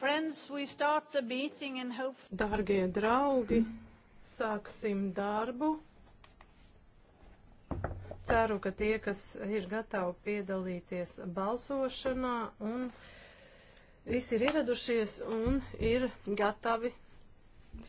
Friends, we start the meeting and hope... Dargie draugi, sāksim darbu. Ceru, ka tie, kas ir gatavi piedalīties balsošanā un visi ir ieradušies un ir gatavi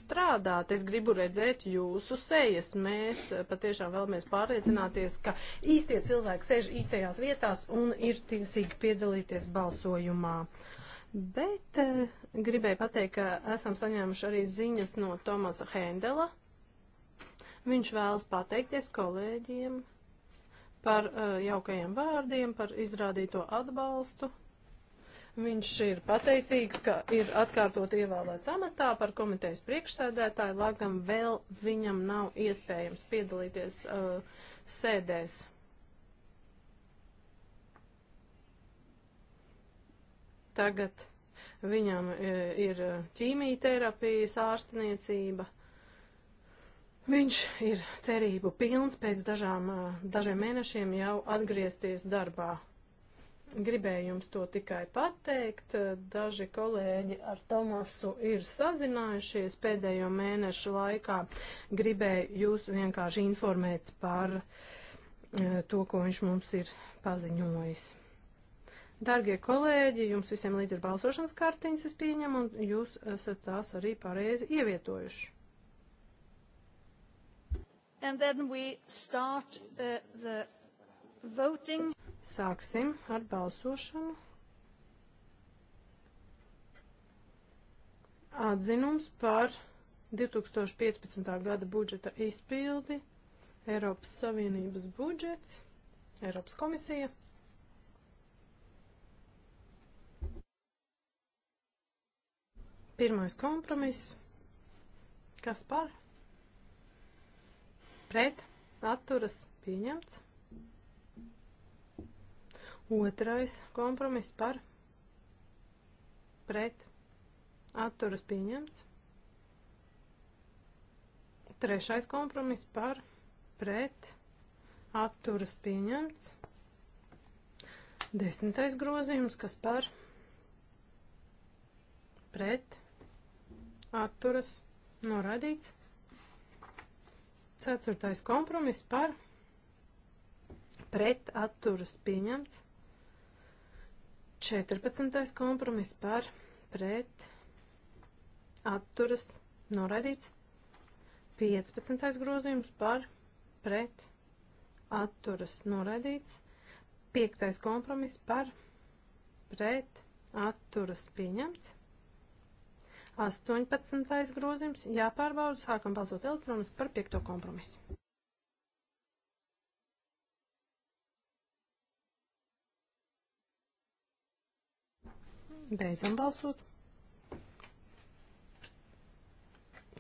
strādāt. Es gribu redzēt jūsu sejas. Mēs patiešām vēlamies pārliecināties, ka īstie cilvēki sēž īstajās vietās un ir tiesīgi piedalīties balsojumā. Uh, Bet eh, gribēju pateikt, ka esam saņēmuši arī ziņas no Tomasa Hendela. Viņš vēlas pateikties kolēģiem par uh, jaukajiem vārdiem, par izrādīto atbalstu. Viņš ir pateicīgs, ka ir atkārtot ievēlēts amatā par komitejas priekšsēdētāju, lai gan vēl viņam nav iespējams piedalīties uh, sēdēs. Tagad viņam e, ir e, ķīmijterapijas ārstniecība. Viņš ir cerību pilns pēc dažām, e, dažiem mēnešiem jau atgriezties darbā. Gribēju jums to tikai pateikt. Daži kolēģi ar Tomasu ir sazinājušies pēdējo mēnešu laikā. Gribēju jūs vienkārši informēt par to, ko viņš mums ir paziņojis. Dargie kolēģi, jums visiem līdz ir balsošanas kartiņas, es pieņemu, un jūs esat tās arī pareizi ievietojuši. And then we start uh, the voting. Sāksim ar balsošanu. Atzinums par 2015. gada budžeta izpildi, Eiropas Savienības budžets, Eiropas komisija. Pirmais kompromiss. Kas par? Pret. Atturas pieņemts. Otrais kompromiss par. Pret. Atturas pieņemts. Trešais kompromiss par. Pret. Atturas pieņemts. Desmitais grozījums, kas par pret atturas noraidīts. Ceturtais kompromiss par pret atturas pieņemts. 14. kompromiss par pret atturas noraidīts. 15. grozījums par pret atturas noraidīts. 5. kompromiss par pret atturas pieņemts. 18. grozījums jāpārbauda. Sākam balsot elektronis par piekto kompromisu. Beidzam balsot.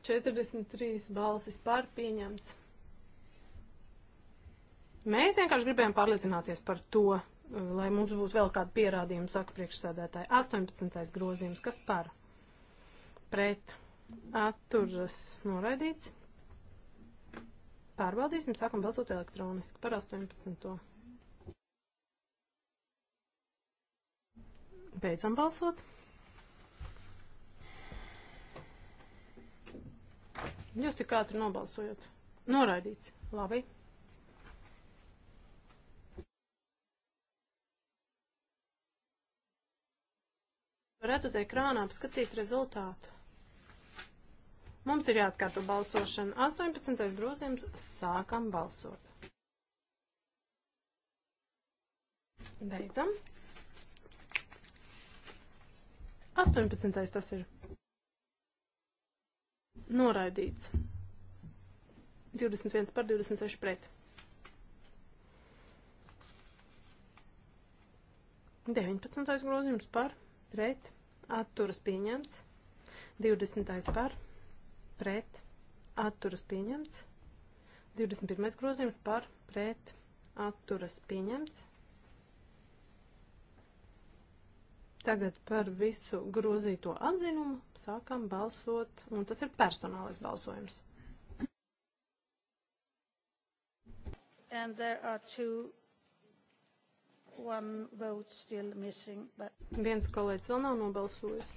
43 balsis par pieņemts. Mēs vienkārši gribējām pārliecināties par to, lai mums būtu vēl kāda pierādījuma, saka priekšsēdētāji. 18. grozījums, kas par? pret atturas noraidīts. Pārbaudīsim, sākam balsot elektroniski par 18. Beidzam balsot. Jūs tik ātri nobalsojot. Noraidīts. Labi. Varētu uz ekrāna apskatīt rezultātu. Mums ir jāatkārto balsošana. 18. grozījums. Sākam balsot. Beidzam. 18. tas ir. Noraidīts. 21 par 26 pret. 19. grozījums par pret. Atturas pieņemts. 20. par pret pret atturas pieņemts. 21. grozījums par pret atturas pieņemts. Tagad par visu grozīto atzinumu sākam balsot, un tas ir personālais balsojums. And there are two One vote still missing, but... Viens kolēģis vēl nav nobalsojis.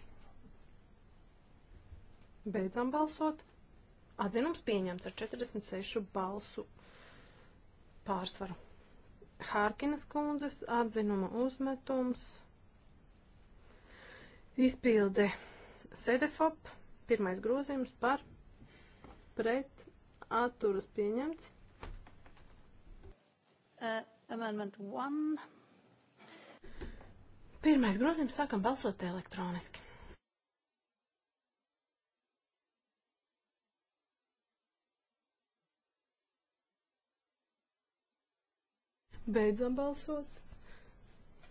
Beidzam balsot. Atzinums pieņemts ar 46 balsu pārsvaru. Hārkinas kundzes atzinuma uzmetums izpilde Sedefop, pirmais grozījums par pret atturas pieņemts. Uh, amendment 1. Pirmais grozījums sākam balsot elektroniski. Beidzam balsot.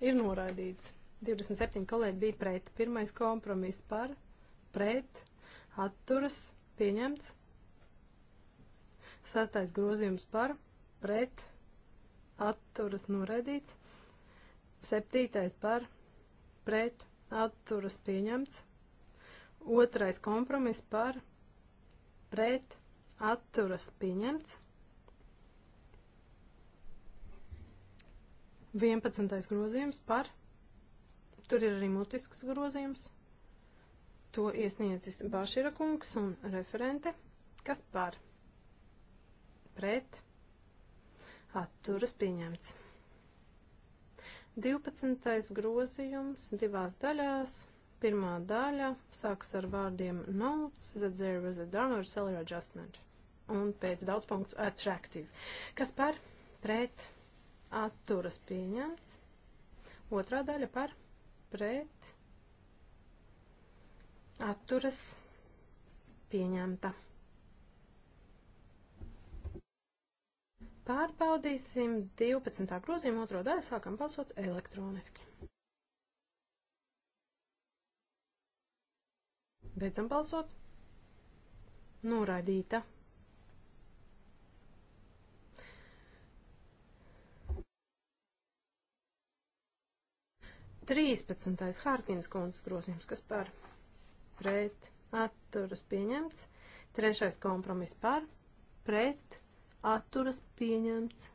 Ir noraidīts. 27 kolēģi bija pret. Pirmais kompromiss par, pret, atturas, pieņemts. Sastais grozījums par, pret, atturas, noraidīts. Septītais par, pret, atturas, pieņemts. Otrais kompromiss par, pret, atturas, pieņemts. 11. grozījums par, tur ir arī mutisks grozījums, to iesniedzis Bašira kungs un referente, kas par, pret, atturas pieņemts. 12. grozījums divās daļās. Pirmā daļa sāks ar vārdiem notes that there was a downward seller adjustment un pēc daudz punktu attractive. Kas par pret atturas pieņemts. Otrā daļa par pret atturas pieņemta. Pārbaudīsim 12. grozījumu otro daļu, sākam balsot elektroniski. Beidzam balsot. Noraidīta. 13. Hārkins kundzes grozījums, kas par pret atturas pieņemts. Trešais kompromiss par pret atturas pieņemts.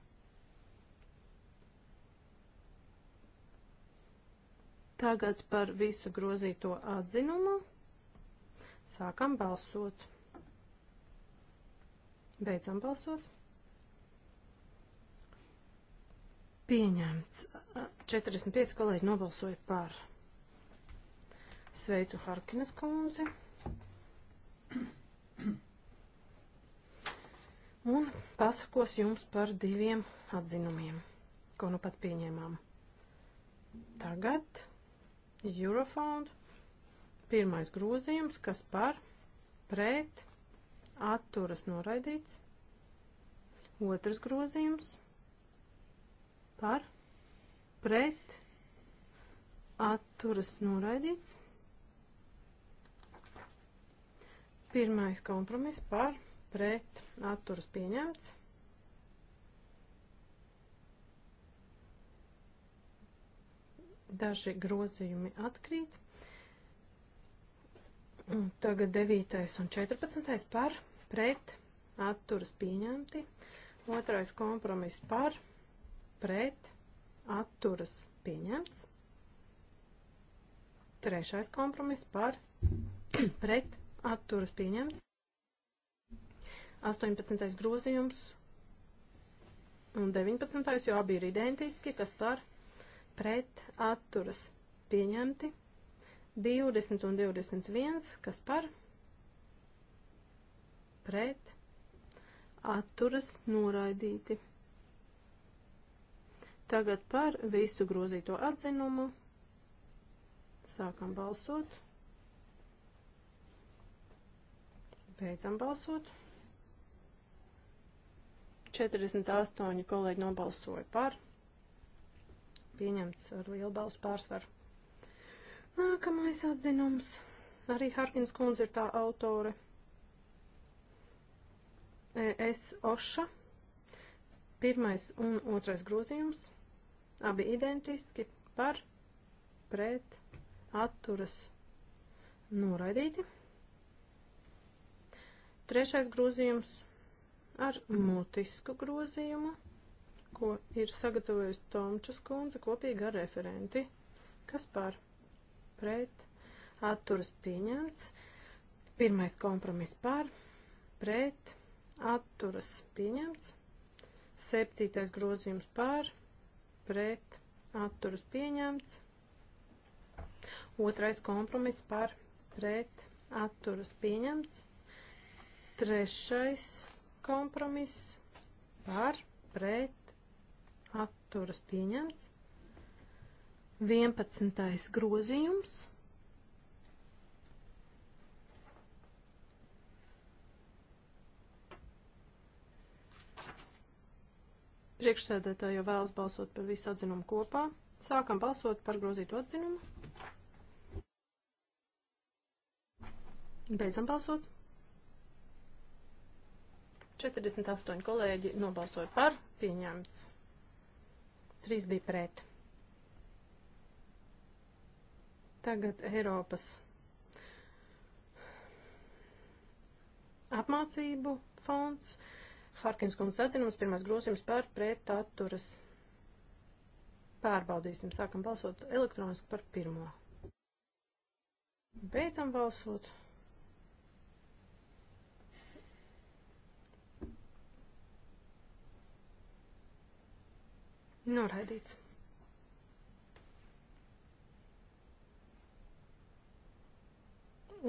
Tagad par visu grozīto atzinumu sākam balsot. Beidzam balsot. Pieņemts. 45 kolēģi nobalsoja par. Sveicu Harkinas kundzi. Un pasakos jums par diviem atzinumiem, ko nu pat pieņēmām. Tagad Eurofound pirmais grozījums, kas par pret atturas noraidīts. Otrs grozījums par pret atturas noraidīts. Pirmais kompromiss par pret atturas pieņemts. Daži grozījumi atkrīt. Un tagad 9. un 14. par pret atturas pieņemti. Otrais kompromiss par pret pret atturas pieņemts. Trešais kompromiss par pret atturas pieņemts. 18. grozījums un 19. jo abi ir identiski, kas par pret atturas pieņemti. 20 un 21, kas par pret atturas noraidīti. Tagad par visu grozīto atzinumu. Sākam balsot. Beidzam balsot. 48 kolēģi nobalsoja par. Pieņemts ar lielu balsu pārsvaru. Nākamais atzinums. Arī Harkins kundze ir tā autore. Es Oša. Pirmais un otrais grozījums. Abi identiski par pret atturas noraidīti. Trešais grozījums ar mutisku grozījumu, ko ir sagatavojusi Tomčas kundze kopīgi ar referenti. Kas par pret atturas pieņemts? Pirmais kompromiss par pret atturas pieņemts. Septītais grozījums par pret pret atturas pieņemts. Otrais kompromiss par pret atturas pieņemts. Trešais kompromiss par pret atturas pieņemts. 11. grozījums Priekšsēdētāji jau vēlas balsot par visu atzinumu kopā. Sākam balsot par grozītu atzinumu. Beidzam balsot. 48 kolēģi nobalsoja par, pieņemts. 3 bija pret. Tagad Eiropas apmācību fonds. Uh, Harkins kundzes atzinums, pirmais grozījums par pret atturas. Pārbaudīsim, sākam balsot elektroniski par pirmo. Beidzam balsot. Noraidīts.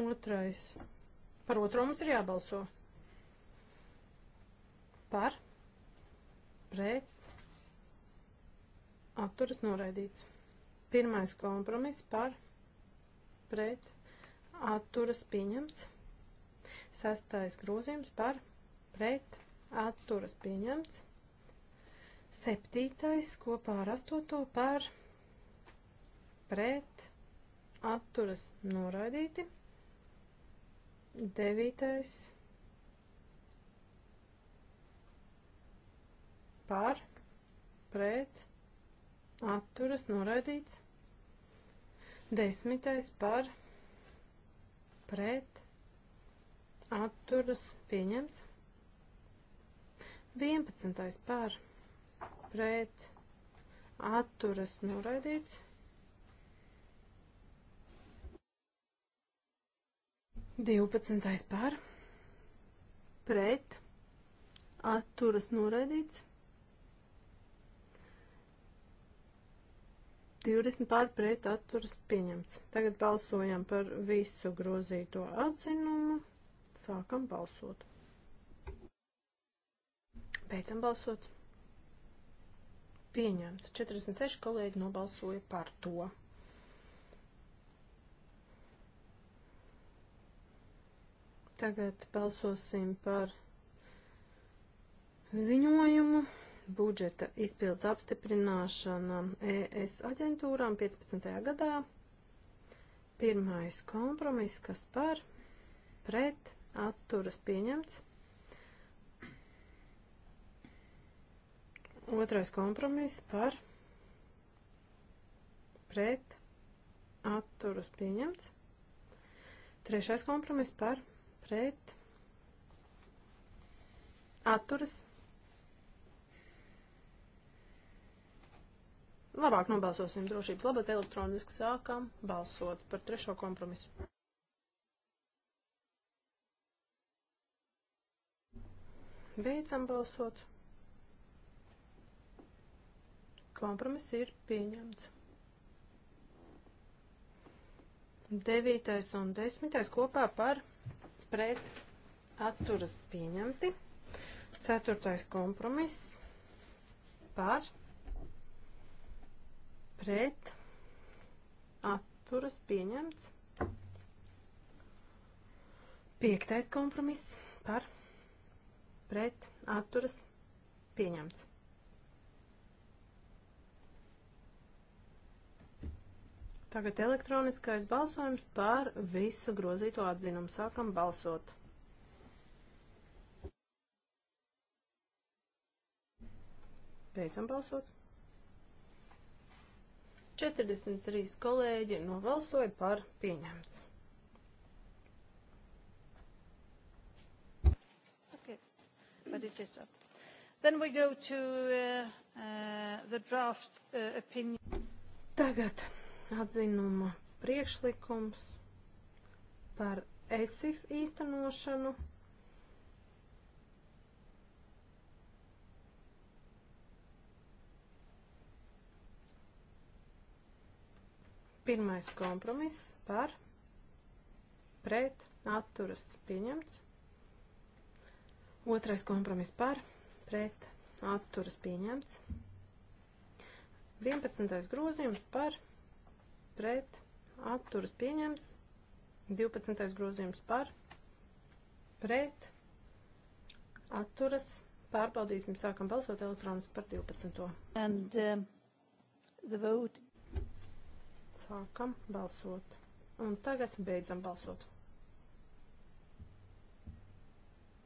Otrais. Par otro mums ir jābalso par pret atturas noraidīts. Pirmais kompromiss par pret atturas pieņemts. Sastais grozījums par pret atturas pieņemts. Septītais kopā ar astoto par pret atturas noraidīti. Devītais par, pret, atturas noraidīts. Desmitais par, pret, atturas pieņemts. Vienpadsmitais par, pret, atturas noraidīts. 12. par pret atturas noraidīts 20 pār pret atturas pieņemts. Tagad balsojam par visu grozīto atzinumu. Sākam balsot. Beidzam balsot. Pieņemts. 46 kolēģi nobalsoja par to. Tagad balsosim par ziņojumu budžeta izpildes apstiprināšana ES aģentūrām 15. gadā. Pirmais kompromiss, kas par pret atturas pieņemts. Otrais kompromiss par pret atturas pieņemts. Trešais kompromiss par pret atturas pieņemts. Labāk nobalsosim drošības labad elektroniski sākam balsot par trešo kompromisu. Beidzam balsot. Kompromiss ir pieņemts. Devītais un desmitais kopā par pret atturas pieņemti. Ceturtais kompromiss par pret pret atturas pieņemts. Piektais kompromiss par pret atturas pieņemts. Tagad elektroniskais balsojums par visu grozīto atzinumu. Sākam balsot. Beidzam balsot. 43 kolēģi novalsoja par pieņemts. Okay. But it is up. Then we go to uh, uh, the draft uh, opinion. Tagad atzinuma priekšlikums par ESIF īstenošanu. Pirmais kompromiss par pret atturas pieņemts. Otrais kompromiss par pret atturas pieņemts. 11. grozījums par pret atturas pieņemts. 12. grozījums par pret atturas pārbaudīsim, sākam balsot elektronis par 12. And, um, the vote Sākam balsot. Un tagad beidzam balsot.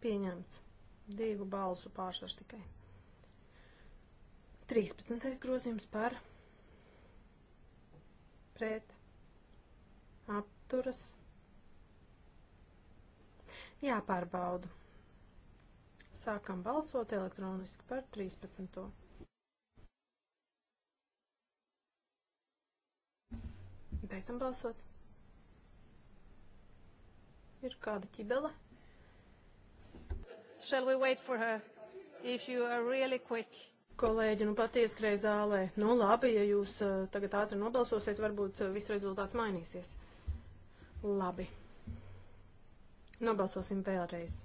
Pieņemts. Divu balsu pārsvars tikai. 13. grozījums par pret apturas jāpārbaudu. Sākam balsot elektroniski par 13. Beidzam balsot. Ir kāda ķibele? Shall we wait for her? If you are really quick. Kolēģi, nu patiesi greiz zālē. Nu labi, ja jūs uh, tagad ātri nobalsosiet, varbūt uh, viss rezultāts mainīsies. Labi. Nobalsosim vēlreiz.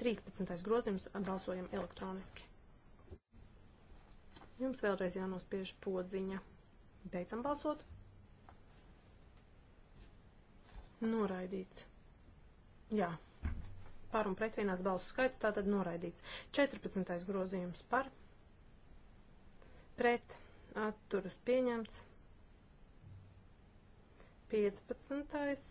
13. grozījums balsojam elektroniski. Jums vēlreiz jānospiež podziņa. Beidzam balsot. Noraidīts. Jā. Par un pret vienās balsu skaits, tātad noraidīts. 14. grozījums par. Pret. Atturas pieņemts. 15.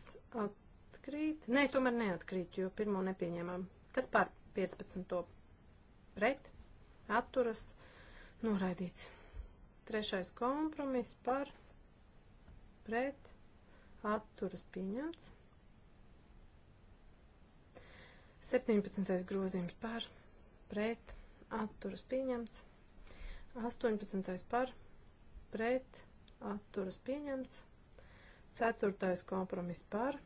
atkrīt. Nē, tomēr neatkrīt, jo pirmo nepieņēmām. Kas par 15. pret? Atturas. Noraidīts. Trešais kompromiss par. Pret atturas pieņemts. 17. grozījums par, pret, atturas pieņemts. 18. par, pret, atturas pieņemts. 4. kompromiss par,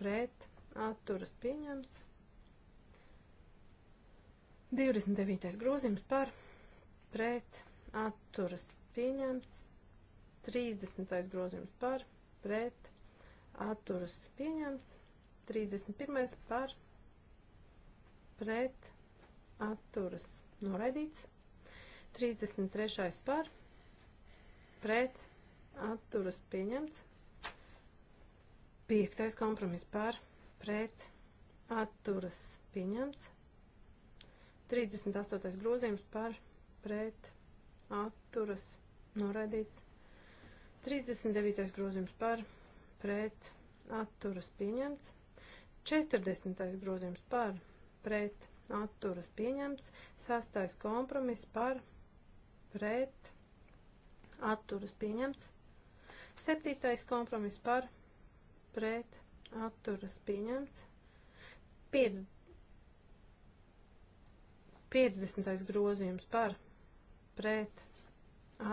pret, atturas pieņemts. 29. grozījums par, pret, atturas pieņemts. 30. grozījums par, pret pret atturas pieņemts. 31. par pret atturas noraidīts. 33. par pret atturas pieņemts. 5. kompromis par pret atturas pieņemts. 38. grozījums par pret atturas noraidīts. 39. grozījums par pret atturas pieņemts. 40. grozījums par pret atturas pieņemts. 6. kompromiss par pret atturas pieņemts. 7. kompromiss par pret atturas pieņemts. 5, 50. grozījums par pret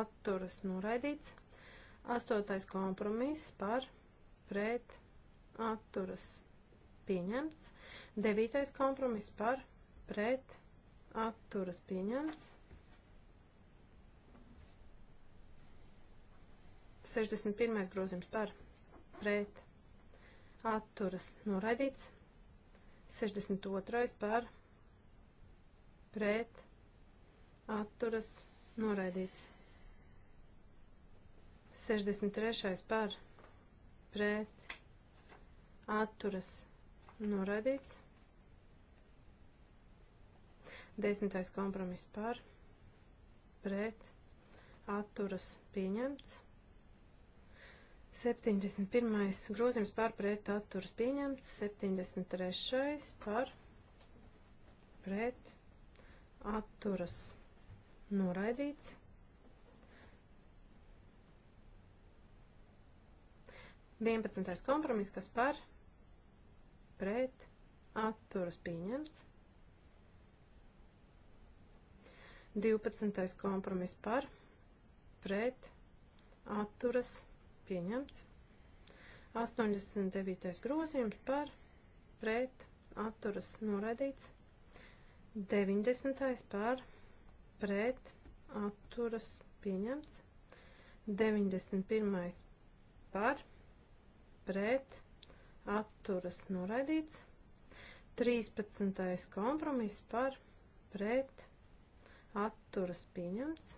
atturas noraidīts. Astotais kompromiss par pret atturas pieņemts. Devītais kompromiss par pret atturas pieņemts. 61. grozījums par pret atturas noraidīts. 62. par pret atturas noraidīts. 63. par pret atturas norādīts. 10. kompromiss par pret atturas pieņemts. 71. grozījums par pret atturas pieņemts, 73. par pret atturas noraidīts, 11. kompromiss, kas par pret atturas pieņemts. 12. kompromiss par pret atturas pieņemts. 89. grozījums par pret atturas noraidīts. 90. par pret atturas pieņemts. 91. par pret pret atturas noraidīts. 13. kompromiss par pret atturas pieņemts.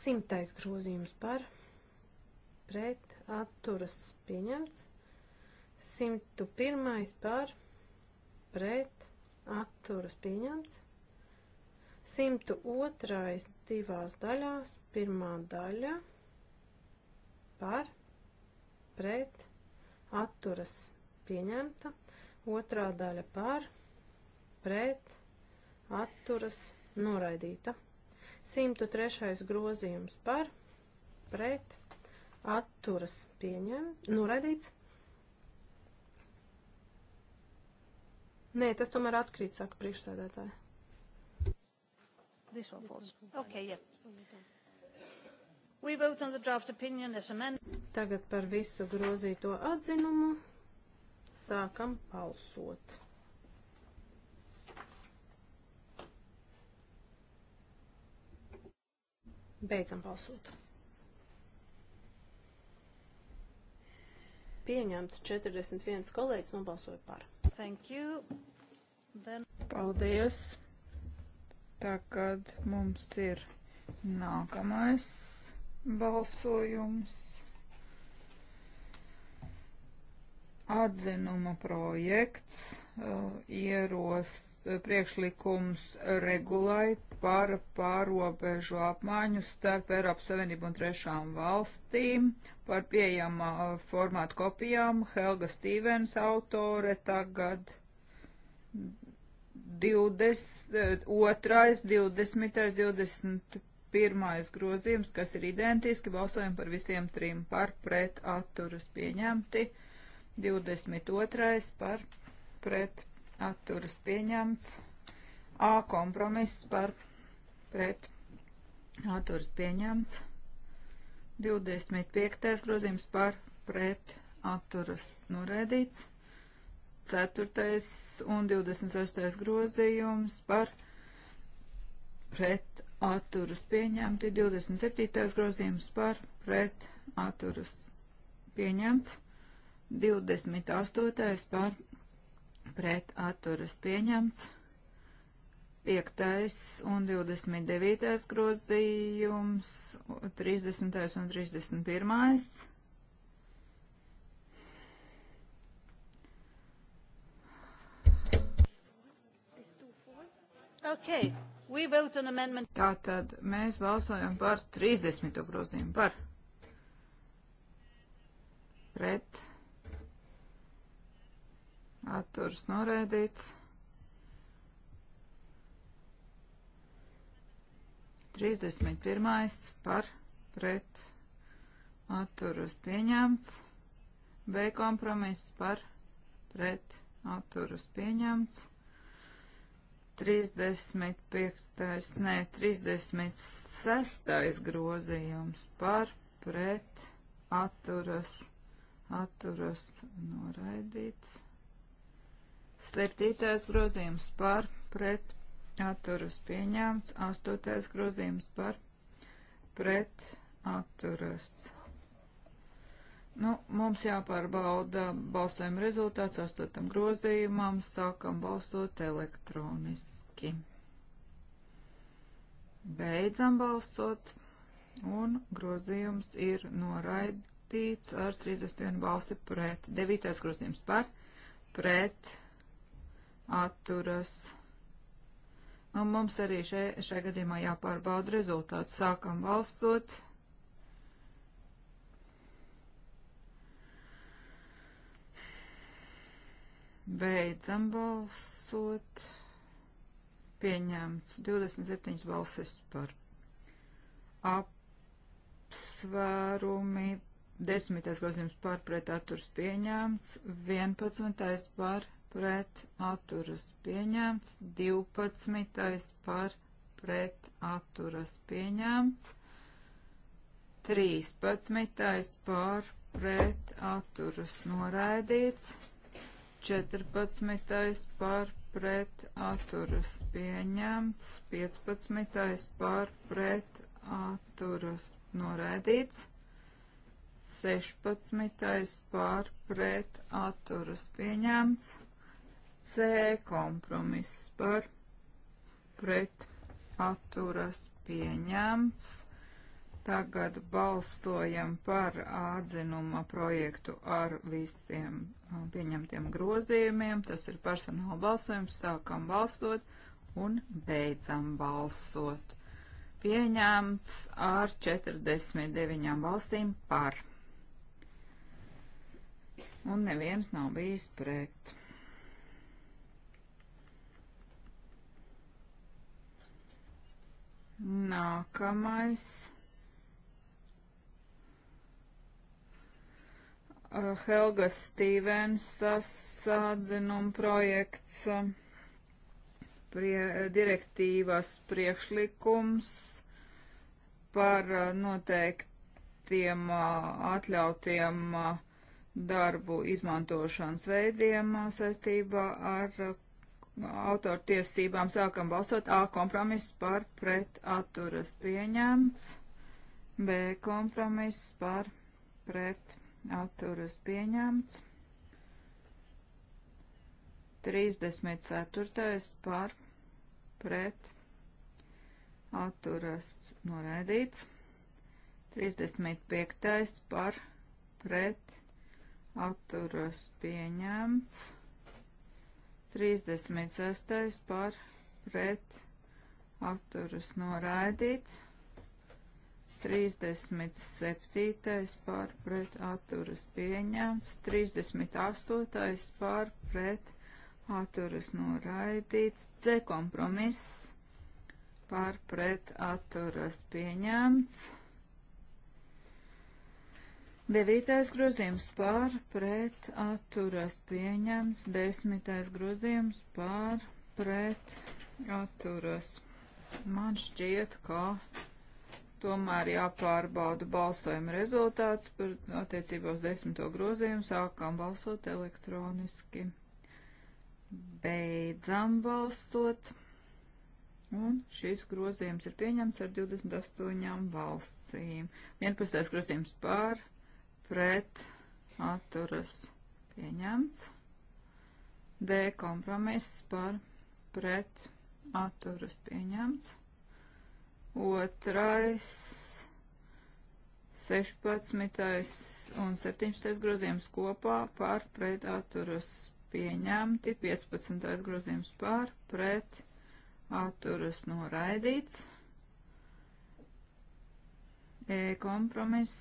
100. grozījums par pret atturas pieņemts. 101. par pret atturas pieņemts. 102. divās daļās, pirmā daļa par pret atturas pieņemta. Otrā daļa par pret atturas noraidīta. 103. grozījums par pret atturas pieņem, noraidīts. Nē, tas tomēr atkrīt, saka priekšsēdētāji. This one falls. Okay, yeah. Tagad par visu grozīto atzinumu sākam balsot. Beidzam balsot. Pieņemts 41 kolēģis nobalsoja par. Thank you. Then... Paldies. Tagad mums ir nākamais balsojums. Atzinuma projekts uh, ieros uh, priekšlikums regulai par pārobežu apmaiņu starp Eiropas Savienību un trešām valstīm par pieejamā uh, formātu kopijām. Helga Stīvens autore tagad 22, 20, 21, pirmais grozījums, kas ir identiski, balsojam par visiem trim par pret atturas pieņemti, 22. par pret atturas pieņemts, A kompromiss par pret atturas pieņemts, 25. grozījums par pret atturas norēdīts, 4. un 26. grozījums par pret atturas pieņemti, 27. grozījums par pret atturas pieņemts, 28. par pret atturas pieņemts, 5. un 29. grozījums, 30. un 31. Okay. Tātad mēs balsojam par 30. grozījumu par pret atturs noraidīts 31. par pret atturus pieņemts B kompromiss par pret atturus pieņemts 35. nē, 36. grozījums par pret atturas, atturas noraidīts. 7. grozījums par pret atturas pieņemts. 8. grozījums par pret atturas pieņemts Nu, mums jāpārbauda balsojuma rezultāts astotam grozījumam. Sākam balsot elektroniski. Beidzam balsot. Un grozījums ir noraidīts ar 31 balsi pret. Devītais grozījums par. Pret. Atturas. Un nu, mums arī šajā gadījumā jāpārbauda rezultāts. Sākam balsot. Sākam balsot. Beidzam balsot. Pieņemts 27 balsis par apsvērumi. 10. grozījums par pret atturas pieņemts, 11. par pret atturas pieņemts, 12. par pret atturas pieņemts, 13. par pret atturas noraidīts, 14. par pret atturas pieņemts, 15. par pret atturas noraidīts, 16. par pret atturas pieņemts, C kompromiss par pret atturas pieņemts. Tagad balsojam par atzinuma projektu ar visiem pieņemtiem grozījumiem. Tas ir personāla balsojums. Sākam balsot un beidzam balsot. Pieņemts ar 49 balsīm par. Un neviens nav bijis pret. Nākamais. Eh, Helga Stīvensas eh, atzinuma projekts, eh, prie, direktīvas priekšlikums par noteiktiem atļautiem darbu izmantošanas veidiem saistībā ar autortiesībām. Sākam balsot A kompromiss par pret atturas pieņemts, B kompromiss par pret atturas atturas pieņemts. 34. par pret atturas noraidīts. 35. par pret atturas pieņemts. 36. par pret atturas noraidīts. 37. par pret atturas pieņemts, 38. par pret atturas noraidīts, C kompromiss par pret atturas pieņemts. Devītais grozījums pār pret atturas pieņems, desmitais grozījums pār pret atturas. Man šķiet, ka Tomēr jāpārbauda balsojuma rezultāts par attiecībā uz desmito grozījumu. Sākām balsot elektroniski. Beidzam balsot. Un šis grozījums ir pieņemts ar 28 balsīm. 11. grozījums pār, pret, atturas pieņemts. D kompromiss par, pret, atturas pieņemts. Otrais, 16. un 17. grozījums kopā par pret atturas pieņemti, 15. grozījums par pret atturas noraidīts, e kompromiss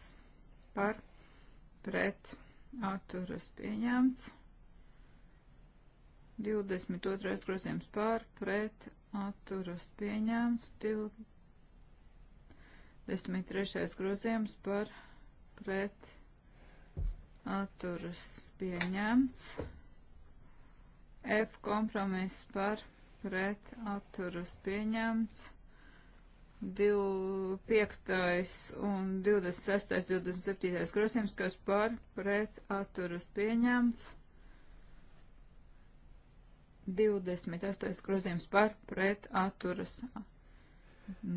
par pret atturas pieņemts, 22. grozījums par pret atturas pieņemts, 20. 13. grozījums par pret atturas pieņemts. F kompromiss par pret atturas pieņemts. 5. un 26. 27. grozījums, kas par pret atturas pieņemts. 28. grozījums par pret atturas pieņemts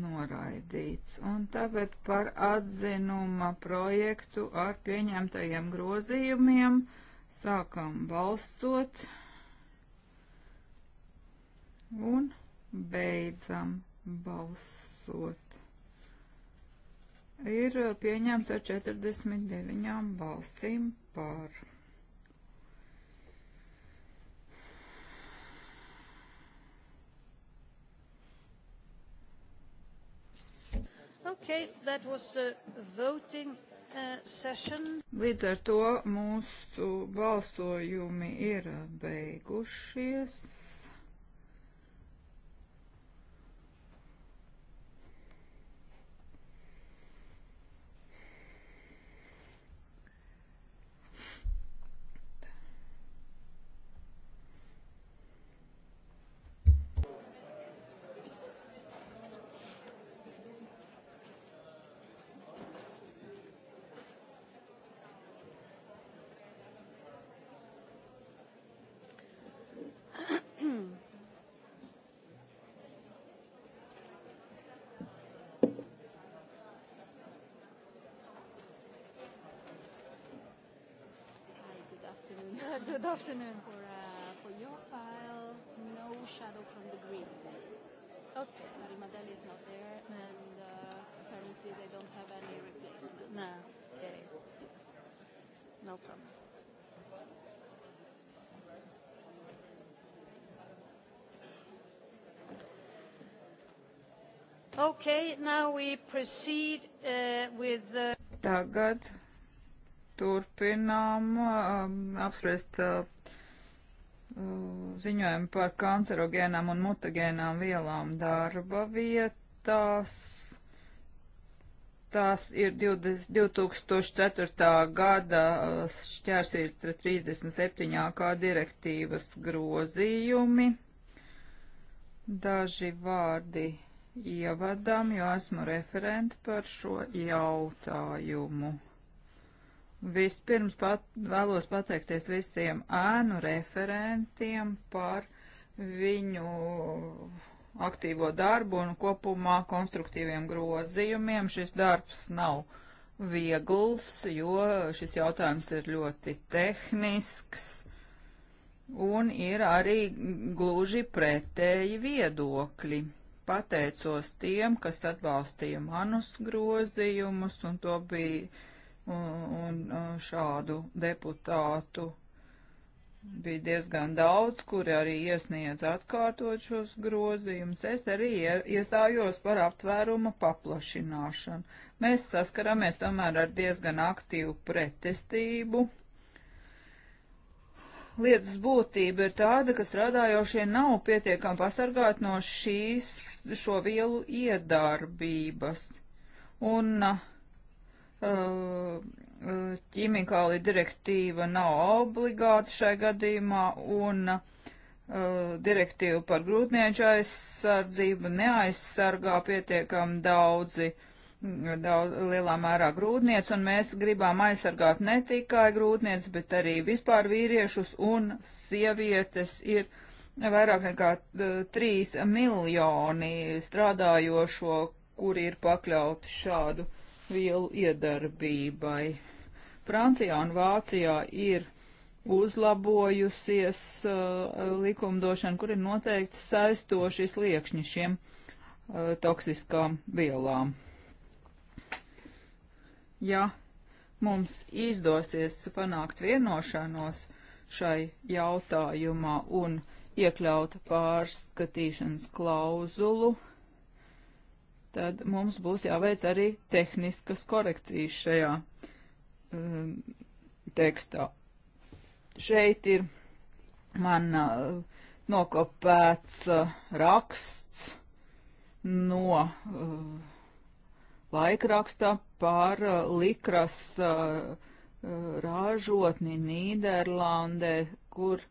noraidīts. Un tagad par atzinuma projektu ar pieņemtajiem grozījumiem sākam balsot un beidzam balsot. Ir pieņemts ar 49 balsīm par. Okay, that was the voting uh, session. Līdz ar to mūsu balsojumi ir beigušies. good afternoon for, uh, for your file. No shadow from the Greens. Okay. Marimadel is not there, and uh, apparently they don't have any replacement. No. Okay. No problem. Okay, now we proceed uh, with the... Tagad Turpinām um, apspriest uh, ziņojumu par kancerogēnām un mutagēnām vielām darba vietās. Tās ir 20, 2004. gada uh, šķērsīta 37. kā direktīvas grozījumi. Daži vārdi ievadam, jo esmu referenti par šo jautājumu. Vispirms pat, vēlos pateikties visiem ēnu referentiem par viņu aktīvo darbu un kopumā konstruktīviem grozījumiem. Šis darbs nav viegls, jo šis jautājums ir ļoti tehnisks un ir arī gluži pretēji viedokļi. Pateicos tiem, kas atbalstīja manus grozījumus, un to bija un šādu deputātu bija diezgan daudz, kuri arī iesniedz atkārtot šos grozījumus. Es arī iestājos par aptvērumu paplašināšanu. Mēs saskaramies tomēr ar diezgan aktīvu pretestību. Lietas būtība ir tāda, ka strādājošie nav pietiekami pasargāti no šīs, šo vielu iedarbības. Un uh, ķīmikāli direktīva nav obligāta šai gadījumā un uh, direktīva par grūtnieču aizsardzību neaizsargā pietiekam daudzi, daudz, lielā mērā grūtniec, un mēs gribām aizsargāt ne tikai grūtniec, bet arī vispār vīriešus un sievietes ir vairāk nekā 3 uh, miljoni strādājošo, kuri ir pakļauti šādu vielu iedarbībai. Francijā un Vācijā ir uzlabojusies uh, likumdošana, kur ir noteikti saistoši sliekšņi šiem uh, toksiskām vielām. Ja mums izdosies panākt vienošanos šai jautājumā un iekļaut pārskatīšanas klauzulu, uh, tad mums būs jāveic arī tehniskas korekcijas šajā um, tekstā. Šeit ir man uh, nokopēts uh, raksts no uh, laikrakstā par uh, likras uh, uh, ražotni Nīderlandē, kur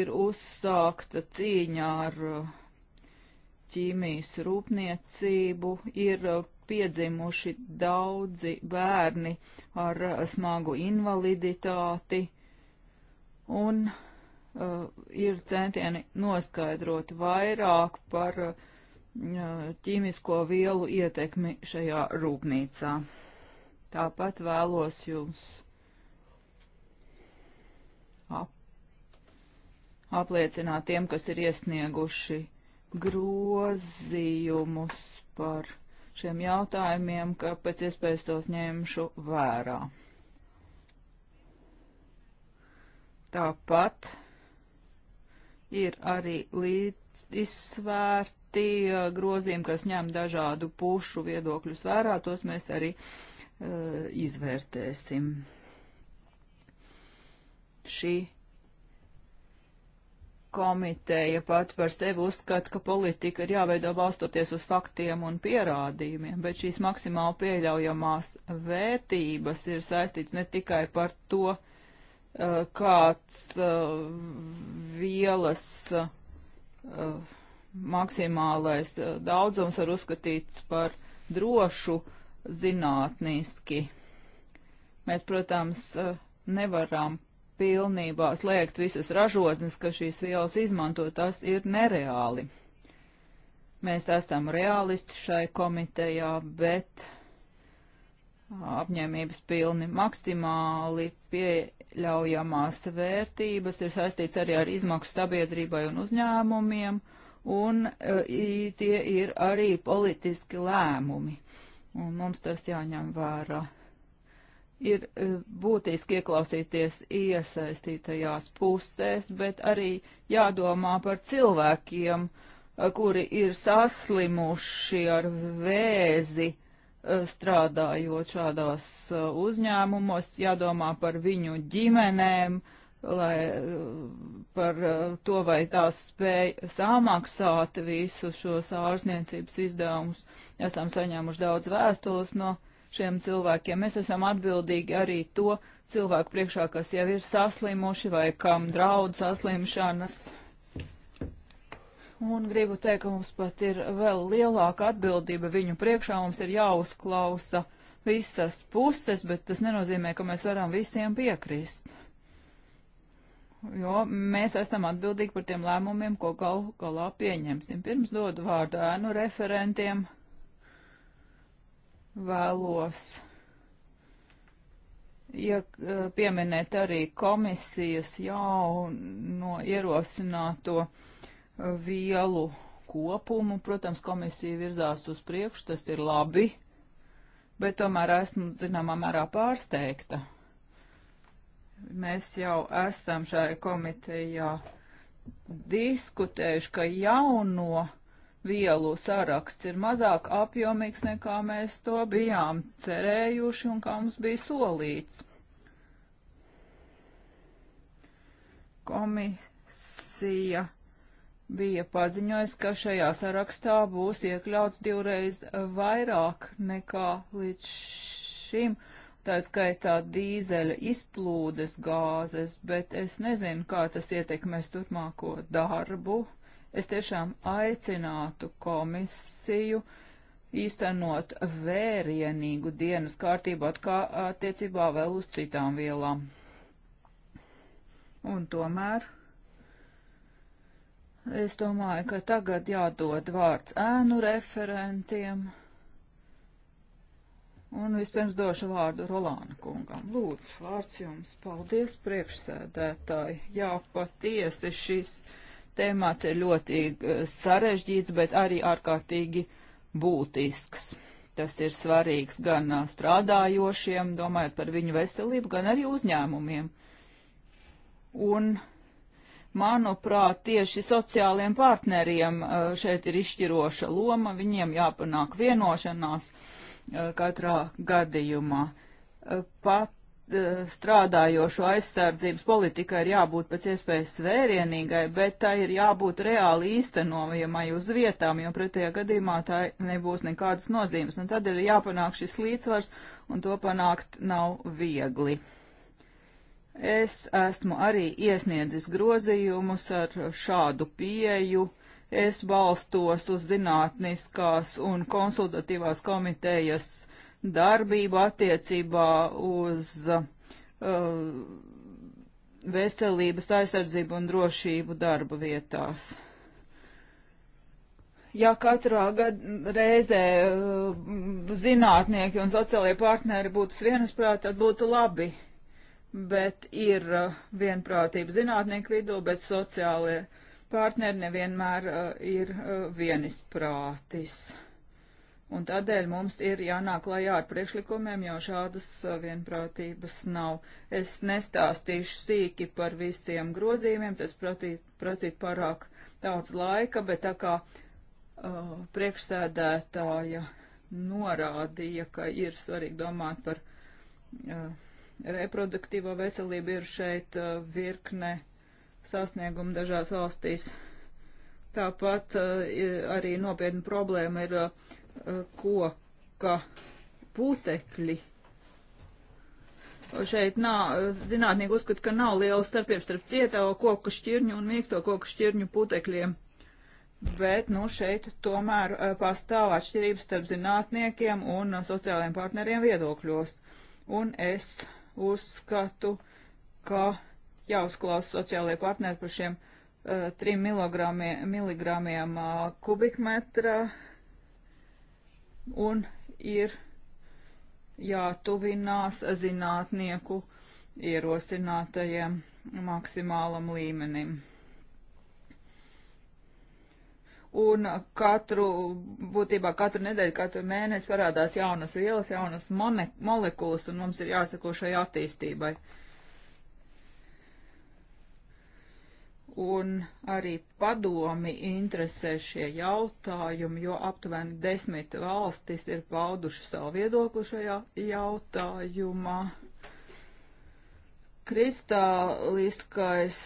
ir uzsākta cīņa ar uh, ķīmijas rūpniecību, ir uh, piedzimuši daudzi bērni ar uh, smagu invaliditāti, un uh, ir centieni noskaidrot vairāk par uh, ķīmisko vielu ietekmi šajā rūpnīcā. Tāpat vēlos jums ap, apliecināt tiem, kas ir iesnieguši grozījumus par šiem jautājumiem, ka pēc iespējas tos ņemšu vērā. Tāpat ir arī līdz izsvērti uh, grozījumi, kas ņem dažādu pušu viedokļus vērā, tos mēs arī uh, izvērtēsim. Šī komiteja pat par sevi uzskata, ka politika ir jāveido balstoties uz faktiem un pierādījumiem, bet šīs maksimāli pieļaujamās vērtības ir saistīts ne tikai par to, eh, kāds eh, vielas eh, maksimālais daudzums var uzskatīts par drošu zinātnīski. Mēs, protams, nevaram pilnībā slēgt visas ražotnes, ka šīs vielas izmanto, tas ir nereāli. Mēs esam realisti šai komitejā, bet apņēmības pilni maksimāli pieļaujamās vērtības ir saistīts arī ar izmaksu sabiedrībai un uzņēmumiem, un tie ir arī politiski lēmumi, un mums tas jāņem vērā ir e, būtiski ieklausīties iesaistītajās pusēs, bet arī jādomā par cilvēkiem, e, kuri ir saslimuši ar vēzi e, strādājot šādās uzņēmumos, jādomā par viņu ģimenēm, lai par to, vai tās spēja samaksāt visus šos ārzniecības izdevumus. Esam saņēmuši daudz vēstules no šiem cilvēkiem. Mēs esam atbildīgi arī to cilvēku priekšā, kas jau ir saslimuši vai kam draud saslimšanas. Un gribu teikt, ka mums pat ir vēl lielāka atbildība viņu priekšā. Mums ir jāuzklausa visas puses, bet tas nenozīmē, ka mēs varam visiem piekrist. Jo mēs esam atbildīgi par tiem lēmumiem, ko gal galā pieņemsim. Pirms dodu vārdu ēnu referentiem vēlos ja, eh, pieminēt arī komisijas jauno ierosināto eh, vielu kopumu. Protams, komisija virzās uz priekšu, tas ir labi, bet tomēr esmu, zināmā mērā, pārsteigta. Mēs jau esam šajā komitejā diskutējuši, ka jauno vielu saraksts ir mazāk apjomīgs nekā mēs to bijām cerējuši un kā mums bija solīts. Komisija bija paziņojis, ka šajā sarakstā būs iekļauts divreiz vairāk nekā līdz šim tā skaitā dīzeļa izplūdes gāzes, bet es nezinu, kā tas ietekmēs turpmāko darbu. Es tiešām aicinātu komisiju īstenot vērienīgu dienas kārtību attiecībā vēl uz citām vielām. Un tomēr es domāju, ka tagad jādod vārds ēnu referentiem. Un vispirms došu vārdu Rolāna kungam. Lūdzu, vārds jums. Paldies, priekšsēdētāji. Jā, patiesi šis. Uh, temats ir ļoti eh, sarežģīts, bet arī ārkārtīgi būtisks. Tas ir svarīgs gan eh, strādājošiem, domājot par viņu veselību, gan arī uzņēmumiem. Un, manuprāt, tieši sociāliem partneriem eh, šeit ir izšķiroša loma, viņiem jāpanāk vienošanās katrā gadījumā. Pat strādājošo aizsardzības politika ir jābūt pēc iespējas vērienīgai, bet tā ir jābūt reāli īstenojamai uz vietām, jo pretējā gadījumā tā nebūs nekādas nozīmes. Un tad ir jāpanāk šis līdzsvars, un to panākt nav viegli. Es esmu arī iesniedzis grozījumus ar šādu pieju. Es balstos uz zinātniskās un konsultatīvās komitejas darbību attiecībā uz uh, veselības aizsardzību un drošību darba vietās. Ja katrā reizē uh, zinātnieki un sociālie partneri būtu vienasprāt, tad būtu labi. Bet ir uh, vienprātība zinātnieku vidū, bet sociālie partneri nevienmēr uh, ir uh, vienisprātis. prātis. Un tādēļ mums ir jānāk lajā ar priekšlikumiem, jo šādas uh, vienprātības nav. Es nestāstīšu sīki par visiem grozījumiem, tas prasītu pārāk daudz laika, bet tā kā uh, priekšsēdētāja norādīja, ka ir svarīgi domāt par uh, reproduktīvo veselību, ir šeit uh, virkne sasniegumu dažās valstīs. Tāpat uh, arī nopietna problēma ir uh, koka putekļi. Šeit nav, zinātnieki uzskata, ka nav liela starpība starp cietālo koku šķirņu un mīksto koku šķirņu putekļiem. Bet, nu, šeit tomēr eh, pastāv atšķirības starp zinātniekiem un eh, sociālajiem partneriem viedokļos. Un es uzskatu, ka jāuzklausa sociālajie partneri par šiem uh, eh, 3 miligramiem uh, kubikmetra uh, un ir jātuvinās zinātnieku ierosinātajiem maksimālam līmenim. Un katru, būtībā katru nedēļu, katru mēnesi parādās jaunas vielas, jaunas mone, molekulas, un mums ir jāsako šai attīstībai. Uh, un arī padomi interesē šie jautājumi, jo aptuveni desmit valstis ir pauduši savu viedokli šajā jautājumā. Kristāliskais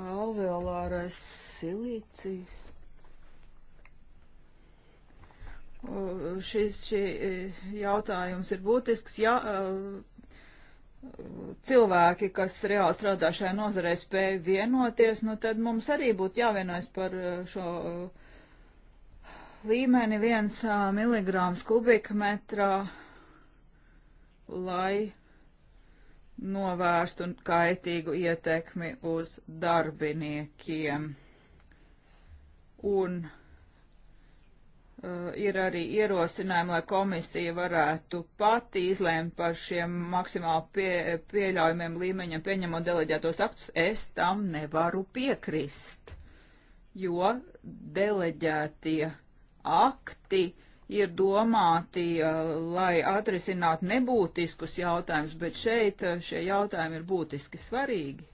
alveolārais silīcijas. Šis šī e, jautājums ir būtisks. Ja, uh, cilvēki, kas reāli strādā šajā nozarē, spēja vienoties, nu tad mums arī būtu jāvienojas par uh, šo uh, līmeni viens uh, miligrāms kubikmetrā, lai novērstu kaitīgu ietekmi uz darbiniekiem. Un Eh, ir arī ierosinājumi, lai komisija varētu pati izlēmt par šiem maksimāli pie, pieļaujumiem līmeņiem, pieņemot deleģētos aktus. Es tam nevaru piekrist, jo deleģētie akti ir domāti, eh, lai atrisinātu nebūtiskus jautājumus, bet šeit eh, šie jautājumi ir būtiski svarīgi.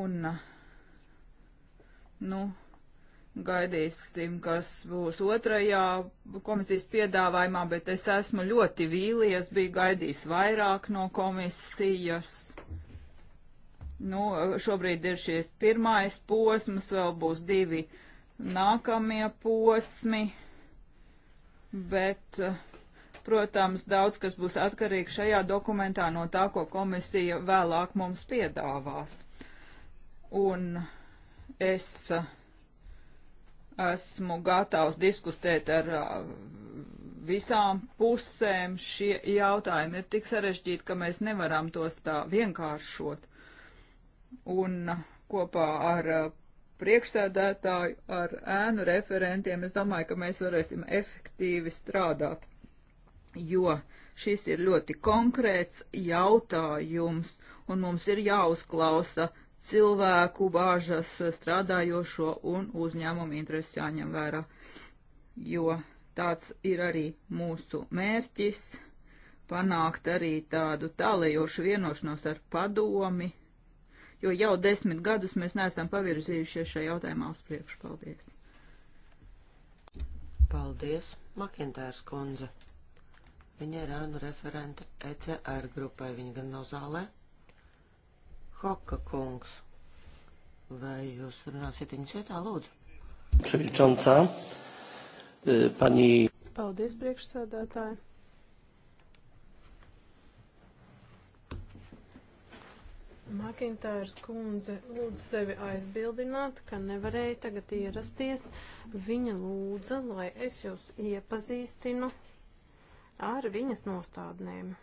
Un, nu, gaidīsim, kas būs otrajā komisijas piedāvājumā, bet es esmu ļoti vīlies, biju gaidījis vairāk no komisijas. Nu, šobrīd ir šis pirmais posms, vēl būs divi nākamie posmi, bet, protams, daudz kas būs atkarīgs šajā dokumentā no tā, ko komisija vēlāk mums piedāvās. Un es uh, Esmu gatavs diskutēt ar uh, visām pusēm. Šie jautājumi ir tik sarežģīti, ka mēs nevaram tos tā vienkāršot. Un uh, kopā ar uh, priekšsēdētāju, ar ēnu referentiem, es domāju, ka mēs varēsim efektīvi strādāt, jo šis ir ļoti konkrēts jautājums, un mums ir jāuzklausa uh, cilvēku bāžas strādājošo un uzņēmumu intereses jāņem vērā, jo tāds ir arī mūsu mērķis panākt arī tādu tālējošu vienošanos ar padomi, jo jau desmit gadus mēs neesam pavirzījušies šajā jautājumā uz priekšu. Paldies! Paldies, Makintārs kundze! Viņa ir ēnu referente ECR grupai, viņa gan nav zālē. Koka kungs. Vai jūs runāsiet viņas vietā, lūdzu? Priekšsēdētājā, pani. Paldies, priekšsēdētāji. Makintārs kundze lūdzu sevi aizbildināt, ka nevarēja tagad ierasties. Viņa lūdza, lai es jūs iepazīstinu ar viņas nostādnēm.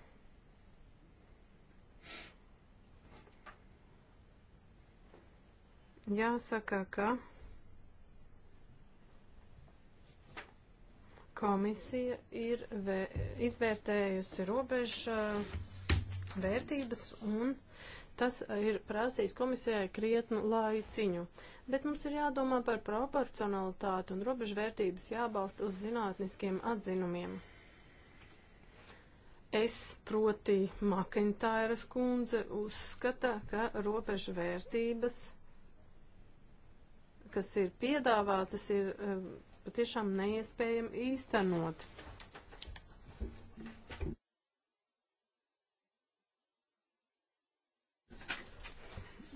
Jāsaka, ka komisija ir vē, izvērtējusi robežu uh, vērtības un tas ir prasījis komisijai krietnu laiciņu. Bet mums ir jādomā par proporcionalitāti un robežu vērtības jābalsta uz zinātniskiem atzinumiem. Es, proti, Makintairas kundze uzskata, ka robežu vērtības kas ir piedāvātas, ir eh, patiešām neiespējami īstenot.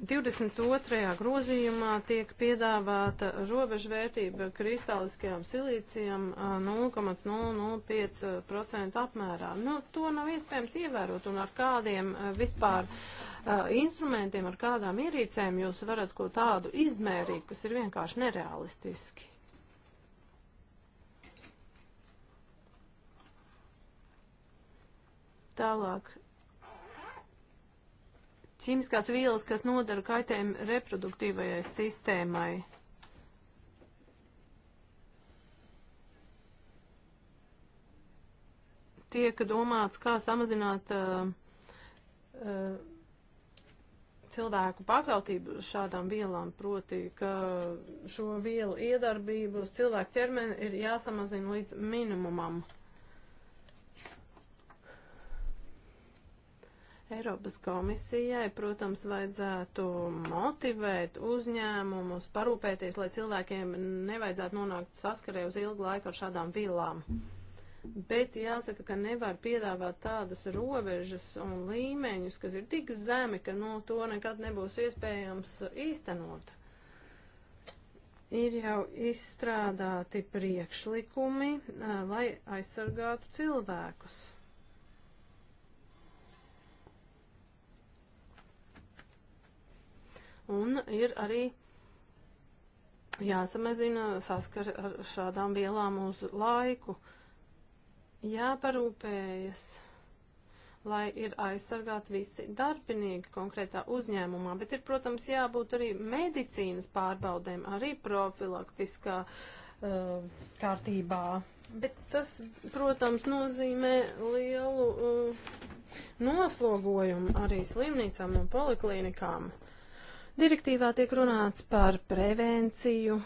Divdesmit otrajā grozījumā tiek piedāvāta robežvērtība kristāliskajām silīcijām 0,005% eh, apmērā. Nu, to nav iespējams ievērot un ar kādiem eh, vispār uh, uh, instrumentiem, ar kādām ierīcēm jūs varat ko tādu izmērīt, tas ir vienkārši nerealistiski. Tālāk. Ķīmiskās vielas, kas nodara kaitējumu reproduktīvajai sistēmai. Tiek domāts, kā samazināt uh, uh, cilvēku pakautību šādām vielām, proti, ka šo vielu iedarbību uz cilvēku ķermeni ir jāsamazina līdz minimumam. Eiropas komisijai, protams, vajadzētu motivēt uzņēmumus, parūpēties, lai cilvēkiem nevajadzētu nonākt saskarē uz ilgu laiku ar šādām vielām. Mm bet jāsaka, ka nevar piedāvāt tādas robežas un līmeņus, kas ir tik zemi, ka no to nekad nebūs iespējams īstenot. Ir jau izstrādāti priekšlikumi, lai aizsargātu cilvēkus. Un ir arī jāsamazina saskara ar šādām vielām uz laiku. Uh, jāparūpējas, lai ir aizsargāti visi darbinieki konkrētā uzņēmumā, bet ir, protams, jābūt arī medicīnas pārbaudēm, arī profilaktiskā uh, kārtībā. Bet tas, protams, nozīmē lielu uh, noslogojumu arī slimnīcām un poliklinikām. Direktīvā tiek runāts par prevenciju,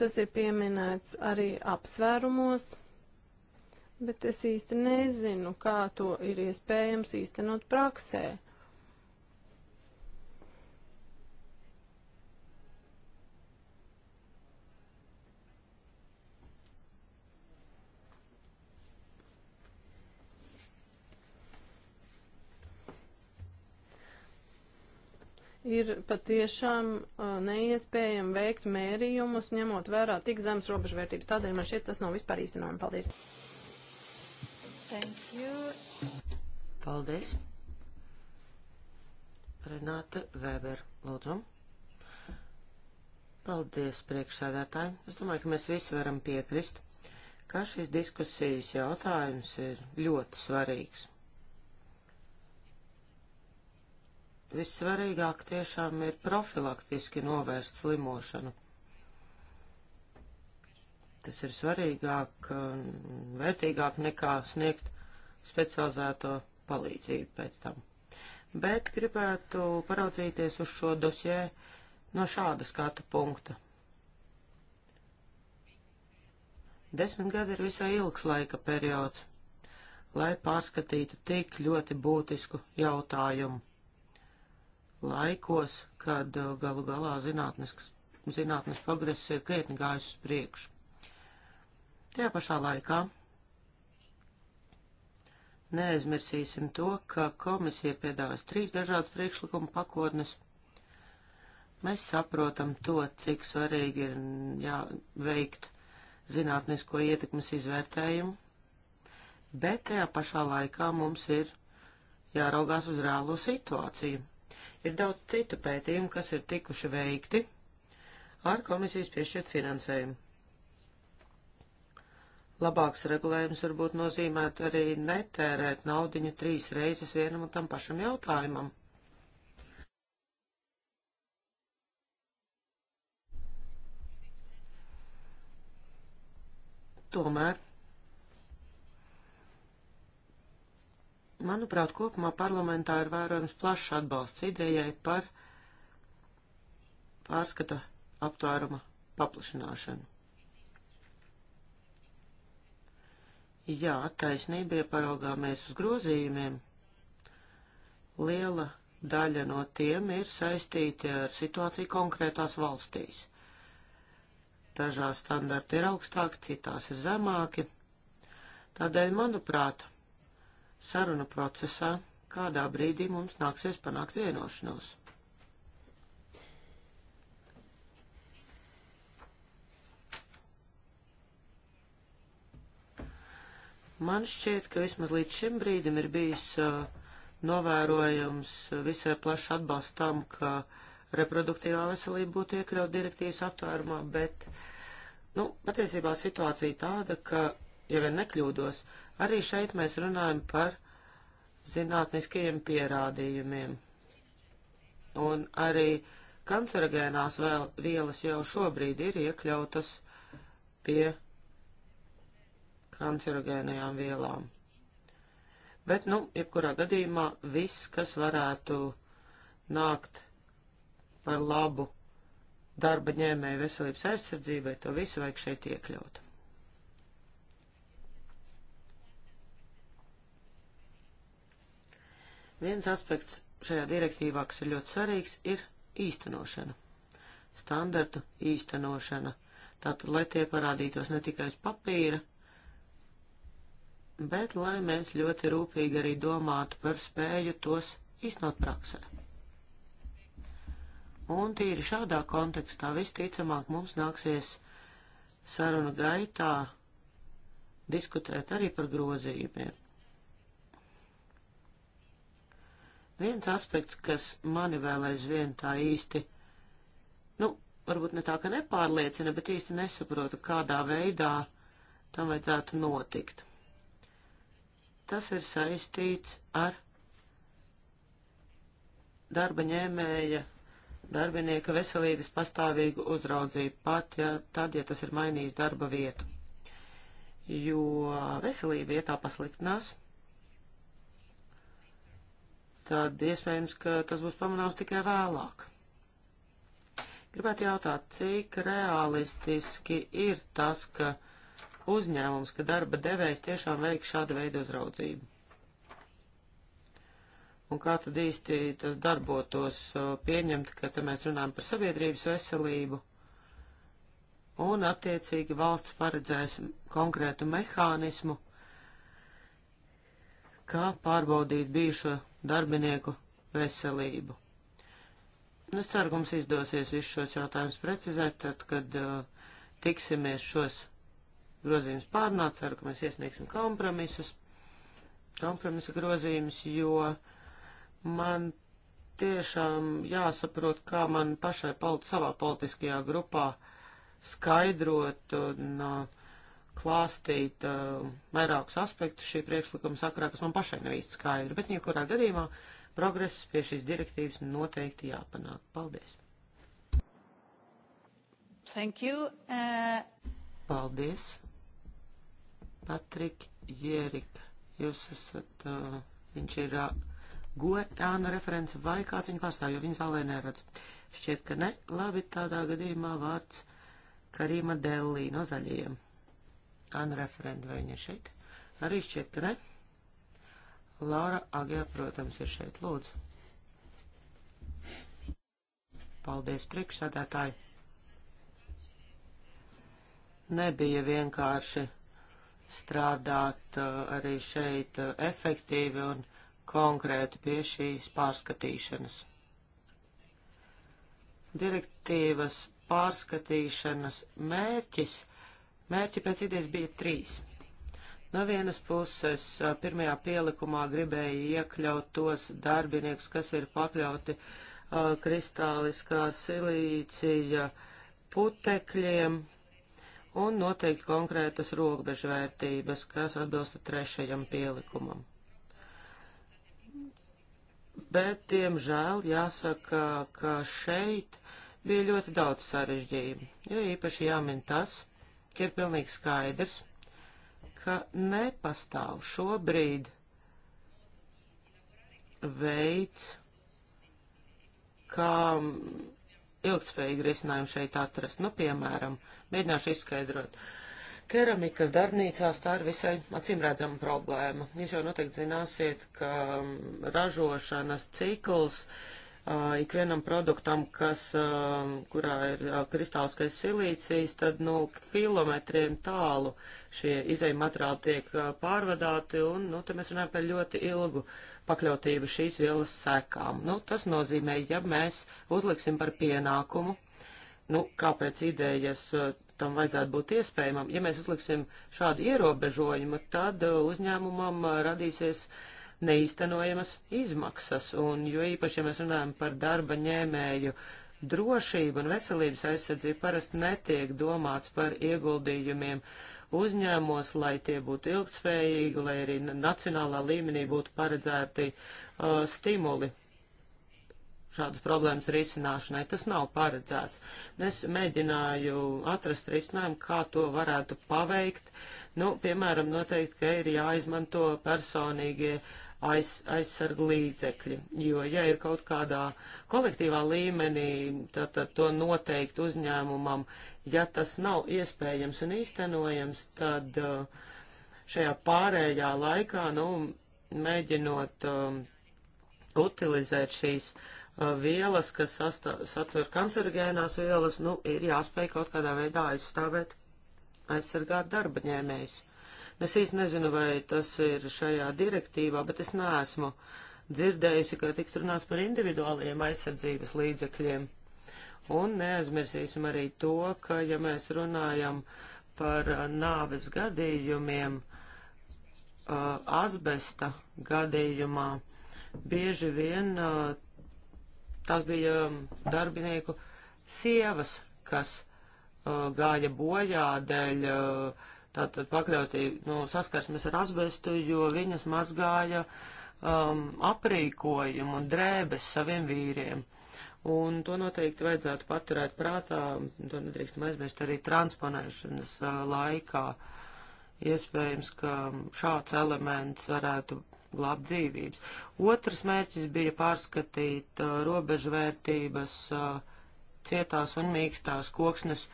Tas ir pieminēts arī apsvērumos, bet es īsti nezinu, kā to ir iespējams īstenot praksē. ir patiešām uh, neiespējami veikt mērījumus, ņemot vērā tik zemes robežvērtības. Tādēļ man šķiet, tas nav vispār īstenojami. Paldies! Thank you. Paldies! Renāte Weber, lūdzu. Paldies, priekšsēdētāji. Es domāju, ka mēs visi varam piekrist, ka šīs diskusijas jautājums ir ļoti svarīgs. Vissvarīgāk tiešām ir profilaktiski novērst slimošanu. Tas ir svarīgāk un vērtīgāk nekā sniegt specializēto palīdzību pēc tam. Bet gribētu paraudzīties uz šo dosē no šāda skatu punkta. Desmit gadi ir visai ilgs laika periods, lai pārskatītu tik ļoti būtisku jautājumu laikos, kad uh, galu galā zinātnes, zinātnes progress ir krietni gājis uz priekšu. Tajā pašā laikā neaizmirsīsim to, ka komisija piedāvās trīs dažādas priekšlikuma pakotnes. Mēs saprotam to, cik svarīgi ir jā, veikt zinātnisko ietekmes izvērtējumu, bet tajā pašā laikā mums ir jāraugās uz reālo situāciju. Ir daudz citu pētījumu, kas ir tikuši veikti ar komisijas piešķirt finansējumu. Labāks regulējums varbūt nozīmētu arī netērēt naudiņu trīs reizes vienam un tam pašam jautājumam. Tomēr Manuprāt, kopumā parlamentā ir vērojams plašs atbalsts idejai par pārskata aptvēruma paplašināšanu. Jā, taisnība, ja paraugāmies uz grozījumiem, liela daļa no tiem ir saistīti ar situāciju konkrētās valstīs. Dažās standarti ir augstāki, citās ir zemāki. Tādēļ, manuprāt, sarunu procesā kādā brīdī mums nāksies panākt vienošanos. Man šķiet, ka vismaz līdz šim brīdim ir bijis uh, novērojams uh, visai plašs atbalsts tam, ka reproduktīvā veselība būtu iekļaut direktīvas aptvērumā, bet, nu, patiesībā situācija tāda, ka, ja vien nekļūdos, uh, Arī šeit mēs runājam par zinātniskajiem pierādījumiem. Un arī kancerogēnās vēl vielas jau šobrīd ir iekļautas pie kancerogēnajām vielām. Bet, nu, jebkurā gadījumā viss, kas varētu nākt par labu darba ņēmēju veselības aizsardzībai, to visu vajag šeit iekļaut. Viens aspekts šajā direktīvā, kas ir ļoti svarīgs, ir īstenošana. Standartu īstenošana. Tātad, lai tie parādītos ne tikai uz papīra, bet lai mēs ļoti rūpīgi arī domātu par spēju tos iznot praksē. Un tīri šādā kontekstā visticamāk mums nāksies sarunu gaitā diskutēt arī par grozījumiem. Viens aspekts, kas mani vēl aizvien tā īsti, nu, varbūt ne tā, ka nepārliecina, bet īsti nesaprotu, kādā veidā tam vajadzētu notikt. Tas ir saistīts ar darba ņēmēja darbinieka veselības pastāvīgu uzraudzību pat, ja tad, ja tas ir mainījis darba vietu. Jo veselība ietā pasliktinās, tad iespējams, ka tas būs pamanāms tikai vēlāk. Gribētu jautāt, cik realistiski ir tas, ka uzņēmums, ka darba devējs tiešām veik šādu veidu uzraudzību? Un kā tad īsti tas darbotos pieņemt, ka te mēs runājam par sabiedrības veselību? Un attiecīgi valsts paredzēs konkrētu mehānismu, kā pārbaudīt bijušo darbinieku veselību. Un es ceru, ka mums izdosies visus šos jautājumus precizēt, tad, kad uh, tiksimies šos grozījumus pārnāt, ceru, ka mēs iesniegsim kompromisus, kompromisa grozījumus, jo man tiešām jāsaprot, kā man pašai polit savā politiskajā grupā skaidrot un uh, klāstīt uh, vairākus aspektus šī priekšlikuma sakarā, kas man pašai nav īsti skaidri, bet jebkurā gadījumā progress pie šīs direktīvas noteikti jāpanāk. Paldies! Thank you. Uh... Paldies. Patrik Jērik, jūs esat, uh, viņš ir uh, Goēna referents vai kāds viņu pārstāv, jo viņas zālē neredz. Šķiet, ka ne. Labi, tādā gadījumā vārds Karīma Dellī no zaļajiem ēnu referenti, vai viņa ir šeit? Arī šķiet, ka ne. Laura Agē, protams, ir šeit. Lūdzu. Paldies, priekšsādātāji. Nebija vienkārši strādāt uh, arī šeit uh, efektīvi un konkrēti pie šīs pārskatīšanas. Direktīvas pārskatīšanas mērķis Mērķi pēc idejas bija trīs. No vienas puses, pirmajā pielikumā gribēja iekļaut tos darbiniekus, kas ir pakļauti uh, kristāliskā silīcija putekļiem un noteikti konkrētas robežvērtības, kas atbilsta trešajam pielikumam. Bet, diemžēl, jāsaka, ka šeit bija ļoti daudz sarežģījumu, jo īpaši jāmin tas, ka ir pilnīgi skaidrs, ka nepastāv šobrīd veids, kā ilgspējīgi risinājumu šeit atrast. Nu, piemēram, mēģināšu izskaidrot. Keramikas darbnīcās tā ir visai acīmredzama problēma. Jūs jau noteikti zināsiet, ka um, ražošanas cikls uh, uh, ikvienam produktam, kas, uh, kurā ir uh, kristāliskais silīcijas, tad no nu, kilometriem tālu šie izējuma materiāli tiek uh, pārvadāti, un, nu, te mēs runājam par ļoti ilgu pakļautību šīs vielas sekām. Nu, tas nozīmē, ja mēs uzliksim par pienākumu, nu, kāpēc idejas. Uh, tam vajadzētu būt iespējamam. Ja mēs uzliksim šādu ierobežojumu, tad uzņēmumam radīsies uh, neīstenojamas izmaksas, un jo īpaši, ja mēs runājam par darba ņēmēju drošību un veselības aizsardzību, parasti netiek domāts par ieguldījumiem uzņēmos, lai tie būtu ilgtspējīgi, lai arī nacionālā līmenī būtu paredzēti uh, stimuli šādas problēmas risināšanai. Tas nav paredzēts. Es mēģināju atrast risinājumu, kā to varētu paveikt. Nu, piemēram, noteikti, ka ir jāizmanto personīgie aiz, aizsarga līdzekļi, jo, ja ir kaut kādā kolektīvā līmenī, tad, tad to noteikt uzņēmumam, ja tas nav iespējams un īstenojams, tad eh, šajā pārējā laikā, nu, mēģinot um, utilizēt šīs uh, vielas, kas satur kancerogēnās vielas, nu, ir jāspēj kaut kādā veidā aizstāvēt, aizsargāt darba ņēmējus. Es īsti nezinu, vai tas ir šajā direktīvā, bet es neesmu dzirdējusi, ka tik runāts par individuāliem aizsardzības līdzekļiem. Un neaizmirsīsim arī to, ka, ja mēs runājam par uh, nāves gadījumiem, uh, asbesta gadījumā, bieži vien uh, tās bija um, darbinieku sievas, kas gāja bojā dēļ uh, tātad pakļauti nu, saskarsmes ar asbestu, jo viņas mazgāja um, aprīkojumu un drēbes saviem vīriem. Un to noteikti vajadzētu paturēt prātā, to nedrīkstam aizmirst arī transponēšanas uh, laikā. Iespējams, ka šāds elements varētu glābt dzīvības. Otrs mērķis bija pārskatīt uh, robežvērtības uh, cietās un mīkstās koksnes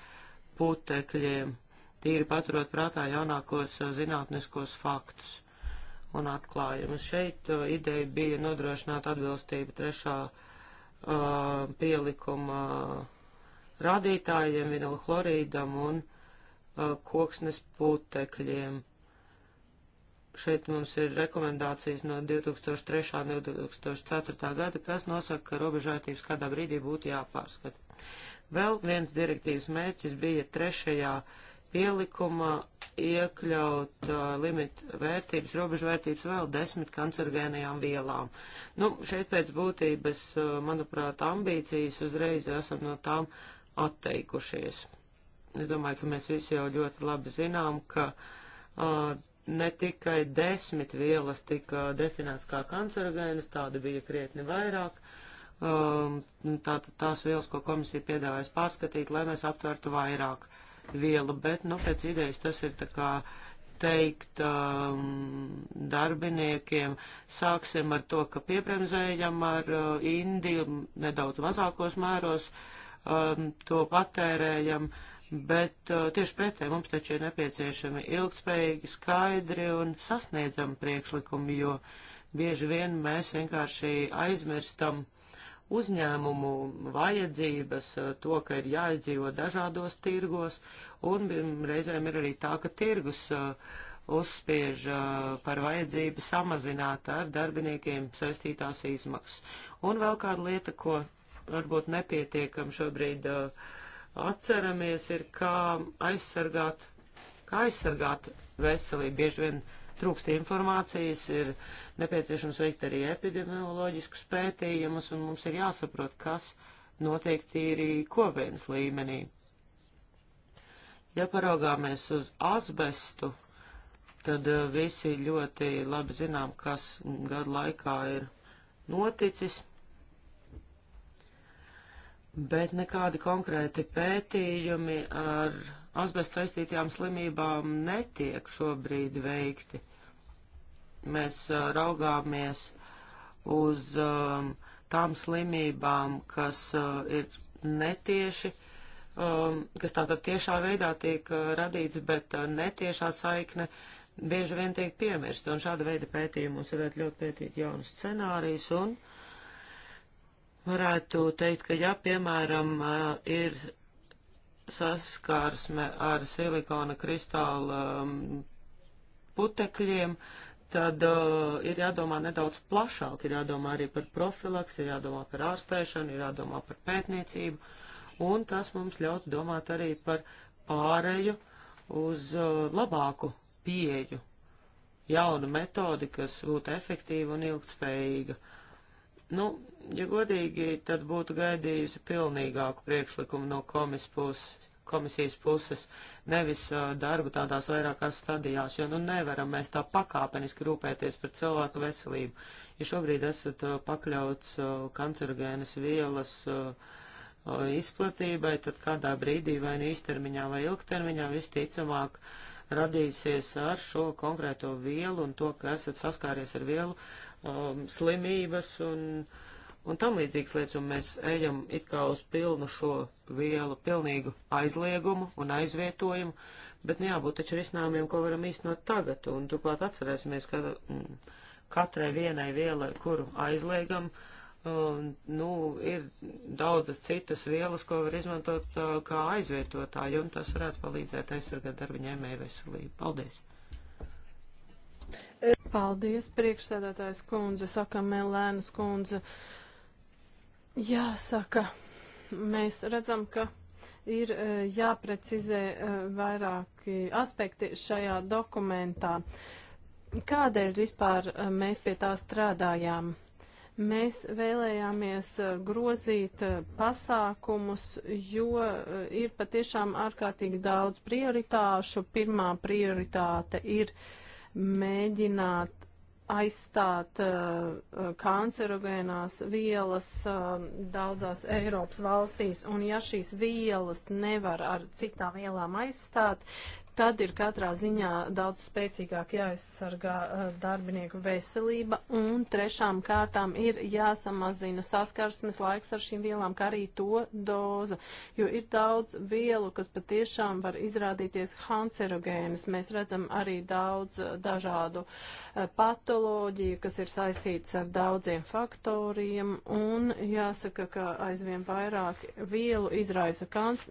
putekļiem tīri paturot prātā jaunākos eh, zinātniskos faktus un atklājumus. Šeit uh, ideja bija nodrošināt atbilstību trešā uh, pielikuma rādītājiem, vinila chlorīdam un uh, koksnes putekļiem. Šeit mums ir rekomendācijas no 2003. un 2004. gada, kas nosaka, ka robežvērtības kādā brīdī būtu jāpārskata. Vēl viens direktīvas mērķis bija trešajā uh, pielikumā iekļaut uh, limita vērtības, robežvērtības vēl desmit kancerogēnajām vielām. Nu, šeit pēc būtības, uh, manuprāt, ambīcijas uzreiz esam no tām atteikušies. Es domāju, ka mēs visi jau ļoti labi zinām, ka uh, ne tikai desmit vielas tika definēts kā kancerogēnas, tāda bija krietni vairāk. Um, tā, tās vielas, ko komisija piedāvājas pārskatīt, lai mēs aptvertu vairāk. Uh, vielu, bet, nu, pēc idejas tas ir tā kā teikt um, darbiniekiem, sāksim ar to, ka piebremzējam ar uh, Indiju, nedaudz mazākos mēros um, to patērējam, bet uh, tieši pretē mums taču ir nepieciešami ilgspējīgi, skaidri un sasniedzami priekšlikumi, jo bieži vien mēs vienkārši aizmirstam uh, uzņēmumu vajadzības, to, ka ir jāizdzīvo dažādos tirgos, un reizēm ir arī tā, ka tirgus uh, uzspiež uh, par vajadzību samazināt ar darbiniekiem saistītās izmaksas. Un vēl kāda lieta, ko varbūt nepietiekam šobrīd uh, atceramies, ir kā aizsargāt, kā aizsargāt veselību. Bieži vien trūkst informācijas, ir nepieciešams veikt arī epidemioloģiskus pētījumus, un mums ir jāsaprot, kas notiek tīri kopienas līmenī. Ja paraugāmies uz asbestu, tad eh, visi ļoti labi zinām, kas gadu laikā ir noticis, bet nekādi konkrēti pētījumi ar asbestu saistītajām slimībām netiek šobrīd veikti mēs raugāmies uz um, tām slimībām, kas uh, ir netieši, um, kas tātad tiešā veidā tiek uh, radīts, bet uh, netiešā saikne bieži vien tiek piemirsta. Un šāda veida pētījumus varētu ļoti pētīt jaunus scenārijus un varētu teikt, ka ja, piemēram, uh, ir saskarsme ar silikona kristāla um, putekļiem, uh, tad uh, ir jādomā nedaudz plašāk, ir jādomā arī par profilaks, ir jādomā par ārstēšanu, ir jādomā par pētniecību, un tas mums ļaut domāt arī par pāreju uz uh, labāku pieeju, jaunu metodi, kas būtu efektīva un ilgtspējīga. Nu, ja godīgi, tad būtu gaidījusi pilnīgāku priekšlikumu no komis puses komisijas puses, nevis uh, darbu tādās vairākās stadijās, jo nu nevaram mēs tā pakāpeniski rūpēties par cilvēku veselību. Ja šobrīd esat uh, pakļauts uh, kancerogēnas vielas izplatībai, tad kādā brīdī vai nu īstermiņā vai ilgtermiņā visticamāk radīsies ar šo konkrēto vielu un to, ka esat saskāries ar vielu um, slimības un uh, un tam līdzīgas lietas, un mēs ejam it kā uz pilnu šo vielu, pilnīgu aizliegumu un aizvietojumu, bet nu jābūt taču risinājumiem, ko varam īstenot tagad, un turklāt atcerēsimies, ka mm, katrai vienai vielai, kuru aizliegam, un, nu, ir daudzas citas vielas, ko var izmantot uh, kā aizvietotāju, un tas varētu palīdzēt aizsargāt darba ņēmēju veselību. Paldies! Paldies, priekšsēdētājs kundze, saka Melēnas kundze. Uh, Jāsaka, mēs redzam, ka ir e, jāprecizē e, vairāki aspekti šajā dokumentā. Kādēļ vispār e, mēs pie tā strādājām? Mēs vēlējāmies grozīt pasākumus, jo ir patiešām ārkārtīgi daudz prioritāšu. Pirmā prioritāte ir mēģināt aizstāt uh, eh, kancerogēnās vielas uh, daudzās Eiropas valstīs, un ja šīs vielas nevar ar citām vielām aizstāt, Tad ir katrā ziņā daudz spēcīgāk jāaizsargā eh, darbinieku veselība, un trešām kārtām ir jāsamazina saskarsmes laiks ar šīm vielām, kā arī to doza, jo ir daudz vielu, kas patiešām var izrādīties kancerogēnas. Mēs redzam arī daudz eh, dažādu eh, patoloģiju, kas ir saistīts ar daudziem faktoriem, un jāsaka, ka aizvien vairāk vielu izraisa kanc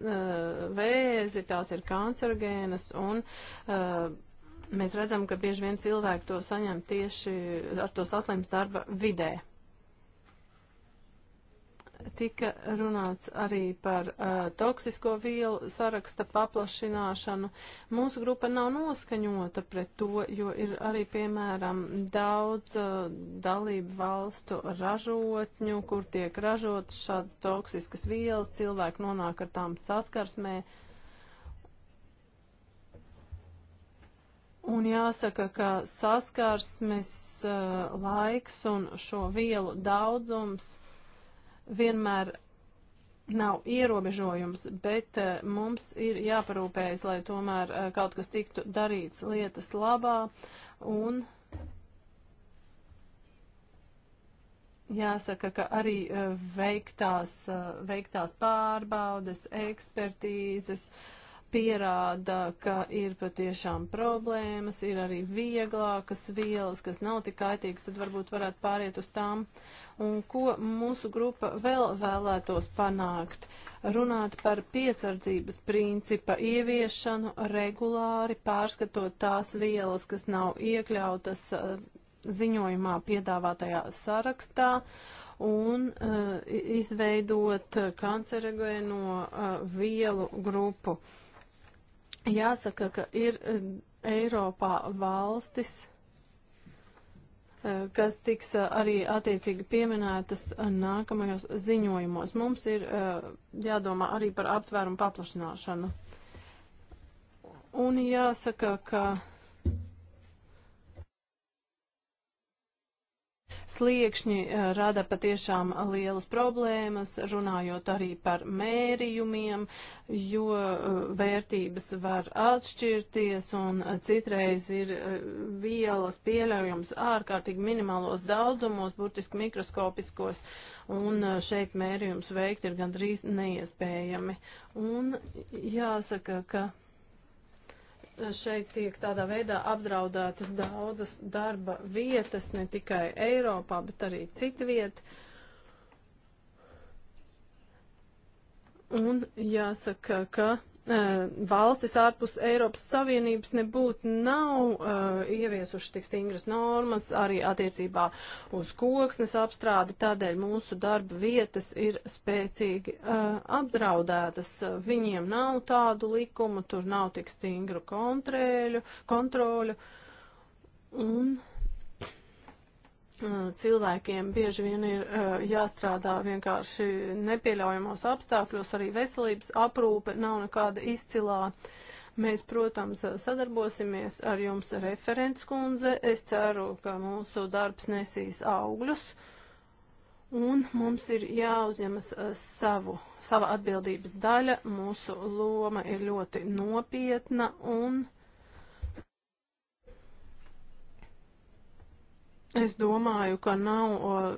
vēzi, tās ir kancerogēnas, un uh, mēs redzam, ka bieži vien cilvēki to saņem tieši ar to saslimst darba vidē. Tika runāts arī par uh, toksisko vielu saraksta paplašināšanu. Mūsu grupa nav noskaņota pret to, jo ir arī, piemēram, daudz uh, dalību valstu ražotņu, kur tiek ražotas šādas toksiskas vielas, cilvēki nonāk ar tām saskarsmē. Uh, Un jāsaka, ka saskarsmes uh, laiks un šo vielu daudzums vienmēr nav ierobežojums, bet uh, mums ir jāparūpējas, lai tomēr uh, kaut kas tiktu darīts lietas labā un jāsaka, ka arī veiktās, veiktās pārbaudes, ekspertīzes, uh, pierāda, ka ir patiešām problēmas, ir arī vieglākas vielas, kas nav tik kaitīgas, tad varbūt varētu pāriet uz tām. Un ko mūsu grupa vēl vēlētos panākt? Runāt par piesardzības principa ieviešanu regulāri, pārskatot tās vielas, kas nav iekļautas eh, ziņojumā piedāvātajā sarakstā un uh, izveidot eh, kancerogēno uh, vielu grupu. Uh, Jāsaka, ka ir eh, Eiropā valstis, eh, kas tiks eh, arī attiecīgi pieminētas nākamajos ziņojumos. Mums ir jādomā arī par aptvērumu paplašināšanu. Un jāsaka, ka sliekšņi eh, rada patiešām lielas problēmas, runājot arī par mērījumiem, jo eh, vērtības var atšķirties un eh, citreiz ir vielas pieļaujams ārkārtīgi minimālos daudzumos, burtiski mikroskopiskos, un šeit mērījums veikt ir gandrīz neiespējami. Un jāsaka, ka šeit tiek tādā veidā apdraudētas daudzas darba vietas, ne tikai Eiropā, bet arī citviet. Un jāsaka, ka Eh, valstis ārpus Eiropas Savienības nebūtu nav uh, ieviesuši tik stingras normas arī attiecībā uz koksnes apstrādi, tādēļ mūsu darba vietas ir spēcīgi uh, apdraudētas. Viņiem nav tādu likumu, tur nav tik stingru kontrēļu, kontroļu. Un cilvēkiem bieži vien ir uh, jāstrādā vienkārši nepieļaujamos apstākļos, arī veselības aprūpe nav nekāda izcilā. Mēs, protams, sadarbosimies ar jums referents kundze. Es ceru, ka mūsu darbs nesīs augļus un mums ir jāuzņemas savu, sava atbildības daļa. Mūsu loma ir ļoti nopietna un. Uh, Es domāju, ka nav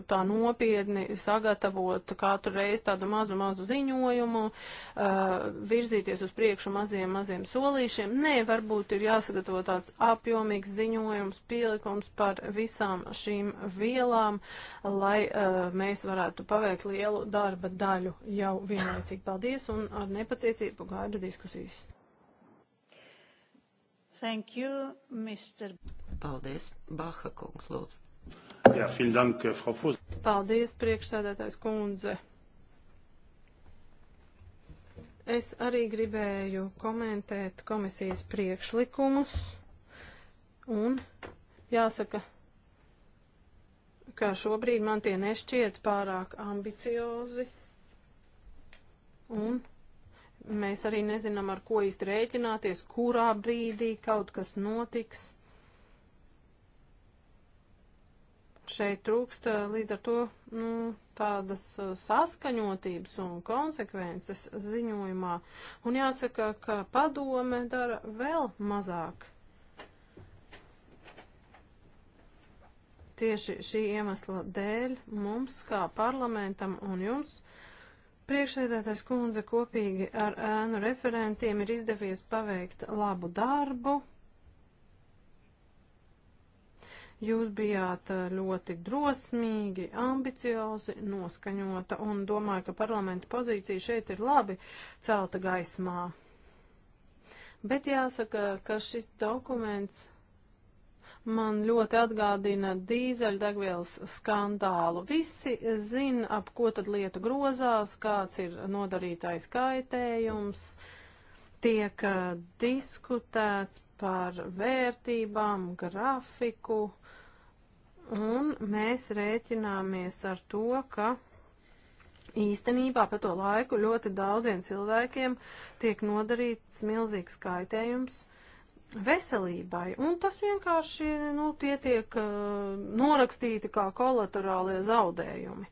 tā nopietni sagatavot katru reizi tādu mazu, mazu ziņojumu, uh, virzīties uz priekšu maziem, maziem solīšiem. Nē, varbūt ir jāsagatavo tāds apjomīgs ziņojums, pielikums par visām šīm vielām, lai uh, mēs varētu paveikt lielu darba daļu jau vienlaicīgi. Paldies un ar nepacietību gaidu diskusijas. Thank you, Mr. Paldies, Baha kungs, lūdzu. Jā, vielen dank, eh, Frau Fūs. Paldies, priekšsēdētājs kundze. Es arī gribēju komentēt komisijas priekšlikumus un jāsaka, ka šobrīd man tie nešķiet pārāk ambiciozi un mēs arī nezinām, ar ko īsti rēķināties, kurā brīdī kaut kas notiks. šeit trūkst eh, līdz ar to nu, tādas eh, saskaņotības un konsekvences ziņojumā. Un jāsaka, ka padome dara vēl mazāk. Tieši šī iemesla dēļ mums, kā parlamentam un jums, priekšsēdētais kundze kopīgi ar ēnu referentiem ir izdevies paveikt labu darbu Jūs bijāt ļoti drosmīgi, ambiciozi, noskaņota un domāju, ka parlamenta pozīcija šeit ir labi celta gaismā. Bet jāsaka, ka šis dokuments man ļoti atgādina dīzeļdegvielas skandālu. Visi zina, ap ko tad lieta grozās, kāds ir nodarītais kaitējums, tiek diskutēts par vērtībām, grafiku Un mēs rēķināmies ar to, ka īstenībā pa to laiku ļoti daudziem cilvēkiem tiek nodarīts milzīgs kaitējums veselībai, un tas vienkārši, nu, tie tiek uh, norakstīti kā kolaterālie zaudējumi.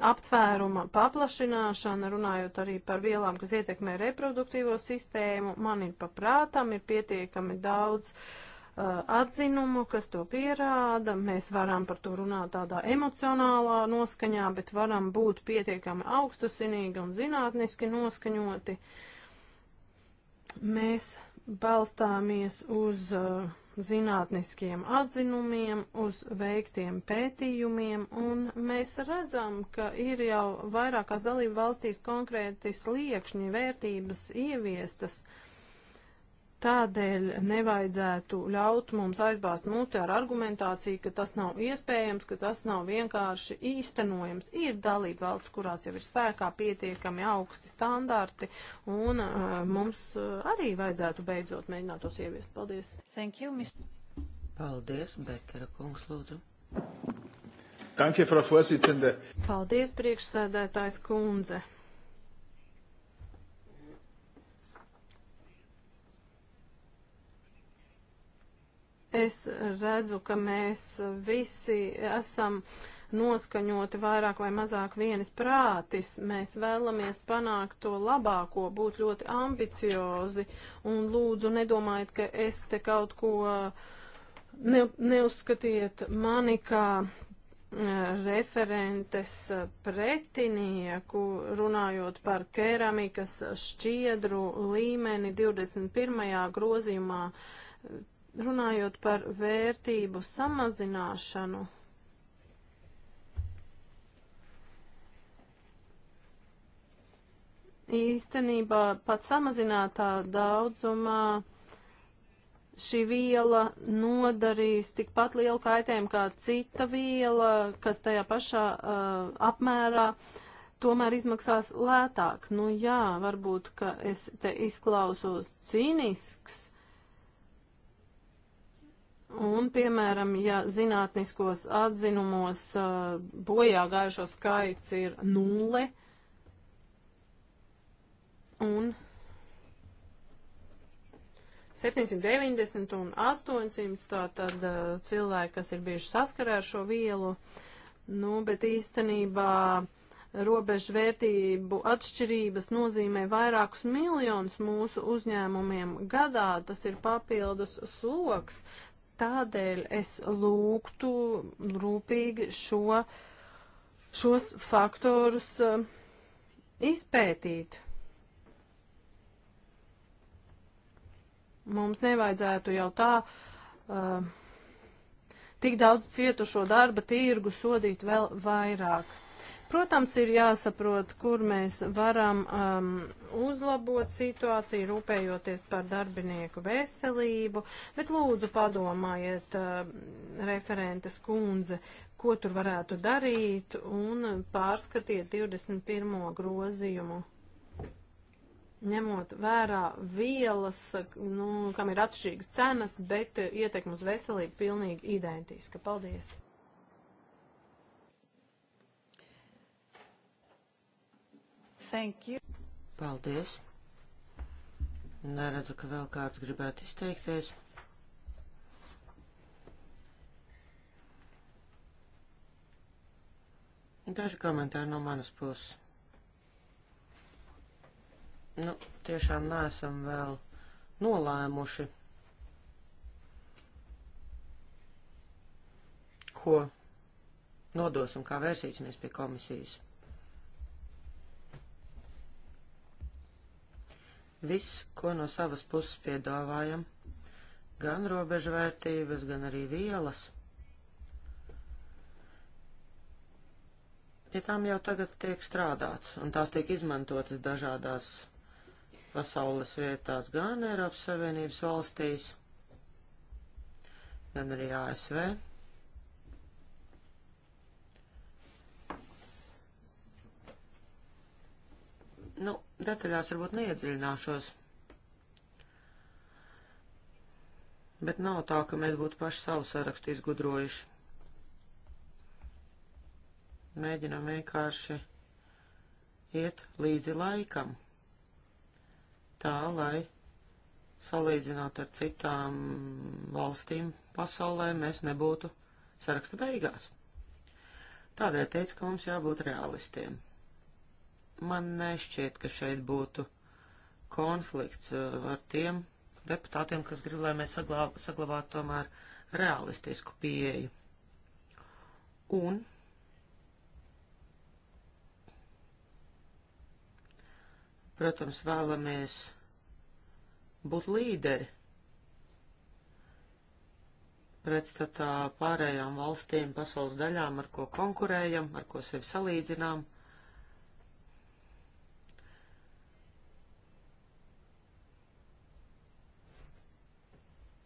aptvēruma paplašināšana, runājot arī par vielām, kas ietekmē reproduktīvo sistēmu, man ir paprātam, ir pietiekami daudz uh, atzinumu, kas to pierāda. Mēs varam par to runāt tādā emocionālā noskaņā, bet varam būt pietiekami augstusinīgi un zinātniski noskaņoti. Mēs balstāmies uz uh, zinātniskiem atzinumiem, uz veiktiem pētījumiem, un mēs redzam, ka ir jau vairākās dalību valstīs konkrēti sliekšņi vērtības ieviestas. Uh, Tādēļ nevajadzētu ļaut mums aizbāzt muti ar argumentāciju, ka tas nav iespējams, ka tas nav vienkārši īstenojams. Ir dalība valsts, kurās jau ir spēkā pietiekami augsti standarti, un uh, mums eh, arī vajadzētu beidzot mēģināt tos ieviest. Paldies! Thank you, Mr. Paldies, Bekera kungs, lūdzu. Danke, Frau Vorsitzende. Paldies, priekšsēdētājs kundze. Es redzu, ka mēs visi esam noskaņoti vairāk vai mazāk vienas prātis. Mēs vēlamies panākt to labāko, būt ļoti ambiciozi un lūdzu nedomājiet, ka es te kaut ko ne, neuzskatiet mani kā eh, referentes pretinieku, runājot par keramikas šķiedru līmeni 21. grozījumā Runājot par vērtību samazināšanu, īstenībā pat samazinātā daudzumā šī viela nodarīs tikpat lielu kaitējumu kā cita viela, kas tajā pašā uh, apmērā tomēr izmaksās lētāk. Nu jā, varbūt, ka es te izklausos cīnisks, Un, piemēram, ja zinātniskos atzinumos uh, bojā gājušo skaits ir nulle, un 790 un 800 tā tad uh, cilvēki, kas ir bieži saskarē ar šo vielu, nu, bet īstenībā robežu vērtību atšķirības nozīmē vairākus miljonus mūsu uzņēmumiem gadā. Tas ir papildus sloks. Tādēļ es lūgtu rūpīgi šo, šos faktorus um, izpētīt. Mums nevajadzētu jau tā uh, tik daudz cietušo darba tirgu sodīt vēl vairāk. Protams, ir jāsaprot, kur mēs varam um, uzlabot situāciju, rūpējoties par darbinieku veselību, bet lūdzu padomājiet, uh, referentes kundze, ko tur varētu darīt un pārskatiet 21. grozījumu ņemot vērā vielas, nu, kam ir atšķirīgas cenas, bet ietekme uz veselību pilnīgi identiska. Paldies! Thank you. Paldies. Neredzu, ka vēl kāds gribētu izteikties. Daži komentāri no manas puses. Nu, tiešām neesam vēl nolēmuši, ko nodosim, kā vērsīsimies pie komisijas. Viss, ko no savas puses piedāvājam, gan robežvērtības, gan arī vielas, pie ja tām jau tagad tiek strādāts, un tās tiek izmantotas dažādās pasaules vietās, gan Eiropas Savienības valstīs, gan arī ASV. Nu, detaļās varbūt neiedziļināšos. Bet nav tā, ka mēs būtu paši savu sarakstu izgudrojuši. Mēģinam vienkārši iet līdzi laikam. Tā, lai salīdzinot ar citām valstīm pasaulē, mēs nebūtu saraksta beigās. Tādēļ teicu, ka mums jābūt realistiem. Man nešķiet, ka šeit būtu konflikts uh, ar tiem deputātiem, kas grib, lai mēs saglāb, saglabātu tomēr realistisku pieeju. Un protams, vēlamies būt līderi pretstatā pārējām valstīm, pasaules daļām, ar ko konkurējam, ar ko sevi salīdzinām.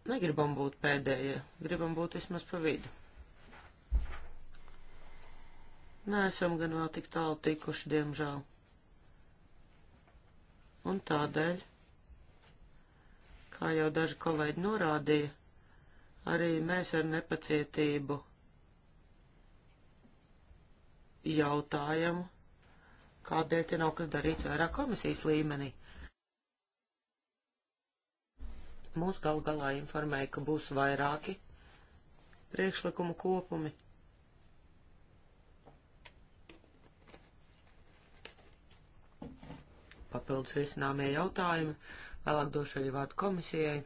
Negribam būt pēdējie, gribam būt vismaz pa vidu. Neesam gan vēl tik tālu tikuši, diemžēl. Un tādēļ, kā jau daži kolēģi norādīja, arī mēs ar nepacietību jautājam, kādēļ te nav kas darīts vairāk komisijas līmenī. mūs gal galā informēja, ka būs vairāki priekšlikumu kopumi. Papildus risināmie jautājumi, vēlāk došu arī vārdu komisijai,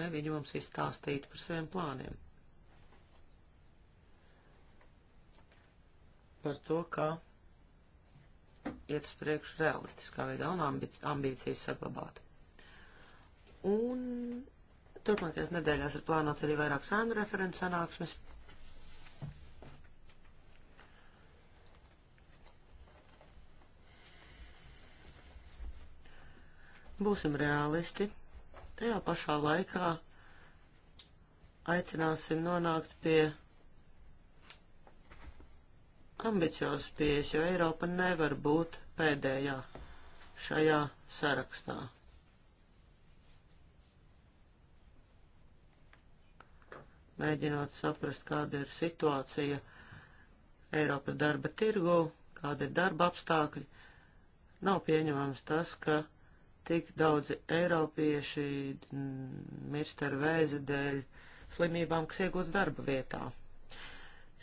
lai viņi mums izstāstītu par saviem plāniem. Par to, kā iet uz priekšu realistiskā veidā un ambīcijas saglabāt. Un turpmākajās nedēļās ir plānot arī vairāk sēnu referents sanāksmes. Būsim realisti. Tajā pašā laikā aicināsim nonākt pie ambiciozas pieejas, jo Eiropa nevar būt pēdējā šajā sarakstā. mēģinot saprast, kāda ir situācija Eiropas darba tirgu, kāda ir darba apstākļi. Nav pieņemams tas, ka tik daudzi eiropieši mirst ar vēzi dēļ slimībām, kas iegūts darba vietā.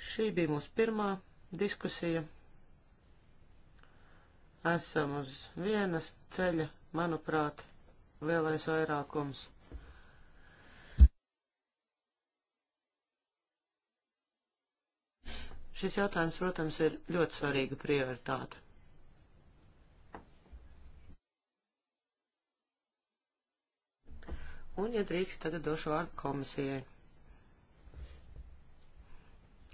Šī bija mūsu pirmā diskusija. Esam uz vienas ceļa, manuprāt, lielais vairākums Šis jautājums, protams, ir ļoti svarīga prioritāte. Un, ja drīkst, tagad došu vārdu komisijai,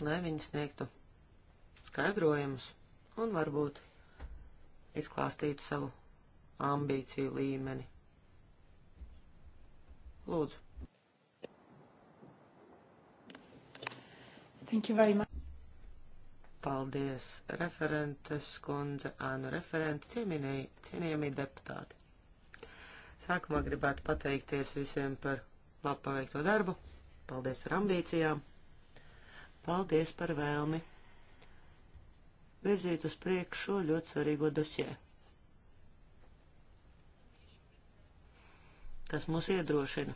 lai viņi sniegtu skaidrojumus un varbūt izklāstītu savu ambīciju līmeni. Lūdzu. Thank you very much. Paldies, referentes kundze, ānu referenti, cienījamie, cienījamie deputāti. Sākumā gribētu pateikties visiem par labu paveikto darbu. Paldies par ambīcijām. Paldies par vēlmi virzīt uz priekšu šo ļoti svarīgo dosē. Tas mūs iedrošina.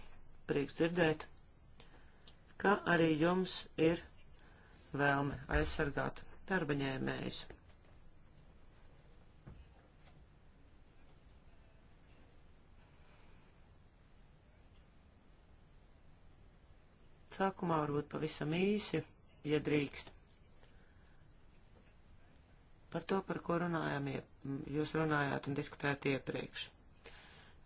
Prieks dzirdēt, ka arī jums ir vēlme aizsargāt darba ņēmējus. Sākumā varbūt pavisam īsi, ja drīkst. Par to, par ko runājām, jūs runājāt un diskutējāt iepriekš.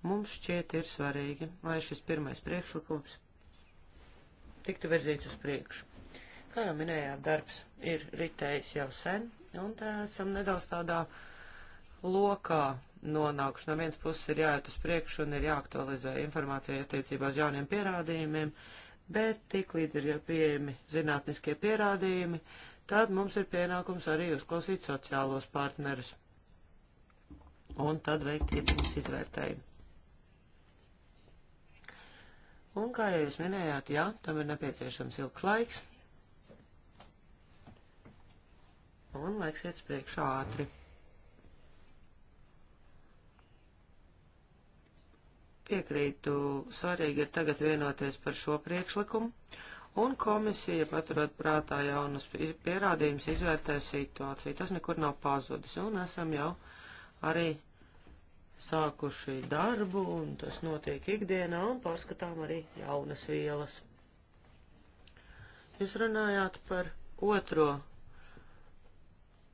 Mums šķiet ir svarīgi, lai šis pirmais priekšlikums tiktu virzīts uz priekšu. Kā jau minējāt, darbs ir ritējis jau sen, un esam nedaudz tādā lokā nonākuši. No vienas puses ir jāiet uz priekšu un ir jāaktualizē informācija attiecībā uz jauniem pierādījumiem, bet tik līdz ir jau pieejami zinātniskie pierādījumi, tad mums ir pienākums arī uzklausīt sociālos partnerus un tad veikt ietekmes izvērtējumu. Un, kā jau jūs minējāt, jā, tam ir nepieciešams ilgs laiks, Un laiks iet priekšā ātri. Piekrītu, svarīgi ir tagad vienoties par šo priekšlikumu, un komisija, paturot prātā jaunas pierādījumus, izvērtē situāciju. Tas nekur nav pazudis, un esam jau arī sākuši darbu, un tas notiek ikdienā, un pārskatām arī jaunas vielas. Jūs runājāt par otro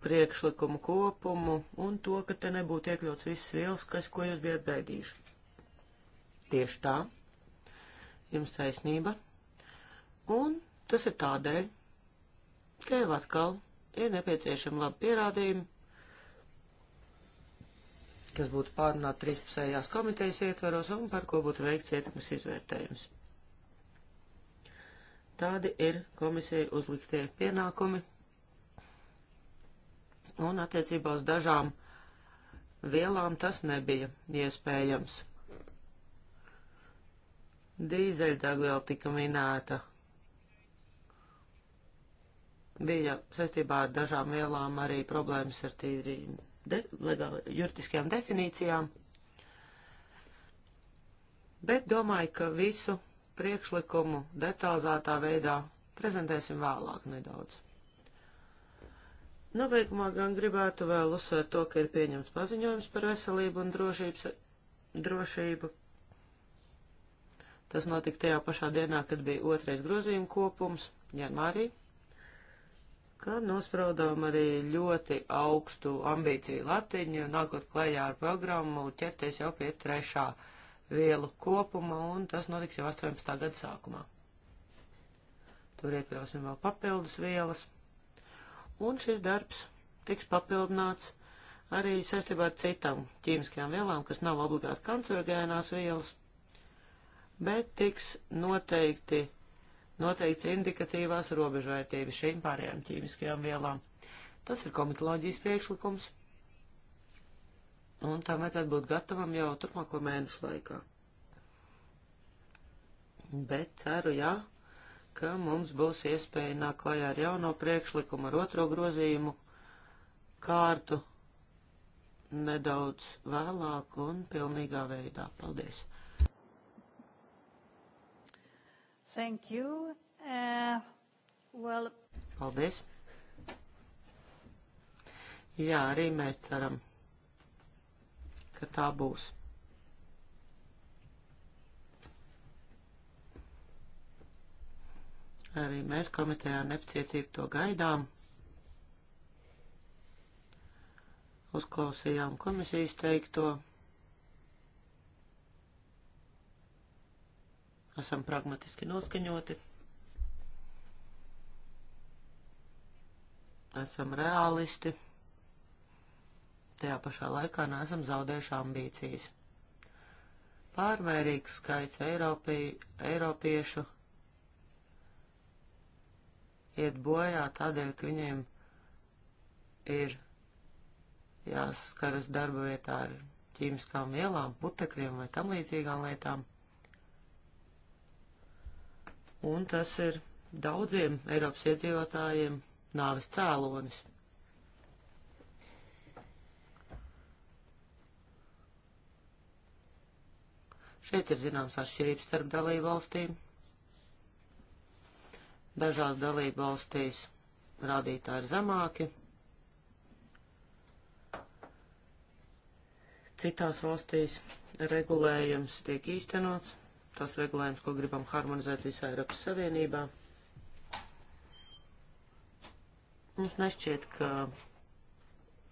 priekšlikumu kopumu un to, ka te nebūtu iekļauts viss vielas, kas, ko jūs bijat gaidījuši. Tieši tā, jums taisnība. Un tas ir tādēļ, ka jau atkal ir nepieciešami labi pierādījumi, kas būtu pārunāti trīspusējās komitejas ietveros un par ko būtu veikts ietekmes izvērtējums. Tādi ir komisija uzliktie pienākumi un attiecībā uz dažām vielām tas nebija iespējams. Dīzeļdegviela tika minēta. Bija saistībā ar dažām vielām arī problēmas ar tīri de, legāli, juridiskajām definīcijām, bet domāju, ka visu priekšlikumu detalizētā veidā prezentēsim vēlāk nedaudz. Nobeigumā gan gribētu vēl uzsvērt to, ka ir pieņemts paziņojums par veselību un drošības, drošību. Tas notika tajā pašā dienā, kad bija otrais grozījuma kopums, janvārī, kad nospraudām arī ļoti augstu ambīciju latiņu, nākot klējā ar programmu, ķerties jau pie trešā vielu kopuma, un tas notiks jau 18. gada sākumā. Tur iekļausim vēl papildus vielas. Un šis darbs tiks papildināts arī saistībā ar citām ķīmiskajām vielām, kas nav obligāti kancerogēnās vielas, bet tiks noteikti, noteikts indikatīvās robežvērtības šīm pārējām ķīmiskajām vielām. Tas ir komitoloģijas priekšlikums, un tam vajadzētu būt gatavam jau turpmāko mēnešu laikā. Bet ceru, jā, ja, ka mums būs iespēja nākt klajā ar jauno priekšlikumu, ar otro grozījumu kārtu nedaudz vēlāk un pilnīgā veidā. Paldies! Thank you. Uh, well... Paldies! Jā, arī mēs ceram, ka tā būs. Arī mēs komitejā nepacietību to gaidām. Uzklausījām komisijas teikto. Esam pragmatiski noskaņoti. Esam realisti. Tajā pašā laikā neesam zaudējuši ambīcijas pārmērīgs skaits Eiropī, Eiropiešu iet bojā tādēļ, ka viņiem ir jāsaskaras darba vietā ar ķīmiskām vielām, putekļiem vai tam līdzīgām lietām. Un tas ir daudziem Eiropas iedzīvotājiem nāves cēlonis. Šeit ir zināms atšķirības starp dalību valstīm. Dažās dalību valstīs rādītāji ir zemāki, citās valstīs regulējums tiek īstenots, tas regulējums, ko gribam harmonizēt visā Eiropas Savienībā. Mums nešķiet, ka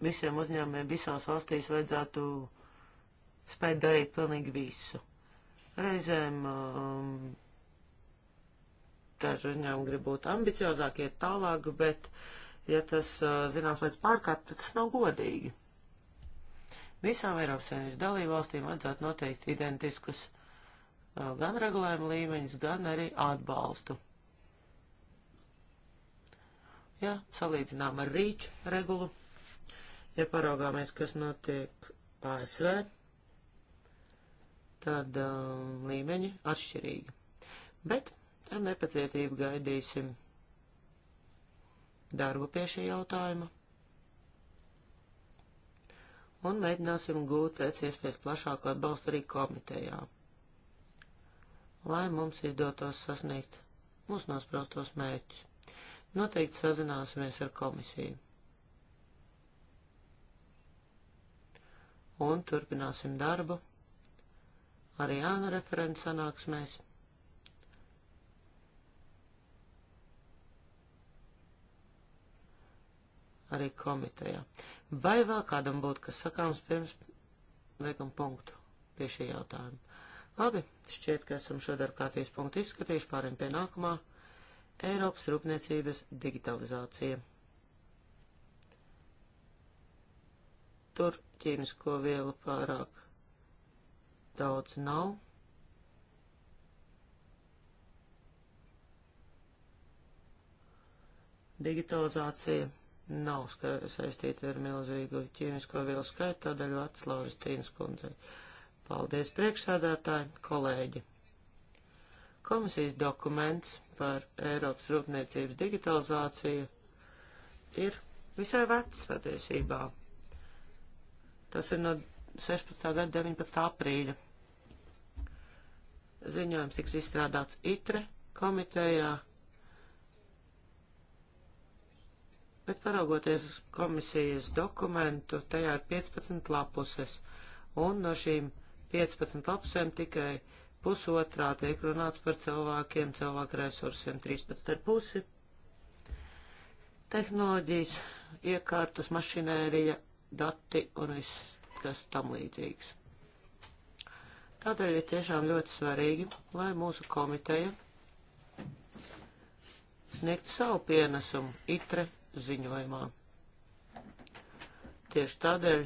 visiem uzņēmumiem visās valstīs vajadzētu spēt darīt pilnīgi visu. Reizēm um, daži uzņēmumi grib būt ambiciozāki, iet tālāk, bet, ja tas zināms līdz pārkāpt, tad tas nav godīgi. Visām Eiropas Savienības dalībvalstīm vajadzētu noteikt identiskus gan regulējumu līmeņus, gan arī atbalstu. Ja salīdzinām ar rīču regulu, ja paraugāmies, kas notiek ASV, tad um, līmeņi atšķirīgi. Bet Ar nepacietību gaidīsim darbu pie šī jautājuma un mēģināsim gūt pēc iespējas plašāku atbalstu arī komitejā, lai mums izdotos sasniegt mūsu nospraustos mērķus. Noteikti sazināsimies ar komisiju. Un turpināsim darbu arī āna referents sanāksmēs. arī komitejā. Vai vēl kādam būtu kas sakāms pirms liekam punktu pie šī jautājuma? Labi, šķiet, ka esam šo darbkārtības punktu izskatījuši pāriem pie nākamā - Eiropas rūpniecības digitalizācija. Tur ķīmisko vielu pārāk daudz nav. digitalizācija nav saistīta ar milzīgu ķīmisko vielu skaitu, tādēļ vārds Lauris Tīnas kundzei. Paldies priekšsādātāji, kolēģi! Komisijas dokuments par Eiropas rūpniecības digitalizāciju ir visai vecs patiesībā. Tas ir no 16. gada 19. aprīļa. Ziņojums tiks izstrādāts ITRE komitejā Bet paraugoties uz komisijas dokumentu, tajā ir 15 lapuses, un no šīm 15 lapusēm tikai pusotrā tiek runāts par cilvēkiem, cilvēku resursiem, 13 ar pusi. Tehnoloģijas, iekārtas, mašinērija, dati un viss, kas tam līdzīgs. Tādēļ ir tiešām ļoti svarīgi, lai mūsu komiteja sniegtu savu pienesumu ITRE ziņojumā. Tieši tādēļ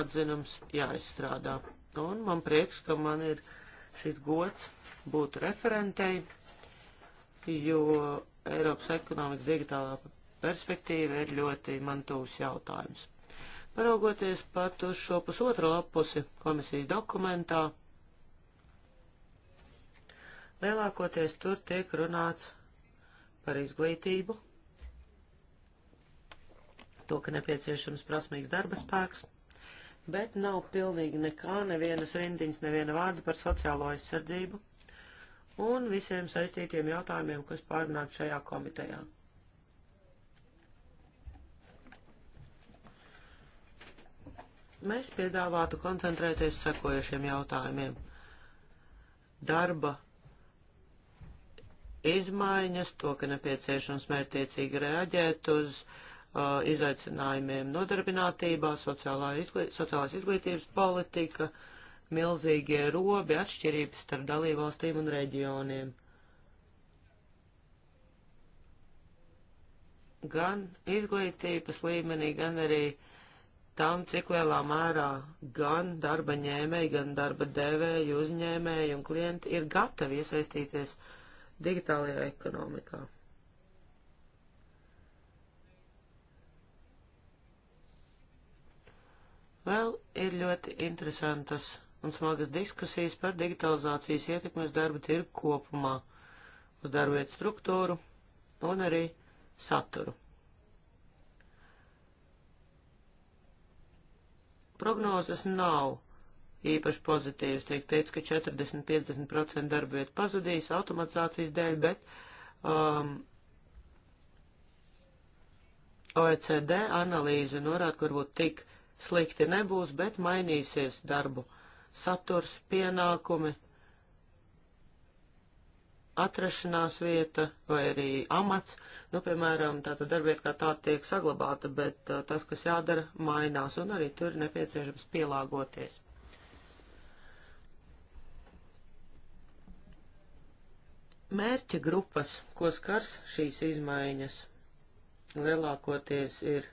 atzinums jāizstrādā. Un man prieks, ka man ir šis gods būt referentei, jo Eiropas ekonomikas digitālā perspektīva ir ļoti man tūs jautājums. Paraugoties pat uz šo pusotru lapusi komisijas dokumentā, lielākoties tur tiek runāts par izglītību to, ka nepieciešams prasmīgs darba spēks, bet nav pilnīgi nekā, nevienas rindiņas, neviena vārda par sociālo aizsardzību un visiem saistītiem jautājumiem, kas pārunāt šajā komitejā. Mēs piedāvātu koncentrēties sekojušiem jautājumiem. Darba izmaiņas, to, ka nepieciešams mērtiecīgi reaģēt uz uh, uh, izaicinājumiem nodarbinātībā, sociālā izglī, sociālās izglītības politika, milzīgie robi, atšķirības starp dalībvalstīm un reģioniem. Gan izglītības līmenī, gan arī tam, cik lielā mērā gan darba ņēmēji, gan darba devēji, uzņēmēji un klienti ir gatavi iesaistīties digitālajā ekonomikā. Vēl ir ļoti interesantas un smagas diskusijas par digitalizācijas ietekmi uz darba tirgu kopumā, uz darba vietu struktūru un arī saturu. Prognozes nav īpaši pozitīvas. Tiek teikt, ka 40-50% darba vietu pazudīs automatizācijas dēļ, bet um, OECD analīze norāda, ka varbūt tik slikti nebūs, bet mainīsies darbu saturs, pienākumi, atrašanās vieta vai arī amats. Nu, piemēram, tāda darbieta kā tāda tiek saglabāta, bet uh, tas, kas jādara, mainās, un arī tur ir nepieciešams pielāgoties. Mērķa grupas, ko skars šīs izmaiņas, lielākoties ir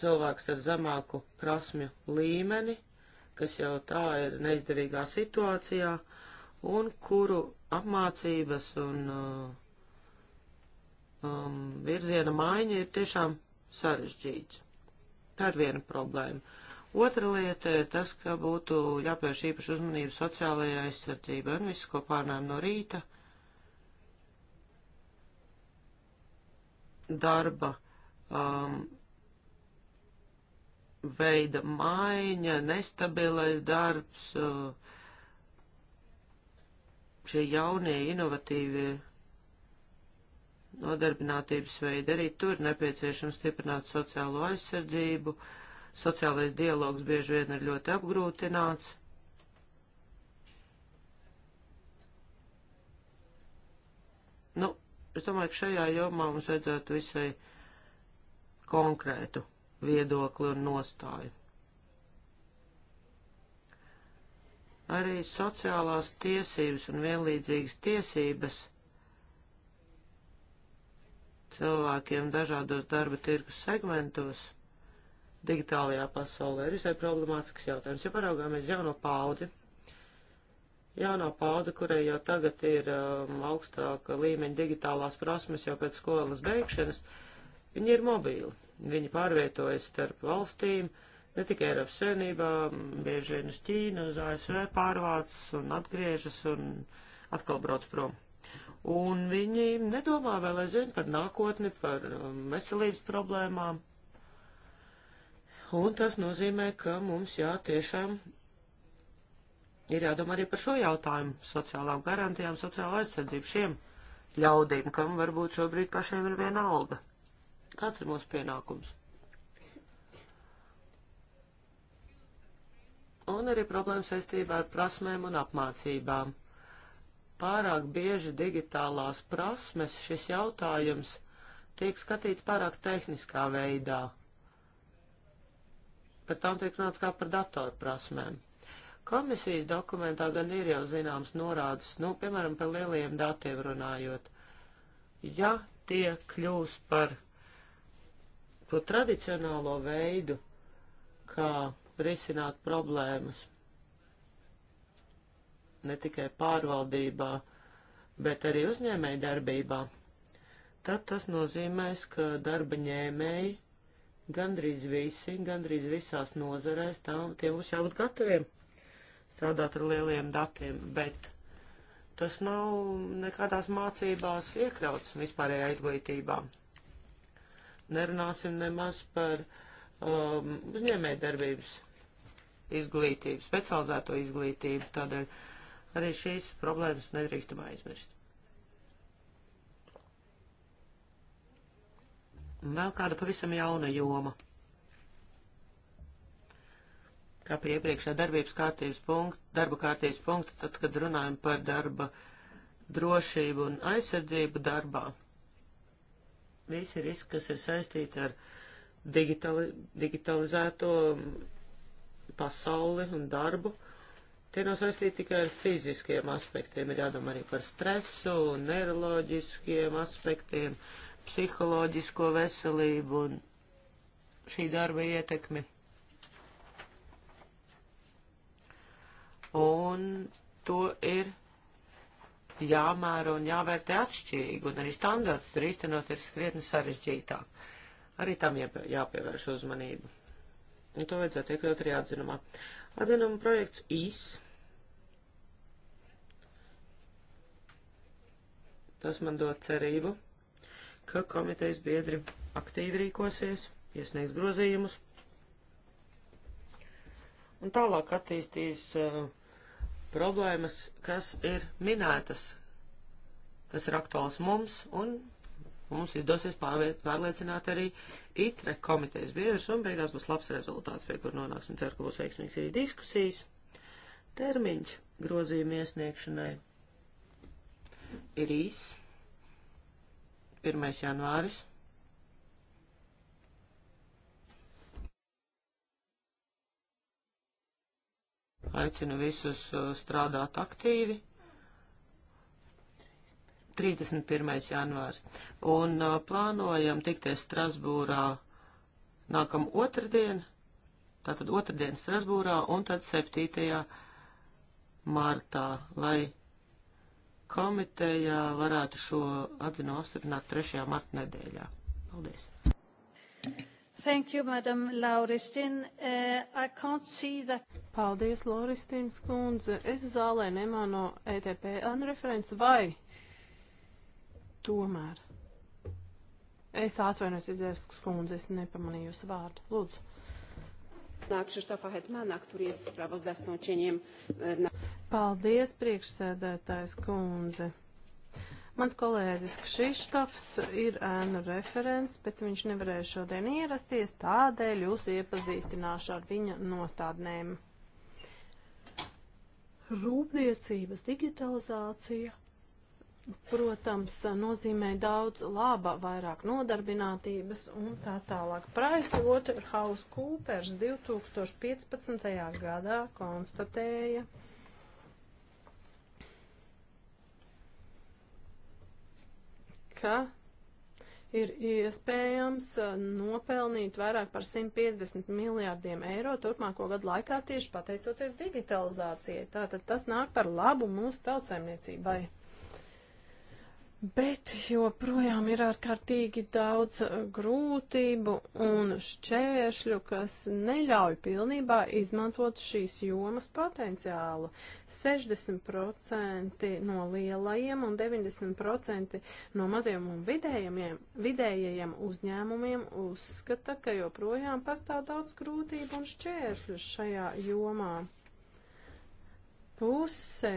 cilvēks ar zemāku prasmju līmeni, kas jau tā ir neizdevīgā situācijā, un kuru apmācības un uh, um, virziena maiņa ir tiešām sarežģīts. Tā ir viena problēma. Otra lieta ir tas, ka būtu jāpievērš īpaši uzmanību sociālajai aizsardzībai un viss, ko pārnājam no rīta, darba um, veida maiņa, nestabilais darbs, eh, šie jaunie, inovatīvie nodarbinātības veidi. Arī tur nepieciešams stiprināt sociālo aizsardzību. Sociālais dialogs bieži vien ir ļoti apgrūtināts. Nu, es domāju, ka šajā jomā mums vajadzētu visai konkrētu viedokli un nostāju. Arī sociālās tiesības un vienlīdzīgas tiesības cilvēkiem dažādos darba tirgus segmentos digitālajā pasaulē ir visai problemātisks jautājums. Ja paraugāmies jauno paudzi, jaunā paudze, kurai jau tagad ir um, augstāka līmeņa digitālās prasmes jau pēc skolas beigšanas, uh, Viņi ir mobīli, viņi pārvietojas starp valstīm, ne tikai Eiropas Savienībā, bieži vien uz Ķīnu, uz ASV pārvācas un atgriežas un atkal brauc prom. Un viņi nedomā vēl aizvien par nākotni, par um, veselības problēmām. Un tas nozīmē, ka mums jā, tiešām ir jādomā arī par šo jautājumu - sociālām garantijām, sociālo aizsardzību šiem ļaudīm, kam varbūt šobrīd pašiem ir viena alga. Kāds ir mūsu pienākums? Un arī problēma saistībā ar prasmēm un apmācībām. Pārāk bieži digitālās prasmes šis jautājums tiek skatīts pārāk tehniskā veidā. Par tām tiek runāts kā par datorprasmēm. Komisijas dokumentā gan ir jau zināms norādes, nu, piemēram, par lielajiem datiem runājot. Ja tie kļūs par to tradicionālo veidu, kā risināt problēmas ne tikai pārvaldībā, bet arī uzņēmēju darbībā, tad tas nozīmēs, ka darba ņēmēji gandrīz visi, gandrīz visās nozarēs, tām tie būs jābūt gataviem strādāt ar lieliem datiem, bet tas nav nekādās mācībās iekļauts vispārējā izglītībā nerunāsim nemaz par um, uzņēmē darbības izglītību, specializēto izglītību, tādēļ arī šīs problēmas nedrīkstam aizmirst. Un vēl kāda pavisam jauna joma. Kā pie iepriekšējā darbības kārtības punkta, darba kārtības punkta, tad, kad runājam par darba drošību un aizsardzību darbā, visi riski, kas ir saistīti ar digitali, digitalizēto pasauli un darbu, tie nav saistīti tikai ar fiziskiem aspektiem, ir jādomā arī par stresu, neiroloģiskiem aspektiem, psiholoģisko veselību un šī darba ietekmi. Un to ir jāmēra un jāvērtē atšķirīgi, un arī standārts tur īstenot ir skrietni sarežģītāk. Arī tam jāpie, jāpievērš uzmanība. Un to vajadzētu iekļaut arī atzinumā. Atzinuma projekts īs. Tas man dod cerību, ka komitejas biedri aktīvi rīkosies, iesniegs grozījumus un tālāk attīstīs uh, problēmas, kas ir minētas, kas ir aktuāls mums, un mums izdosies pārliecināt arī ITRE komitejas biedrus, un beigās būs labs rezultāts, pie kur nonāksim, ceru, ka būs veiksmīgs arī diskusijas. Termiņš grozījuma iesniegšanai ir īs. 1. janvāris Aicinu visus uh, strādāt aktīvi. 31. janvārs. Un uh, plānojam tikties Strasbūrā nākam otrdien, tātad otrdien Strasbūrā un tad 7. martā, lai komiteja varētu šo atzinu apstiprināt 3. marta nedēļā. Paldies! Thank you, Madam Lauristin. Uh, I can't see that. Paldies, Lauristins kundze. Es zālē nemāno ETP anreferents vai tomēr. Es atvainojos, Idzēvskas kundze, es nepamanīju jūsu vārdu. Lūdzu. Krzysztofa Hetmana, który jest sprawozdawcą cieniem. Eh, Paldies, priekšsēdētājs kundze. Mans kolēģis Kšištofs ir ēnu referents, bet viņš nevarēja šodien ierasties, tādēļ jūs iepazīstināšu ar viņa nostādnēm. Rūpniecības digitalizācija, protams, nozīmē daudz laba, vairāk nodarbinātības un tā tālāk. Pricewaterhouse Coopers 2015. gadā konstatēja, ka ir iespējams uh, nopelnīt vairāk par 150 miljārdiem eiro turpmāko gadu laikā tieši pateicoties digitalizācijai. Tātad tas nāk par labu mūsu tautsaimniecībai. Mm. Bet joprojām ir ārkārtīgi daudz uh, grūtību un šķēršļu, kas neļauj pilnībā izmantot šīs jomas potenciālu. 60% no lielajiem un 90% no maziem un vidējajiem uzņēmumiem uzskata, ka joprojām pastāv daudz grūtību un šķēršļu šajā jomā. Puse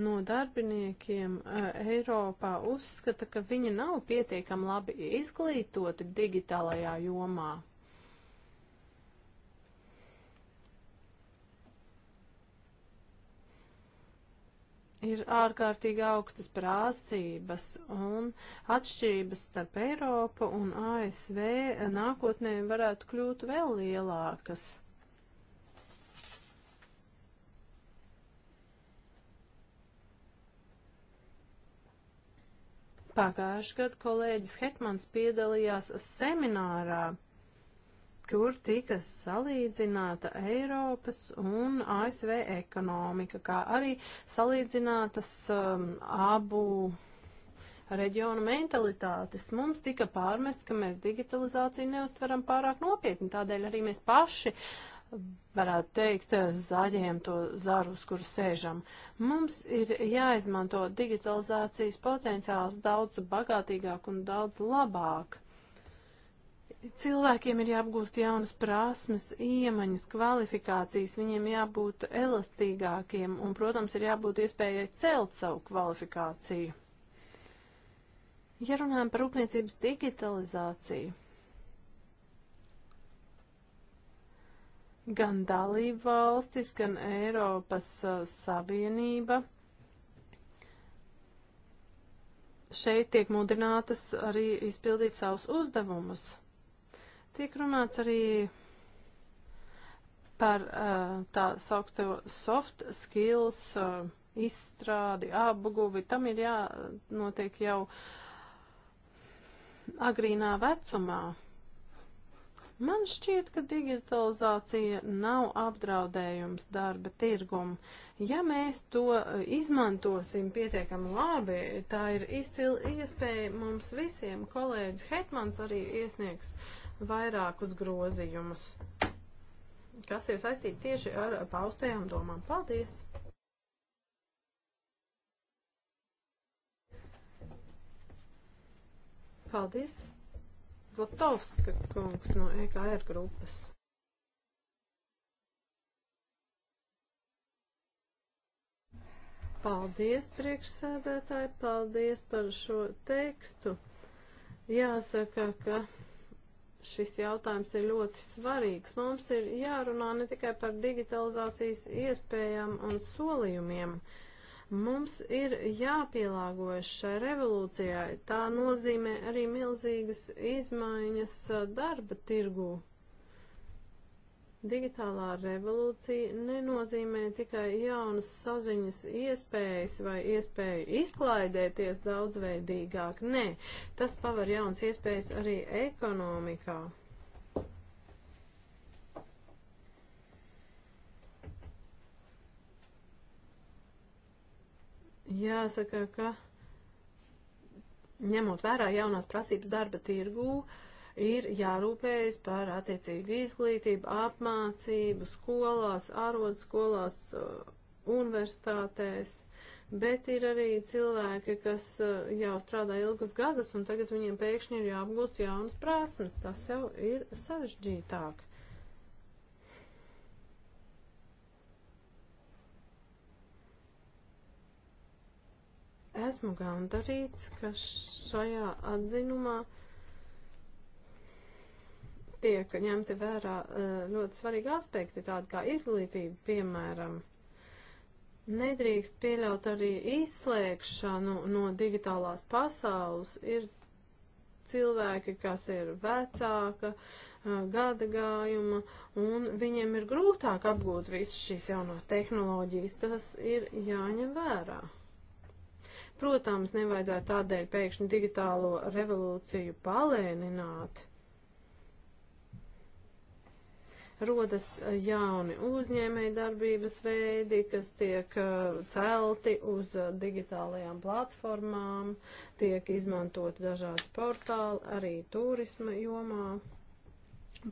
no darbiniekiem e, Eiropā uzskata, ka viņi nav pietiekami labi izglītoti digitālajā jomā. ir ārkārtīgi augstas prāsības un atšķirības starp Eiropu un ASV nākotnē varētu kļūt vēl lielākas. Pagājuši gadu kolēģis Hetmans piedalījās seminārā, kur tika salīdzināta Eiropas un ASV ekonomika, kā arī salīdzinātas um, abu reģionu mentalitātes. Mums tika pārmests, ka mēs digitalizāciju neustveram pārāk nopietni, tādēļ arī mēs paši uh, varētu teikt, zaļiem to zaru, uz kuru sēžam. Mums ir jāizmanto digitalizācijas potenciāls daudz bagātīgāk un daudz labāk. Cilvēkiem ir jāapgūst jaunas prasmes, iemaņas, kvalifikācijas, viņiem jābūt elastīgākiem un, protams, ir jābūt iespējai celt savu kvalifikāciju. Ja runājam par rūpniecības digitalizāciju, gan dalību valstis, gan Eiropas uh, Savienība. Šeit tiek mudinātas arī izpildīt savus uzdevumus. Tiek runāts arī par uh, tā saukto soft skills uh, izstrādi, apguvi. Tam ir jānotiek jau agrīnā vecumā. Man šķiet, ka digitalizācija nav apdraudējums darba tirgumu. Ja mēs to e, izmantosim pietiekami labi, tā ir izcila iespēja mums visiem. Kolēģis Hetmans arī iesniegs vairākus grozījumus, kas ir saistīti tieši ar paustajām domām. Paldies! Paldies! Zlatovska kungs no EKR grupas. Paldies, priekšsēdētāji, paldies par šo tekstu. Jāsaka, ka šis jautājums ir ļoti svarīgs. Mums ir jārunā ne tikai par digitalizācijas iespējām un solījumiem. Uh, Mums ir jāpielāgojas šai revolūcijai. Tā nozīmē arī milzīgas izmaiņas uh, darba tirgū. Digitālā revolūcija nenozīmē tikai jaunas saziņas iespējas vai iespēju izklaidēties daudzveidīgāk. Nē, tas paver jaunas iespējas arī ekonomikā. Jāsaka, ka ņemot vērā jaunās prasības darba tirgū, ir jārūpējas par attiecīgu izglītību, apmācību skolās, arodskolās, uh, universitātēs, bet ir arī cilvēki, kas uh, jau strādā ilgus gadus, un tagad viņiem pēkšņi ir jāapgūst jaunas prasmes. Tas jau ir sarežģītāk. Esmu gandarīts, ka šajā atzinumā tiek ņemti vērā e, ļoti svarīgi aspekti, tādi kā izglītība, piemēram. Nedrīkst pieļaut arī izslēgšanu no digitālās pasaules. Ir cilvēki, kas ir vecāka e, gada gājuma, un viņiem ir grūtāk apgūt visas šīs jaunās tehnoloģijas. Tas ir jāņem vērā. Protams, nevajadzētu tādēļ pēkšņi digitālo revolūciju palēnināt. rodas eh, jauni uzņēmēji darbības veidi, kas tiek eh, celti uz eh, digitālajām platformām, tiek izmantot dažādi portāli arī turisma jomā.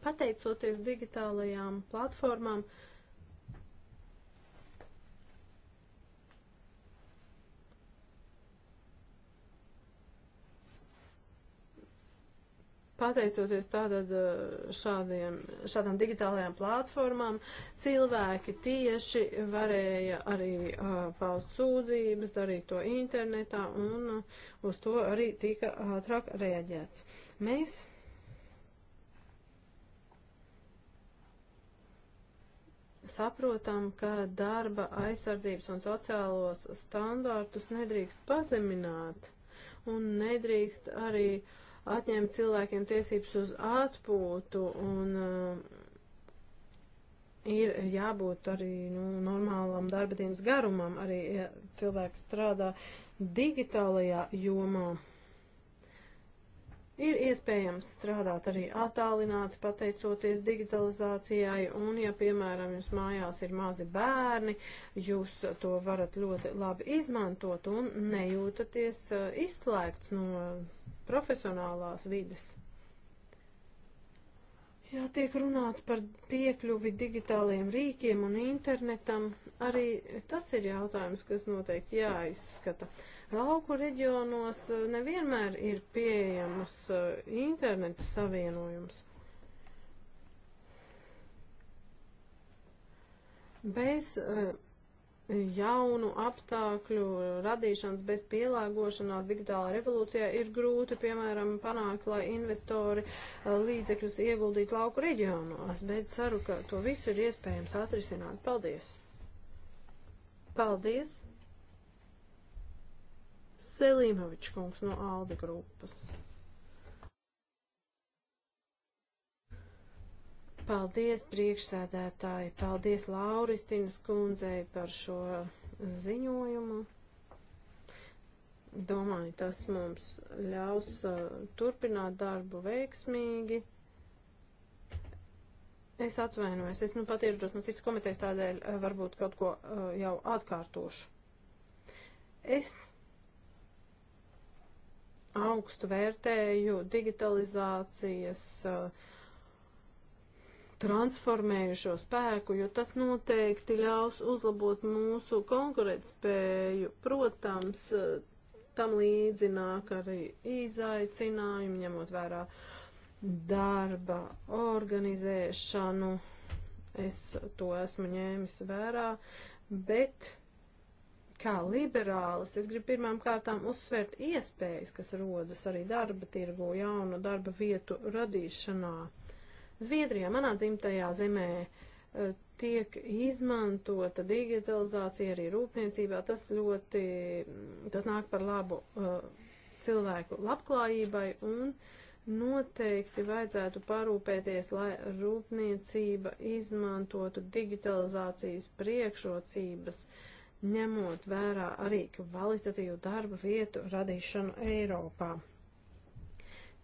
Pateicoties digitālajām platformām, uh, Pateicoties tātad eh, šādiem, šādām digitālajām platformām, cilvēki tieši varēja arī uh, paust sūdzības, darīt to internetā, un uh, uz to arī tika ātrāk reaģēts. Mēs saprotam, ka darba aizsardzības un sociālos standārtus nedrīkst pazemināt, un nedrīkst arī uh, atņemt cilvēkiem tiesības uz atpūtu un eh, ir jābūt arī nu, normālam darba dienas garumam, arī ja cilvēks strādā digitālajā jomā. Ir iespējams strādāt arī attālināti, pateicoties digitalizācijai, un, ja, piemēram, jums mājās ir mazi bērni, jūs to varat ļoti labi izmantot un nejūtaties eh, izslēgts no profesionālās vides. Jā, tiek runāts par piekļuvi digitāliem rīkiem un internetam. Arī tas ir jautājums, kas noteikti jāizskata. Lauku reģionos eh, nevienmēr ir pieejamas eh, interneta savienojums. Bez uh, jaunu apstākļu radīšanas bez pielāgošanās digitālā revolūcijā ir grūti, piemēram, panākt, lai investori eh, līdzekļus ieguldītu lauku reģionos, bet ceru, ka to visu ir iespējams atrisināt. Paldies! Paldies! Selīmovičs kungs no Alde grupas. Paldies priekšsēdētāji, paldies Lauristinas kundzei par šo ziņojumu. Domāju, tas mums ļaus uh, turpināt darbu veiksmīgi. Es atvainojos, es nu pat ierados no citas komitejas, tādēļ uh, varbūt kaut ko uh, jau atkārtošu. Es augstu vērtēju digitalizācijas uh, transformējušo spēku, jo tas noteikti ļaus uzlabot mūsu konkurētspēju. Protams, tam līdzi nāk arī izaicinājumi, ņemot vērā darba organizēšanu. Es to esmu ņēmis vērā, bet kā liberālis, es gribu pirmām kārtām uzsvērt iespējas, kas rodas arī darba tirgu, jaunu darba vietu radīšanā. Zviedrijā, manā dzimtajā zemē, e, tiek izmantota digitalizācija arī rūpniecībā. Tas ļoti, tas nāk par labu e, cilvēku labklājībai un noteikti vajadzētu parūpēties, lai rūpniecība izmantotu digitalizācijas priekšrocības, ņemot vērā arī kvalitatīvu darba vietu radīšanu Eiropā.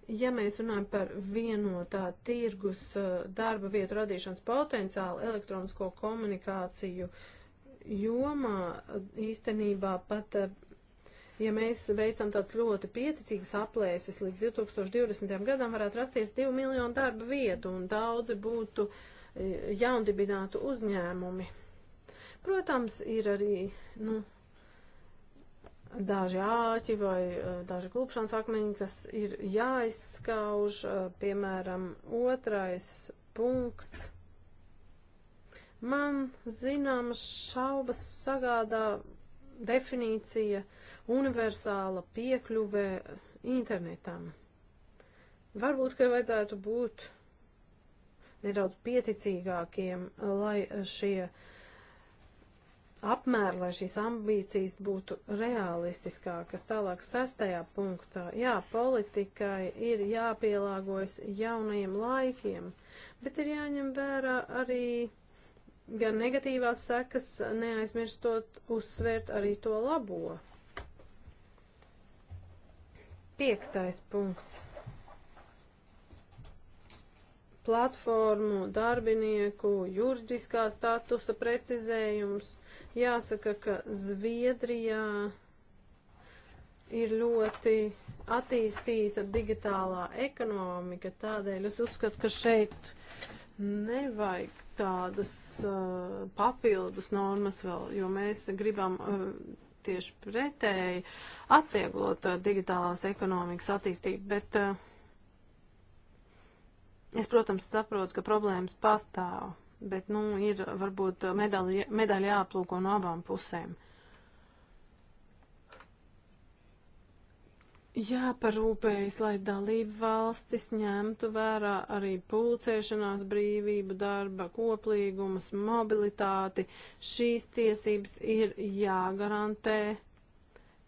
Ja mēs runājam par vienotā tirgus uh, darba vietu radīšanas potenciālu elektronisko komunikāciju jomā, īstenībā pat, uh, ja mēs veicam tāds ļoti pieticīgs aplēses, līdz 2020. gadam varētu rasties 2 miljonu darba vietu un daudzi būtu uh, jaundibinātu uzņēmumi. Protams, ir arī, nu, daži āķi vai e, daži klupšanas akmeņi, kas ir jāizskauž, e, piemēram, otrais punkts. Man zināmas šaubas sagādā definīcija universāla piekļuve internetam. Varbūt, ka vajadzētu būt nedaudz pieticīgākiem, lai šie uh, apmēru, lai šīs ambīcijas būtu realistiskākas. Tālāk sastajā punktā. Jā, politikai ir jāpielāgojas jaunajiem laikiem, bet ir jāņem vērā arī gan negatīvās sekas, neaizmirstot uzsvērt arī to labo. Piektais punkts platformu, darbinieku, juridiskā statusa precizējums. Jāsaka, ka Zviedrijā ir ļoti attīstīta digitālā ekonomika, tādēļ es uzskatu, ka šeit nevajag tādas uh, papildus normas vēl, jo mēs gribam uh, tieši pretēji atvieglot uh, digitālās ekonomikas attīstību, bet uh, Es, protams, saprotu, ka problēmas pastāv, bet, nu, ir varbūt medaļa, medaļa jāaplūko no abām pusēm. jāparūpējas, lai dalību valstis ņemtu vērā arī pulcēšanās brīvību, darba koplīgumus, mobilitāti. Šīs tiesības ir jāgarantē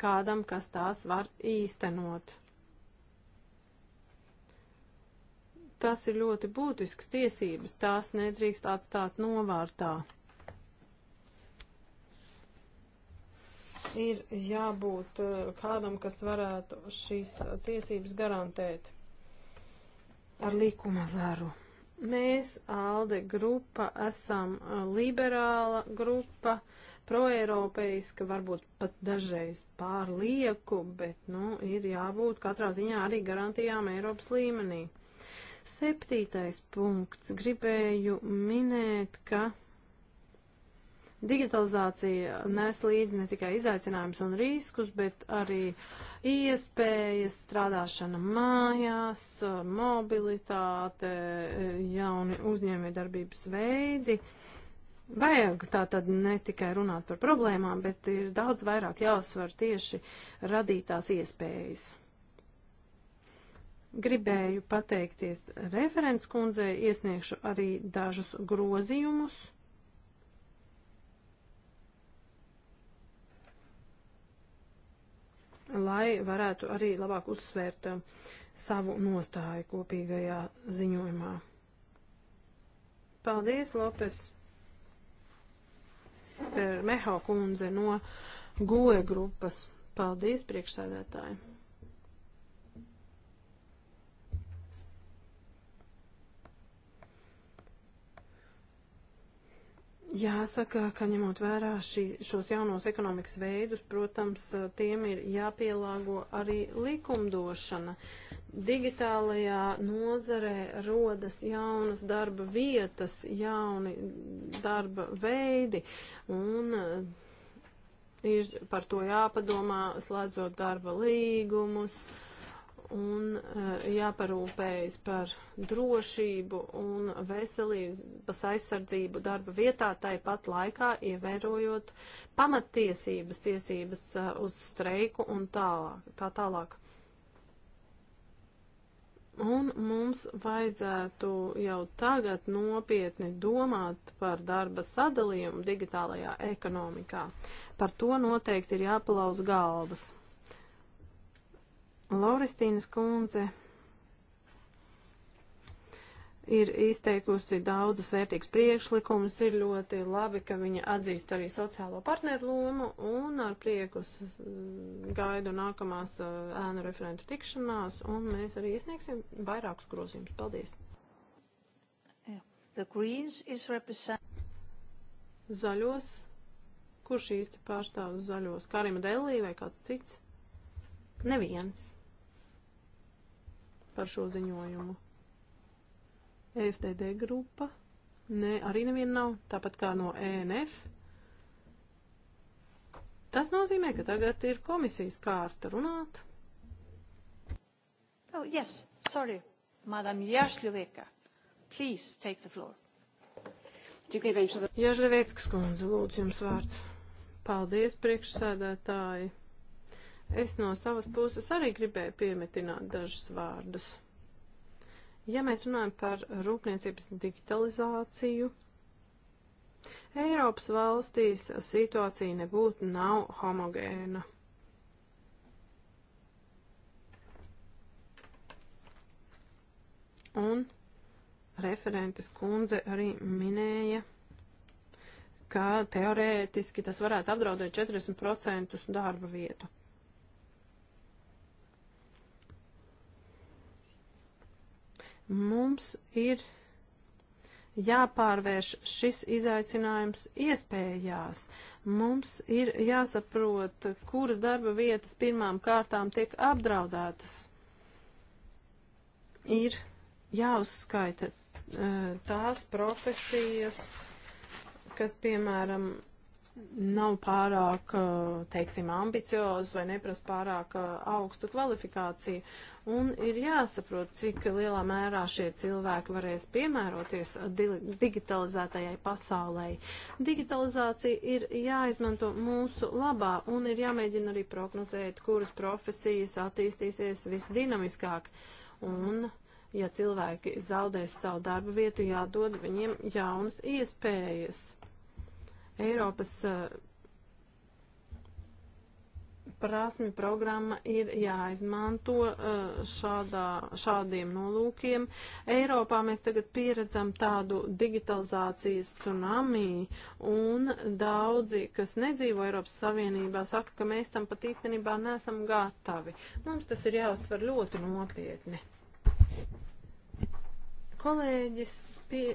kādam, kas tās var īstenot. Tas ir ļoti būtisks tiesības, tās nedrīkst atstāt novārtā. Ir jābūt eh, kādam, kas varētu šīs tiesības garantēt ar likuma varu. Mēs, ALDE grupa, esam eh, liberāla grupa, proeiropeiska, varbūt pat dažreiz pārlieku, bet, nu, ir jābūt katrā ziņā arī garantijām Eiropas līmenī. Septītais punkts. Gribēju minēt, ka digitalizācija nes līdzi ne tikai izaicinājumus un riskus, bet arī iespējas, strādāšana mājās, mobilitāte, jauni uzņēmē darbības veidi. Vajag tā tad ne tikai runāt par problēmām, bet ir daudz vairāk jāuzsver tieši radītās iespējas. Gribēju pateikties referents kundzei, iesniegšu arī dažus grozījumus. lai varētu arī labāk uzsvērt um, savu nostāju kopīgajā ziņojumā. Paldies, Lopes! Meho kundze no Goe grupas. Paldies, priekšsēdētāji! Jāsaka, ka ņemot vērā šī, šos jaunos ekonomikas veidus, protams, tiem ir jāpielāgo arī likumdošana. Digitālajā nozarē rodas jaunas darba vietas, jauni darba veidi, un eh, ir par to jāpadomā, slēdzot darba līgumus. Uh, un eh, jāparūpējas par drošību un veselības aizsardzību darba vietā, tāpat laikā ievērojot pamattiesības, tiesības eh, uz streiku un tālāk, tā tālāk. Un mums vajadzētu jau tagad nopietni domāt par darba sadalījumu digitālajā ekonomikā. Par to noteikti ir jāpalauz galvas. Lauristīnas kundze ir izteikusi daudzus vērtīgus priekšlikumus, ir ļoti labi, ka viņa atzīst arī sociālo partneru lomu un ar prieku gaidu nākamās uh, ēnu referentu tikšanās, un mēs arī iesniegsim vairākus grozījumus. Paldies! Zaļos. Kurš īsti pārstāv zaļos? Karima Dellī vai kāds cits? Neviens par šo ziņojumu? EFTD grupa? Nē, arī neviena nav, tāpat kā no ENF. Tas nozīmē, ka tagad ir komisijas kārta runāt. Oh, yes, sorry, Madam Jašļovieka. Please take the floor. Jažļevieckas kundze, lūdzu jums vārds. Paldies, priekšsēdētāji. Es no savas puses arī gribēju piemetināt dažus vārdus. Ja mēs runājam par rūpniecības digitalizāciju, Eiropas valstīs situācija nebūtu nav homogēna. Un referentes kundze arī minēja, ka teorētiski tas varētu apdraudēt 40% darba vietu. Mums ir jāpārvērš šis izaicinājums iespējās. Mums ir jāsaprot, kuras darba vietas pirmām kārtām tiek apdraudētas. Ir jāuzskaita eh, tās profesijas, kas, piemēram, nav pārāk, teiksim, ambiciozs vai neprasa pārāk augstu kvalifikāciju. Un ir jāsaprot, cik lielā mērā šie cilvēki varēs piemēroties digitalizētajai pasaulē. Digitalizācija ir jāizmanto mūsu labā un ir jāmēģina arī prognozēt, kuras profesijas attīstīsies visdinamiskāk. Un, ja cilvēki zaudēs savu darbu vietu, jādod viņiem jaunas iespējas Eiropas prasmi programma ir jāizmanto šādā, šādiem nolūkiem. Eiropā mēs tagad pieredzam tādu digitalizācijas tsunami, un daudzi, kas nedzīvo Eiropas Savienībā, saka, ka mēs tam pat īstenībā nesam gatavi. Mums tas ir jāuztver ļoti nopietni. Kolēģis pie,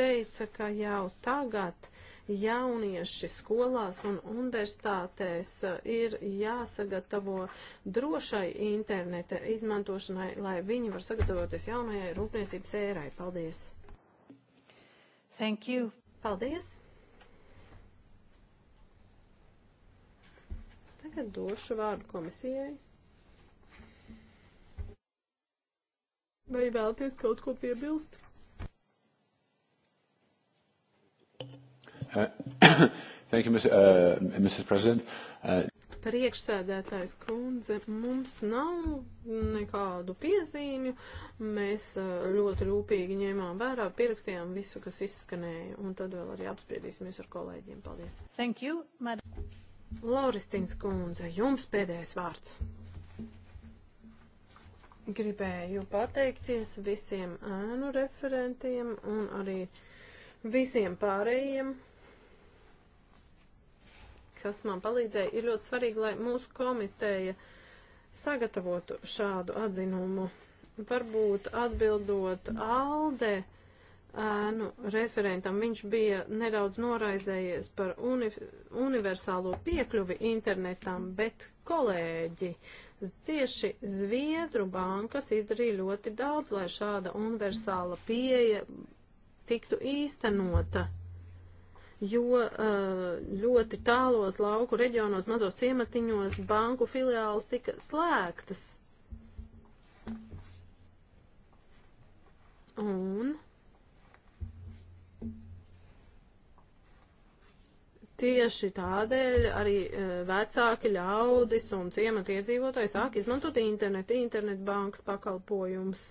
teica, ka jau tagad jaunieši skolās un universitātēs uh, ir jāsagatavo drošai interneta izmantošanai, lai viņi var sagatavoties jaunajai rūpniecības ērai. Paldies! Thank you! Paldies! Tagad došu vārdu komisijai. Vai vēlaties kaut ko piebilst? Thank you, Mrs. Uh, President. Uh, Priekšsēdētājs kundze, mums nav nekādu piezīmju. Mēs uh, ļoti rūpīgi ņēmām vērā, pierakstījām visu, kas izskanēja, un tad vēl arī apspriedīsimies ar kolēģiem. Paldies. Thank you, madam. Lauristins kundze, jums pēdējais vārds. Gribēju pateikties visiem ēnu referentiem un arī visiem pārējiem kas man palīdzēja, ir ļoti svarīgi, lai mūsu komiteja sagatavotu šādu atzinumu. Varbūt atbildot Alde ēnu referentam, viņš bija nedaudz noraizējies par uni universālo piekļuvi internetam, bet kolēģi tieši Zviedru bankas izdarīja ļoti daudz, lai šāda universāla pieeja tiktu īstenota jo eh, ļoti tālos lauku reģionos, mazos ciematiņos banku filiāls tika slēgtas. Un Tieši tādēļ arī eh, vecāki ļaudis un ciemata iedzīvotāji sāk izmantot internetu, internetbankas pakalpojumus.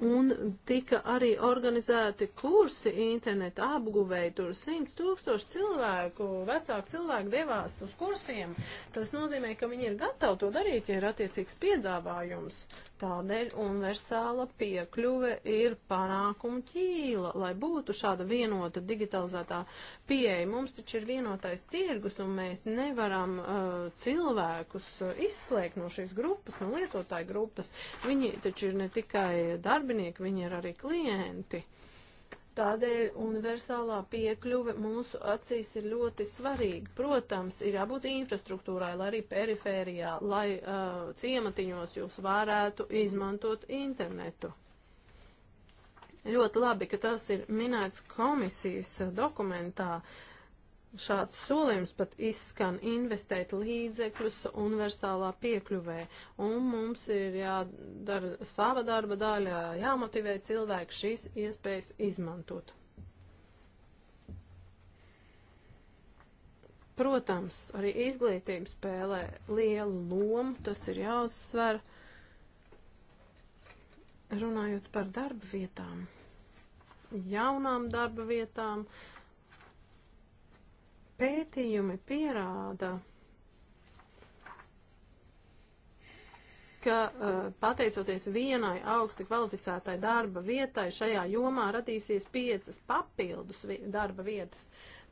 Un tika arī organizēti kursi interneta apguvēji, tur 100 tūkstoši cilvēku, vecāku cilvēku devās uz kursiem. Tas nozīmē, ka viņi ir gatavi to darīt, ja ir attiecīgs piedāvājums. Tādēļ universāla piekļuve ir panākuma ķīla, lai būtu šāda vienota digitalizētā pieeja. Mums taču ir vienotais tirgus, un mēs nevaram uh, cilvēkus uh, izslēgt no šīs grupas, no lietotāju grupas. Viņi taču ir ne tikai darbi, darbinieki, viņi ir arī klienti. Tādēļ universālā piekļuve mūsu acīs ir ļoti svarīga. Protams, ir jābūt infrastruktūrai, lai arī perifērijā, lai uh, ciematiņos jūs varētu izmantot internetu. Ļoti labi, ka tas ir minēts komisijas dokumentā. Uh, šāds solījums pat izskan investēt līdzekļus universālā piekļuvē. Un mums ir jādara sava darba daļa, jāmotivē cilvēku šīs iespējas izmantot. Protams, arī izglītība spēlē lielu lomu, tas ir jāuzsver, runājot par darba vietām, jaunām darba vietām, uh, Pētījumi pierāda, ka uh, pateicoties vienai augsti kvalificētai darba vietai, šajā jomā radīsies piecas papildus darba vietas.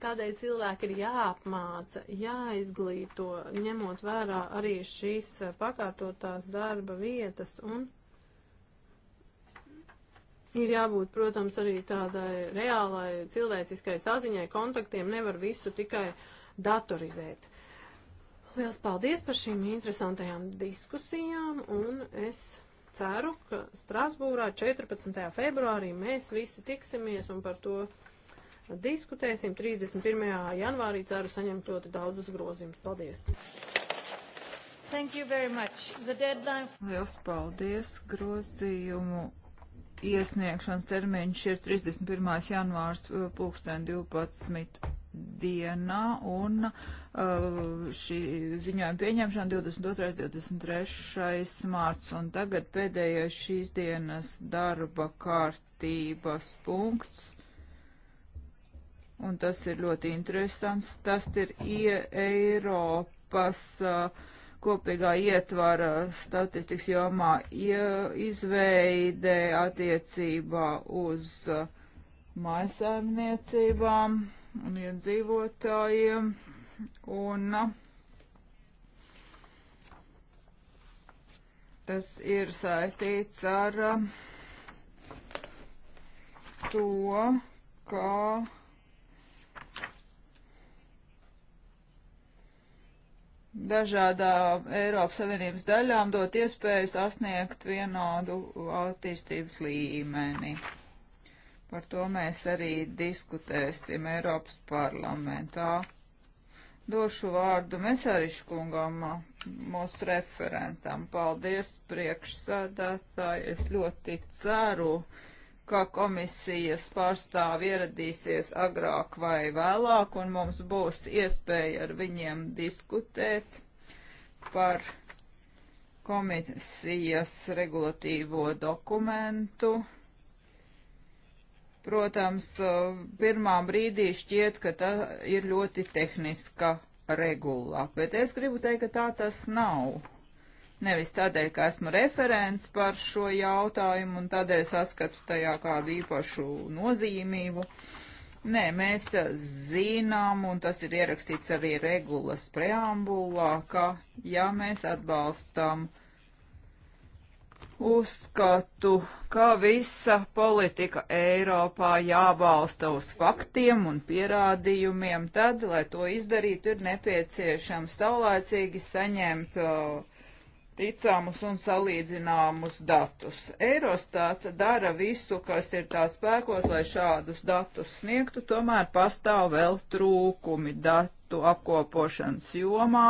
Tādēļ cilvēki ir jāapmāca, jāizglīto, ņemot vērā arī šīs uh, pakārtotās darba vietas un Ir jābūt, protams, arī tādai reālai cilvēciskai saziņai, kontaktiem nevar visu tikai datorizēt. Liels paldies par šīm interesantajām diskusijām, un es ceru, ka Strasbūrā 14. februārī mēs visi tiksimies un par to diskutēsim. 31. janvārī ceru saņemt ļoti daudzus grozījumus. Paldies! Thank you very much. The deadline... Liels paldies grozījumu iesniegšanas termiņš ir 31. janvārs eh, pulksten 12 dienā un eh, šī ziņojuma pieņemšana 22. 23. mārts. Un tagad pēdējais šīs dienas darba kārtības punkts. Un tas ir ļoti interesants. Tas ir Eiropas uh, kopīgā ietvara statistikas jomā izveide attiecībā uz uh, mājasēmniecībām un iedzīvotājiem. Un uh, tas ir saistīts ar uh, to, kā dažādām Eiropas Savienības daļām dot iespēju sasniegt vienādu attīstības līmeni. Par to mēs arī diskutēsim Eiropas parlamentā. Došu vārdu Mesariškungam, mūsu referentam. Paldies, priekšsādātāji. Es ļoti ceru, uh, ka komisijas pārstāvi ieradīsies agrāk vai vēlāk, un mums būs iespēja ar viņiem diskutēt par komisijas regulatīvo dokumentu. Protams, pirmā brīdī šķiet, ka tā ir ļoti tehniska regula, bet es gribu teikt, ka tā tas nav Nevis tādēļ, ka esmu referents par šo jautājumu un tādēļ saskatu tajā kādu īpašu nozīmību. Nē, mēs zinām, un tas ir ierakstīts arī regulas preambulā, ka ja mēs atbalstam uzskatu, ka visa politika Eiropā jābalsta uz faktiem un pierādījumiem, tad, lai to izdarītu, ir nepieciešams saulēcīgi saņemt uh, ticamus un salīdzināmus datus. Eurostats dara visu, kas ir tā spēkos, lai šādus datus sniegtu, tomēr pastāv vēl trūkumi datu apkopošanas jomā.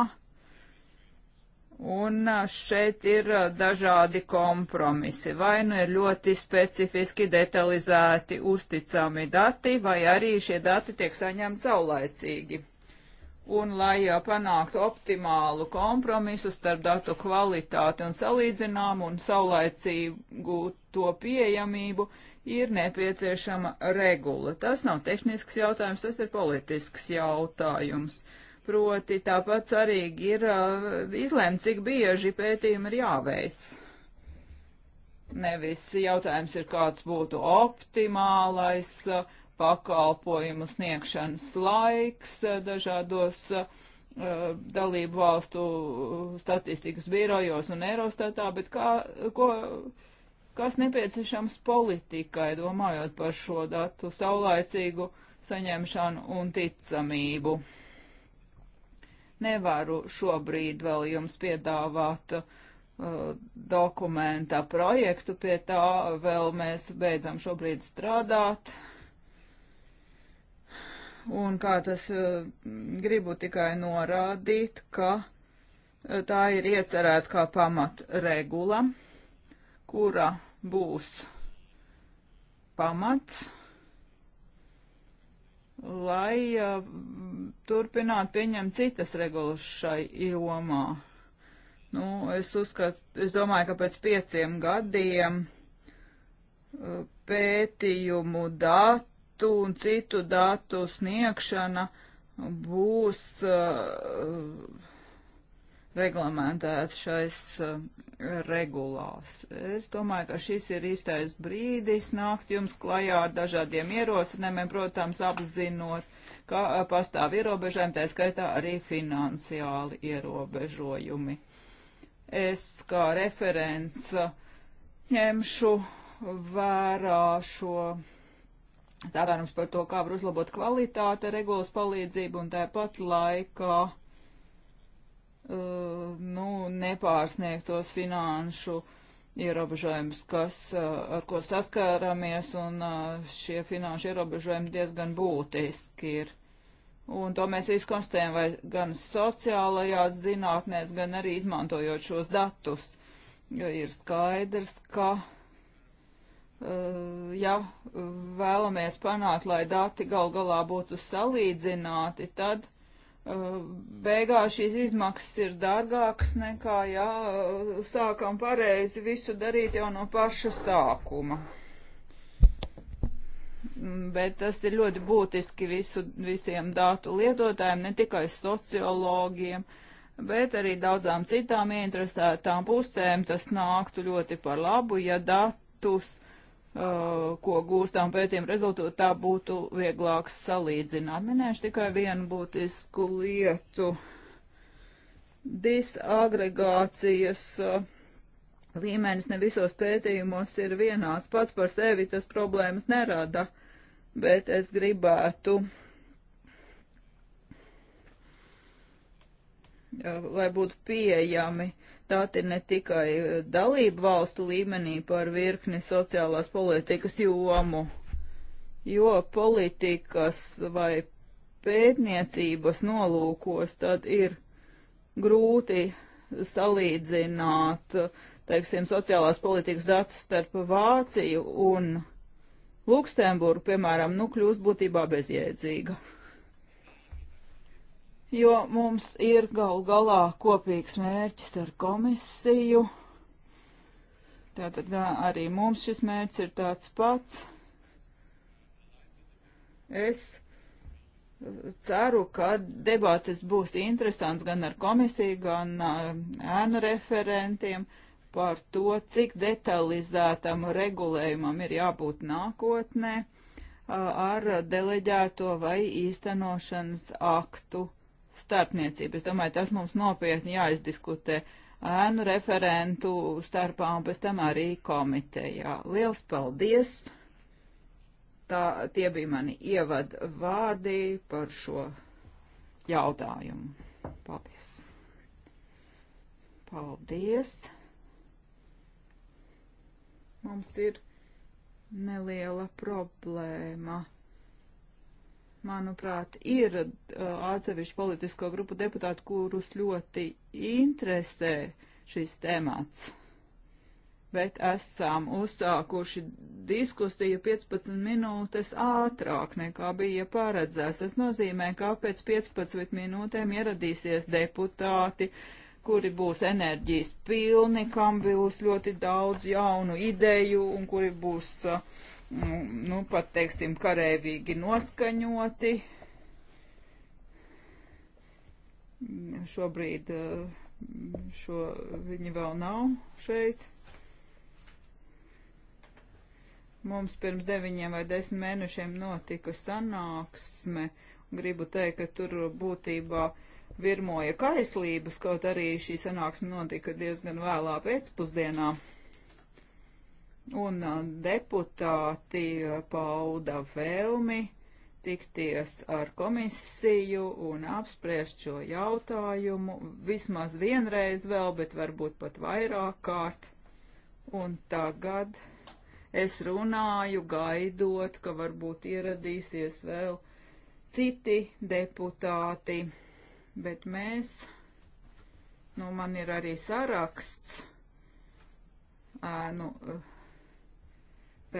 Un šeit ir dažādi kompromisi. Vai nu ir ļoti specifiski detalizēti uzticami dati, vai arī šie dati tiek saņemti saulaicīgi un lai uh, panāktu optimālu kompromisu starp datu kvalitāti un salīdzināmu un saulaicīgu to pieejamību, ir nepieciešama regula. Tas nav tehnisks jautājums, tas ir politisks jautājums. Proti tāpat svarīgi ir uh, izlēmt, cik bieži pētījumi ir jāveic. Nevis jautājums ir, kāds būtu optimālais uh, pakalpojumu sniegšanas laiks eh, dažādos eh, dalību valstu statistikas birojos un Eurostatā, bet kā, ko, kas nepieciešams politikai, domājot par šo datu saulaicīgu saņemšanu un ticamību. Nevaru šobrīd vēl jums piedāvāt uh, dokumenta projektu, pie tā vēl mēs beidzam šobrīd strādāt un kā tas eh, gribu tikai norādīt, ka eh, tā ir iecerēta kā pamat regula, kura būs pamats, lai eh, turpinātu pieņemt citas regulas šai jomā. Nu, es uzskatu, es domāju, ka pēc pieciem gadiem pētījumu datu datu un citu datu sniegšana būs uh, reglamentēts šais uh, regulās. Es domāju, ka šis ir īstais brīdis nākt jums klajā ar dažādiem ierosinājumiem, protams, apzinot, ka uh, pastāv ierobežojumi, tā skaitā arī finansiāli ierobežojumi. Es kā referents uh, ņemšu vērā šo Sārānums par to, kā var uzlabot kvalitāte regulas palīdzību un tāpat laikā uh, nu, nepārsniegtos finanšu ierobežojumus, kas, uh, ar ko saskāramies, un uh, šie finanšu ierobežojumi diezgan būtiski ir. Un to mēs visu konstatējam vai gan sociālajās zinātnēs, gan arī izmantojot šos datus, jo ir skaidrs, ka Eh, ja eh, vēlamies panākt, lai dati gal galā būtu salīdzināti, tad eh, beigās šīs izmaksas ir dārgākas nekā, ja sākam pareizi visu darīt jau no paša sākuma. Mm, bet tas ir ļoti būtiski visu, visiem datu lietotājiem, ne tikai sociologiem, bet arī daudzām citām interesētām pusēm. Tas nāktu ļoti par labu, ja datus uh, Uh, ko gūstām pētījuma rezultātā būtu vieglāk salīdzināt. Minēšu tikai vienu būtisku lietu. Disagregācijas uh, līmenis ne visos pētījumos ir vienāds. Pats par sevi tas problēmas nerada, bet es gribētu, uh, lai būtu pieejami uh, solidaritāti ne tikai dalību valstu līmenī par virkni sociālās politikas jomu, jo politikas vai pētniecības nolūkos tad ir grūti salīdzināt, teiksim, sociālās politikas datus starp Vāciju un Luksemburgu, piemēram, nu kļūst būtībā bezjēdzīga jo mums ir gal galā kopīgs mērķis ar komisiju. Tātad arī mums šis mērķis ir tāds pats. Es ceru, ka debates būs interesants gan ar komisiju, gan ēnu referentiem par to, cik detalizētam regulējumam ir jābūt nākotnē ar deleģēto vai īstenošanas aktu starpniecību. Es domāju, tas mums nopietni jāizdiskutē ēnu referentu starpā un pēc tam arī komitejā. Liels paldies! Tā, tie bija mani ievad vārdi par šo jautājumu. Paldies! Paldies! Mums ir neliela problēma manuprāt, ir uh, atsevišķu politisko grupu deputāti, kurus ļoti interesē šis temats. Bet esam uzsākuši diskusiju 15 minūtes ātrāk nekā bija paredzēts. Tas nozīmē, ka pēc 15 minūtēm ieradīsies deputāti, kuri būs enerģijas pilni, kam būs ļoti daudz jaunu ideju un kuri būs uh, Nu, nu, pat, teiksim, karēvīgi noskaņoti. Šobrīd eh, šo viņi vēl nav šeit. Mums pirms deviņiem vai desmit mēnešiem notika sanāksme. Gribu teikt, ka tur būtībā virmoja kaislības, kaut arī šī sanāksme notika diezgan vēlā pēcpusdienā un deputāti pauda vēlmi tikties ar komisiju un apspriest šo jautājumu vismaz vienreiz vēl, bet varbūt pat vairāk kārt. Un tagad es runāju gaidot, ka varbūt ieradīsies vēl citi deputāti, bet mēs, nu man ir arī saraksts, ā, nu,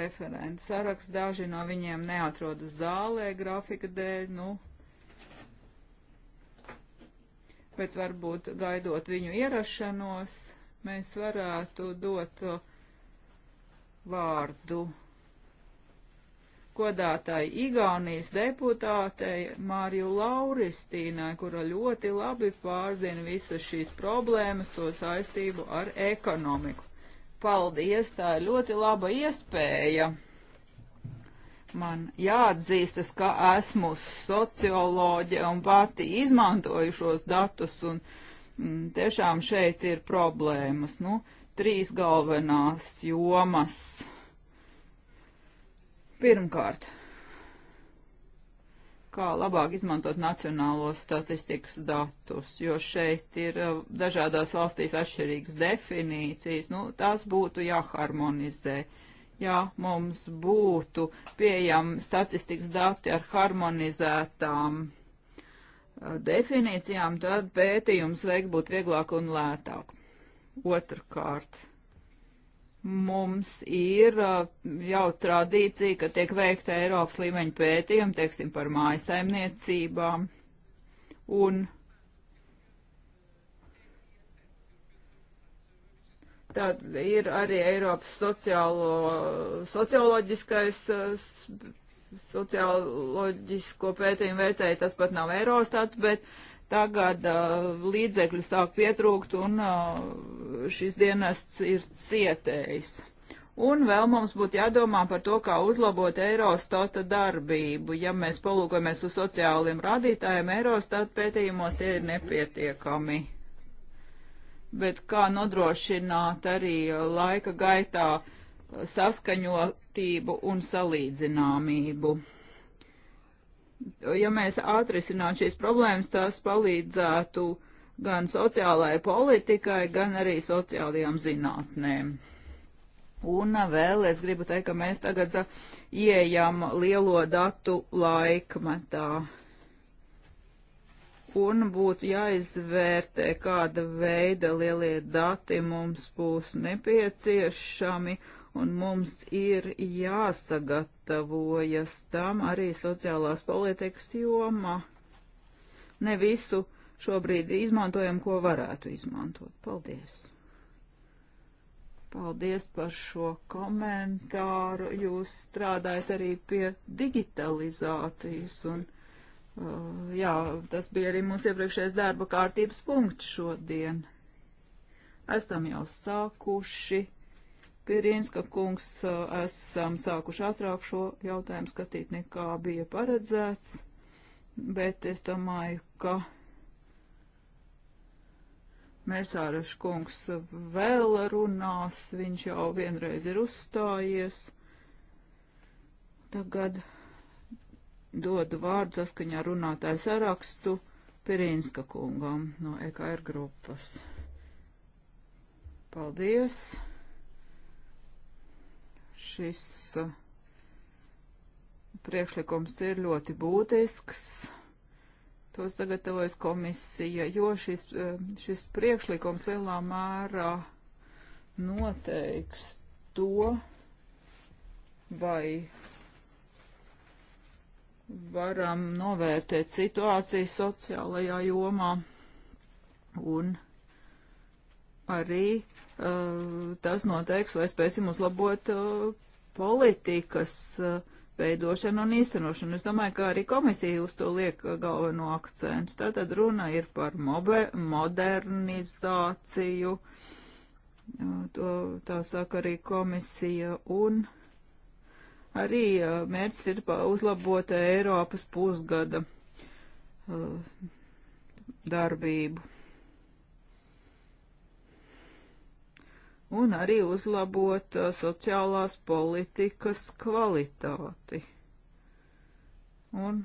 referentu saraksts. Daži no viņiem neatrodas zālē grafika dēļ, nu, bet varbūt gaidot viņu ierašanos, mēs varētu dot vārdu godātai Igaunijas deputātei Māriju Lauristīnai, kura ļoti labi pārzina visas šīs problēmas, to saistību ar ekonomiku. Paldies, tā ir ļoti laba iespēja. Man jāatzīstas, ka esmu socioloģe un pati izmantoju šos datus, un mm, tiešām šeit ir problēmas. Nu, trīs galvenās jomas. Pirmkārt, kā labāk izmantot nacionālos statistikas datus, jo šeit ir uh, dažādās valstīs atšķirīgas definīcijas. Nu, tās būtu jāharmonizē. Ja mums būtu pieejami statistikas dati ar harmonizētām uh, definīcijām, tad pētījums veikt būtu vieglāk un lētāk. Otrkārt, mums ir uh, jau tradīcija, ka tiek veikta Eiropas līmeņa pētījumi, teiksim, par mājasaimniecībām. Un tad ir arī Eiropas sociālo, socioloģiskais, uh, socioloģisko pētījumu veicēji, tas pat nav Eirostats, bet tagad uh, līdzekļu sāk pietrūkt un uh, šis dienests ir cietējis. Un vēl mums būtu jādomā par to, kā uzlabot Eurostata darbību. Ja mēs palūkojamies uz sociāliem rādītājiem, Eurostata pētījumos tie ir nepietiekami. Bet kā nodrošināt arī laika gaitā saskaņotību un salīdzināmību? ja mēs atrisinātu šīs problēmas, tās palīdzētu gan sociālajai politikai, gan arī sociālajām zinātnēm. Un vēl es gribu teikt, ka mēs tagad ieejam lielo datu laikmetā. Un būtu jāizvērtē, kāda veida lielie dati mums būs nepieciešami, un mums ir jāsagat jāgatavojas tam arī sociālās politikas joma. Ne visu šobrīd izmantojam, ko varētu izmantot. Paldies! Paldies par šo komentāru. Jūs strādājat arī pie digitalizācijas un, uh, jā, tas bija arī mūsu iepriekšējais darba kārtības punkts šodien. Esam jau sākuši Pirinska kungs esam sākuši ātrāk šo jautājumu skatīt nekā bija paredzēts, bet es domāju, ka Mēsārašu kungs vēl runās, viņš jau vienreiz ir uzstājies. Tagad dodu vārdu saskaņā runātāju sarakstu Pirinska kungam no EKR grupas. Paldies! Šis uh, priekšlikums ir ļoti būtisks. To sagatavojas komisija, jo šis, uh, šis priekšlikums lielā mērā noteiks to, vai varam novērtēt situāciju sociālajā jomā un arī uh, tas noteiks, vai spēsim uzlabot uh, politikas uh, veidošanu un īstenošanu. Es domāju, ka arī komisija uz to liek galveno akcentu. Tātad runa ir par mobe, modernizāciju, to tā saka arī komisija, un arī mērķis ir uzlabot Eiropas pusgada darbību. un arī uzlabot uh, sociālās politikas kvalitāti. Un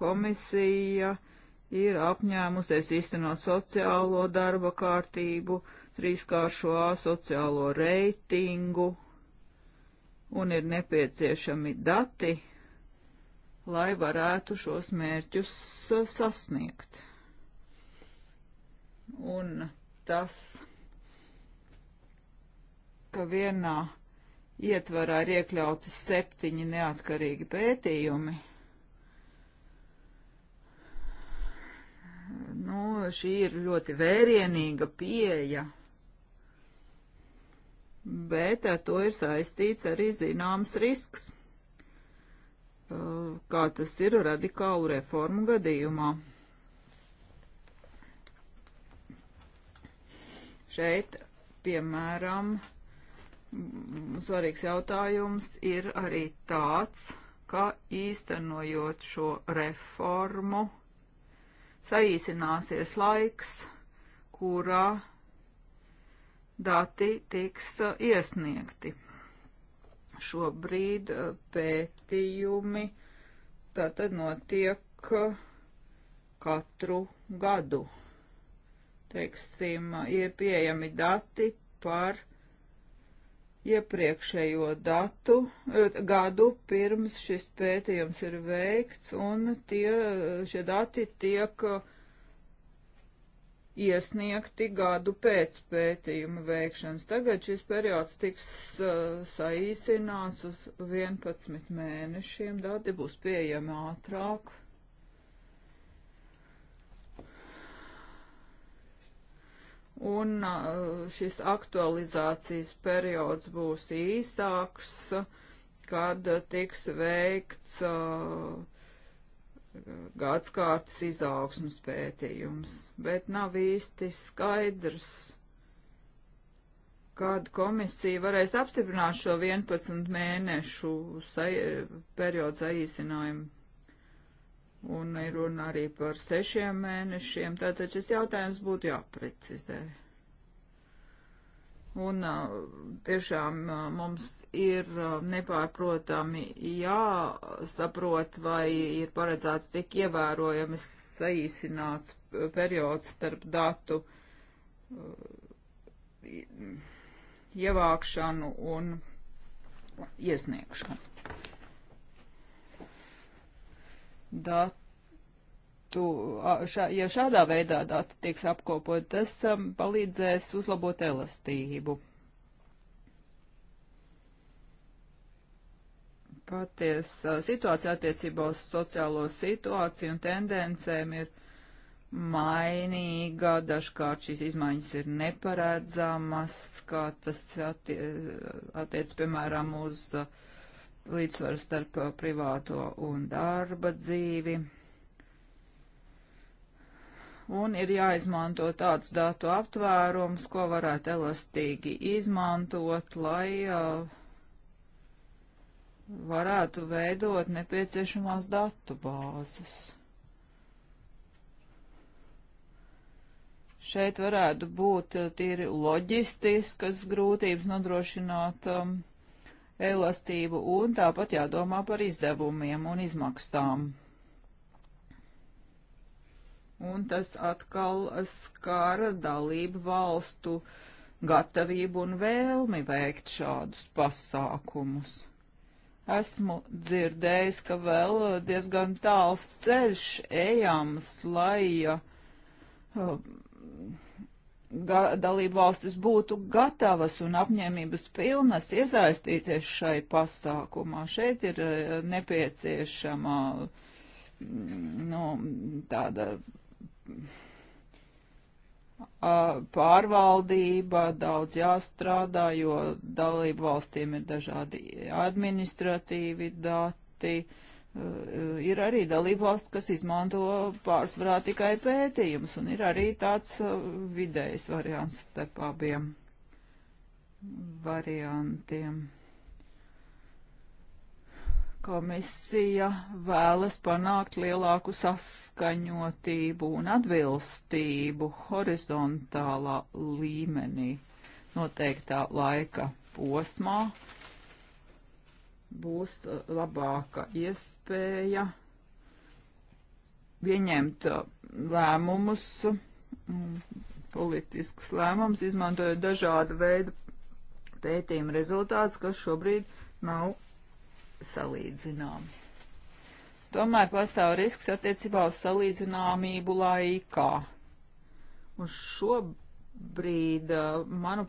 komisija ir apņēmusies īstenot sociālo darba kārtību, trīskāršo A sociālo reitingu, un ir nepieciešami dati, lai varētu šos mērķus uh, sasniegt. Un tas ka vienā ietvarā ir iekļauti septiņi neatkarīgi pētījumi. Nu, šī ir ļoti vērienīga pieeja, bet ar to ir saistīts arī zināms risks, uh, kā tas ir radikālu reformu gadījumā. Šeit, piemēram, svarīgs jautājums ir arī tāds, ka īstenojot šo reformu, saīsināsies laiks, kurā dati tiks uh, iesniegti. Šobrīd uh, pētījumi tātad notiek uh, katru gadu. Teiksim, ir pieejami dati par iepriekšējo datu, e, gadu pirms šis pētījums ir veikts, un tie, šie dati tiek iesniegti gadu pēc pētījuma veikšanas. Tagad šis periods tiks e, saīsināts uz 11 mēnešiem, dati būs pieejami ātrāk. un uh, šis aktualizācijas periods būs īsāks, kad tiks veikts uh, gadskārtas izaugsmas pētījums, bet nav īsti skaidrs, kad komisija varēs apstiprināt šo 11 mēnešu periodu saīsinājumu un ir runa arī par sešiem mēnešiem, tātad šis jautājums būtu jāprecizē. Un tiešām mums ir nepārprotami jāsaprot, vai ir paredzēts tik ievērojami saīsināts periods starp datu ievākšanu un iesniegšanu datu, šā, ja šādā veidā dati tiks apkopot, tas um, palīdzēs uzlabot elastību. Patiesa situācija attiecībā uz sociālo situāciju un tendencēm ir mainīga, dažkārt šīs izmaiņas ir neparedzamas, kā tas attiec, attiec piemēram, uz uh, līdzsvaru starp uh, privāto un darba dzīvi. Un ir jāizmanto tāds datu aptvērums, ko varētu elastīgi izmantot, lai uh, varētu veidot nepieciešamās datu bāzes. Šeit varētu būt uh, tīri loģistiskas grūtības nodrošināt um, uh, elastību un tāpat jādomā par izdevumiem un izmaksām. Un tas atkal skara dalību valstu gatavību un vēlmi veikt šādus pasākumus. Esmu dzirdējis, ka vēl diezgan tāls ceļš ejams, lai uh, dalību valstis būtu gatavas un apņēmības pilnas iesaistīties šai pasākumā. Šeit ir e, nepieciešama mm, nu, tāda pārvaldība, daudz jāstrādā, jo dalību valstīm ir dažādi administratīvi dati. Uh, Eh, ir arī dalībvalsts, kas izmanto pārsvarā tikai pētījumus, un ir arī tāds eh, vidējs variants starp abiem variantiem. Komisija vēlas panākt lielāku saskaņotību un atbilstību horizontālā līmenī noteiktā laika posmā, būs uh, labāka iespēja pieņemt uh, lēmumus, mm, politiskus lēmumus, izmantojot dažādu veidu pētījumu rezultātus, kas šobrīd nav salīdzināmi. Tomēr pastāv risks attiecībā uz salīdzināmību laikā. Un šobrīd šobrīd, manu,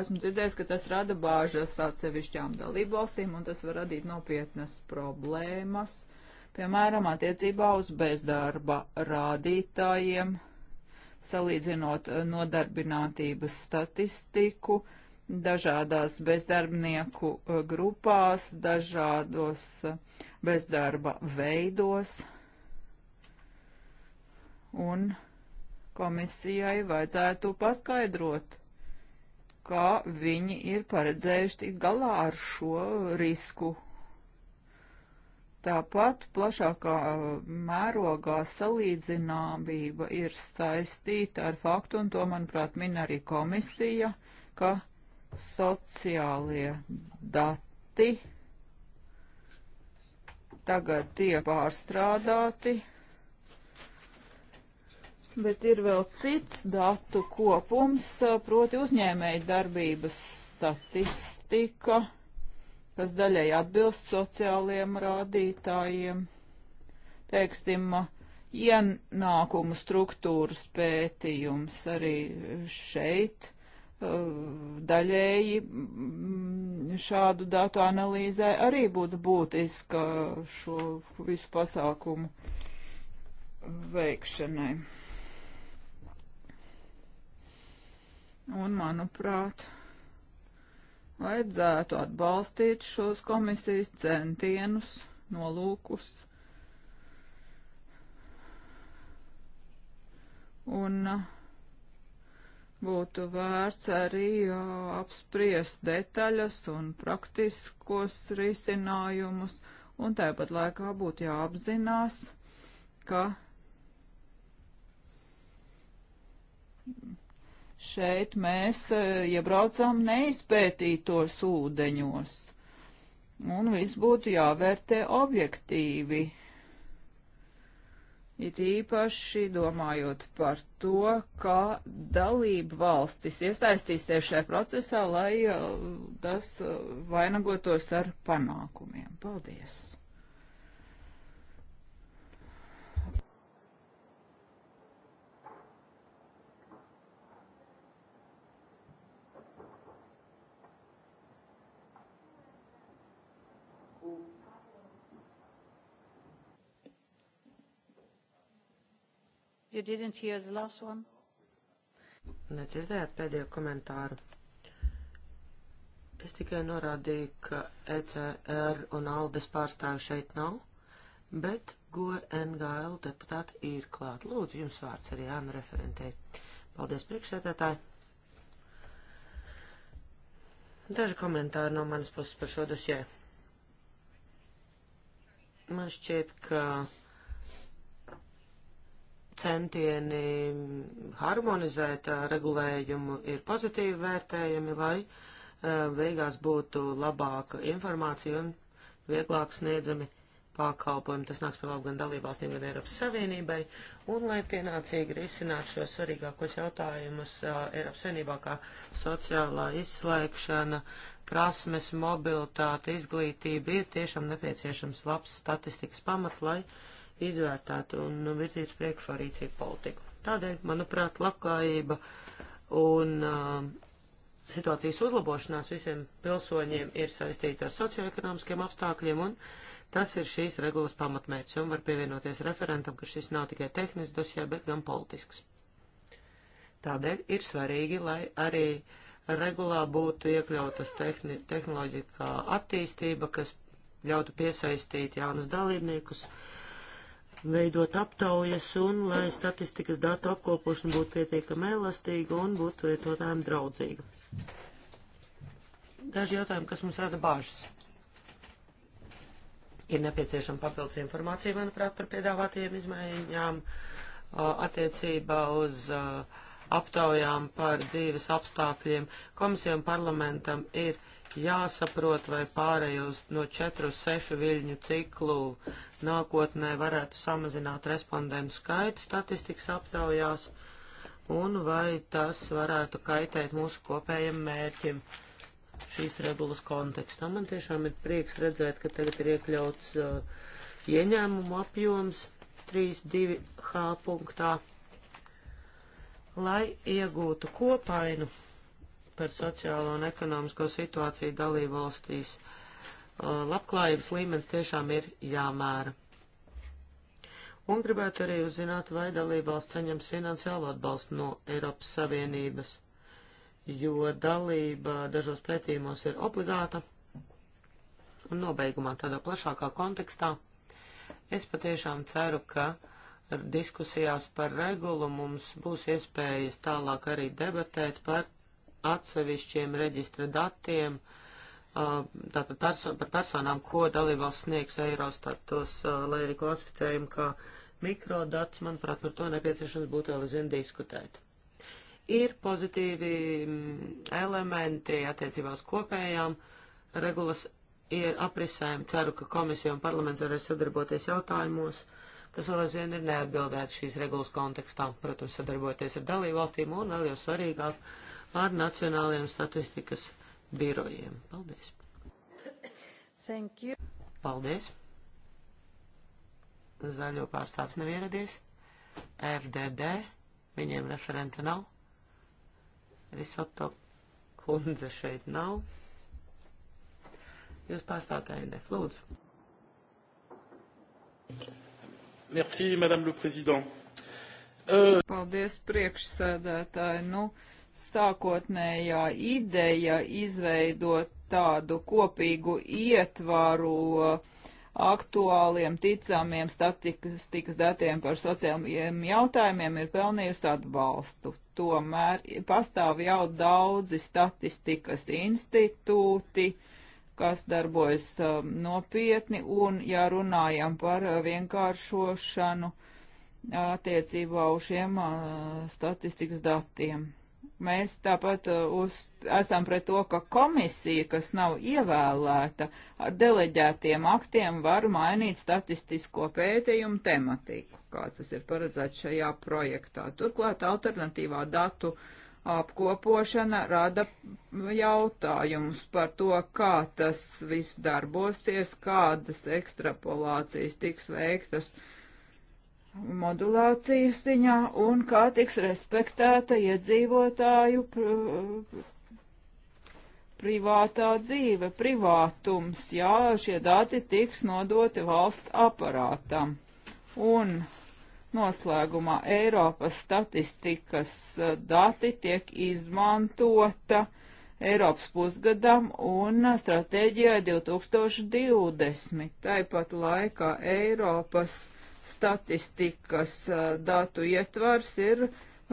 esmu dzirdējis, ka tas rada bāžas atsevišķām dalību valstīm, un tas var radīt nopietnas problēmas, piemēram, attiecībā uz bezdarba rādītājiem, salīdzinot nodarbinātības statistiku dažādās bezdarbnieku grupās, dažādos bezdarba veidos. Un Komisijai vajadzētu paskaidrot, kā viņi ir paredzējuši tikt galā ar šo risku. Tāpat plašākā eh, mērogā salīdzināmība ir saistīta ar faktu, un to, manuprāt, min arī komisija, ka sociālie dati tagad tiek pārstrādāti bet ir vēl cits datu kopums, proti uzņēmēja darbības statistika, kas daļai atbilst sociāliem rādītājiem, teiksim, ienākumu struktūras pētījums arī šeit. Daļēji mm, šādu datu analīzē arī būtu būtiska šo visu pasākumu veikšanai. Un, manuprāt, vajadzētu atbalstīt šos komisijas centienus, nolūkus. Un uh, būtu vērts arī jā, uh, apspriest detaļas un praktiskos risinājumus, un tāpat laikā būtu jāapzinās, ka šeit mēs e, iebraucām neizpētītos ūdeņos. Un viss būtu jāvērtē objektīvi. It īpaši domājot par to, ka dalība valstis iesaistīsies šajā procesā, lai e, tas e, vainagotos ar panākumiem. Paldies! You didn't hear the last one? Nedzirdējāt pēdējo komentāru. Es tikai norādīju, ka ECR un Aldes pārstāvi šeit nav, bet GNGL e deputāti ir klāt. Lūdzu, jums vārds arī Jāna referentei. Paldies, priekšsētētāji. Daži komentāri no manas puses par šo dosē. Man šķiet, ka centieni harmonizēt regulējumu ir pozitīvi vērtējami, lai beigās būtu labāka informācija un vieglāk sniedzami pakalpojumi. Tas nāks par labu gan dalībvalstīm, gan Eiropas Savienībai. Un, lai pienācīgi risinātu šos svarīgākos jautājumus Eiropas Savienībā, kā sociālā izslēgšana, prasmes, mobilitāte, izglītība, ir tiešām nepieciešams labs statistikas pamats, lai izvērtētu un virzītu priekšā rīcību politiku. Tādēļ, manuprāt, labklājība un uh, situācijas uzlabošanās visiem pilsoņiem ir saistīta ar socioekonomiskiem apstākļiem, un tas ir šīs regulas pamatmērķis, un var pievienoties referentam, ka šis nav tikai tehnisks dosjē, bet gan politisks. Tādēļ ir svarīgi, lai arī regulā būtu iekļautas tehni, tehnoloģikā attīstība, kas ļautu piesaistīt jaunus dalībniekus, uh, veidot aptaujas un lai statistikas datu apkopošana būtu pietiekami elastīga un būtu lietotājiem draudzīga. Daži jautājumi, kas mums rada bāžas. Ir nepieciešama papildus informācija, manuprāt, par piedāvātajiem izmaiņām attiecībā uz aptaujām par dzīves apstākļiem. Komisijām parlamentam ir jāatbalsta jāsaprot, vai pārējos no 4-6 viļņu ciklu nākotnē varētu samazināt respondentu skaitu statistikas aptaujās, un vai tas varētu kaitēt mūsu kopējiem mērķim šīs regulas kontekstā. Man tiešām ir prieks redzēt, ka tagad ir iekļauts uh, ieņēmumu apjoms 3.2h punktā, lai iegūtu kopainu par sociālo un ekonomisko situāciju dalībvalstīs. Uh, labklājības līmenis tiešām ir jāmēra. Un gribētu arī uzzināt, vai dalībvalsts saņems finansiālo atbalstu no Eiropas Savienības, jo dalība dažos pētījumos ir obligāta. Un nobeigumā tādā plašākā kontekstā es patiešām ceru, ka diskusijās par regulu mums būs iespējas tālāk arī debatēt par atsevišķiem reģistra datiem, tātad perso par personām, ko dalībvalsts sniegs Eirostat, tos, lai arī klasificējam, ka mikrodats, manuprāt, par to nepieciešams būtu vēl aizvien diskutēt. Ir pozitīvi elementi attiecībā uz kopējām regulas ir aprisēm. Ceru, ka komisija un parlaments varēs sadarboties jautājumos, kas vēl aizvien ir neatbildēts šīs regulas kontekstā. Protams, sadarboties ar dalību valstīm un vēl jau svarīgāk ar Nacionālajiem statistikas birojiem. Paldies! Thank you. Paldies! Zaļo pārstāvs nav ieradies. FDD, viņiem referenta nav. Risoto kundze šeit nav. Jūs pārstāvtāji nef, lūdzu. Merci, Madame le Président. Uh... Paldies, priekšsēdētāji. Nu, uh, sākotnējā ideja izveidot tādu kopīgu ietvaru aktuāliem, ticamiem statistikas datiem par sociālajiem jautājumiem ir pelnījusi atbalstu. Tomēr pastāv jau daudzi statistikas institūti, kas darbojas um, nopietni, un ja runājam par vienkāršošanu attiecībā uz šiem uh, statistikas datiem. Mēs tāpat uh, uz, esam pret to, ka komisija, kas nav ievēlēta, ar deleģētiem aktiem var mainīt statistisko pētījumu tematiku, kā tas ir paredzēts šajā projektā. Turklāt alternatīvā datu apkopošana rada jautājumus par to, kā tas viss darbosies, kādas ekstrapolācijas tiks veiktas. Uh, modulācijas ziņā un kā tiks respektēta iedzīvotāju pr privātā dzīve, privātums, jā, šie dati tiks nodoti valsts aparātam. Un noslēgumā Eiropas statistikas eh, dati tiek izmantota Eiropas pusgadam un stratēģijai 2020. Tāpat laikā Eiropas statistikas datu ietvars ir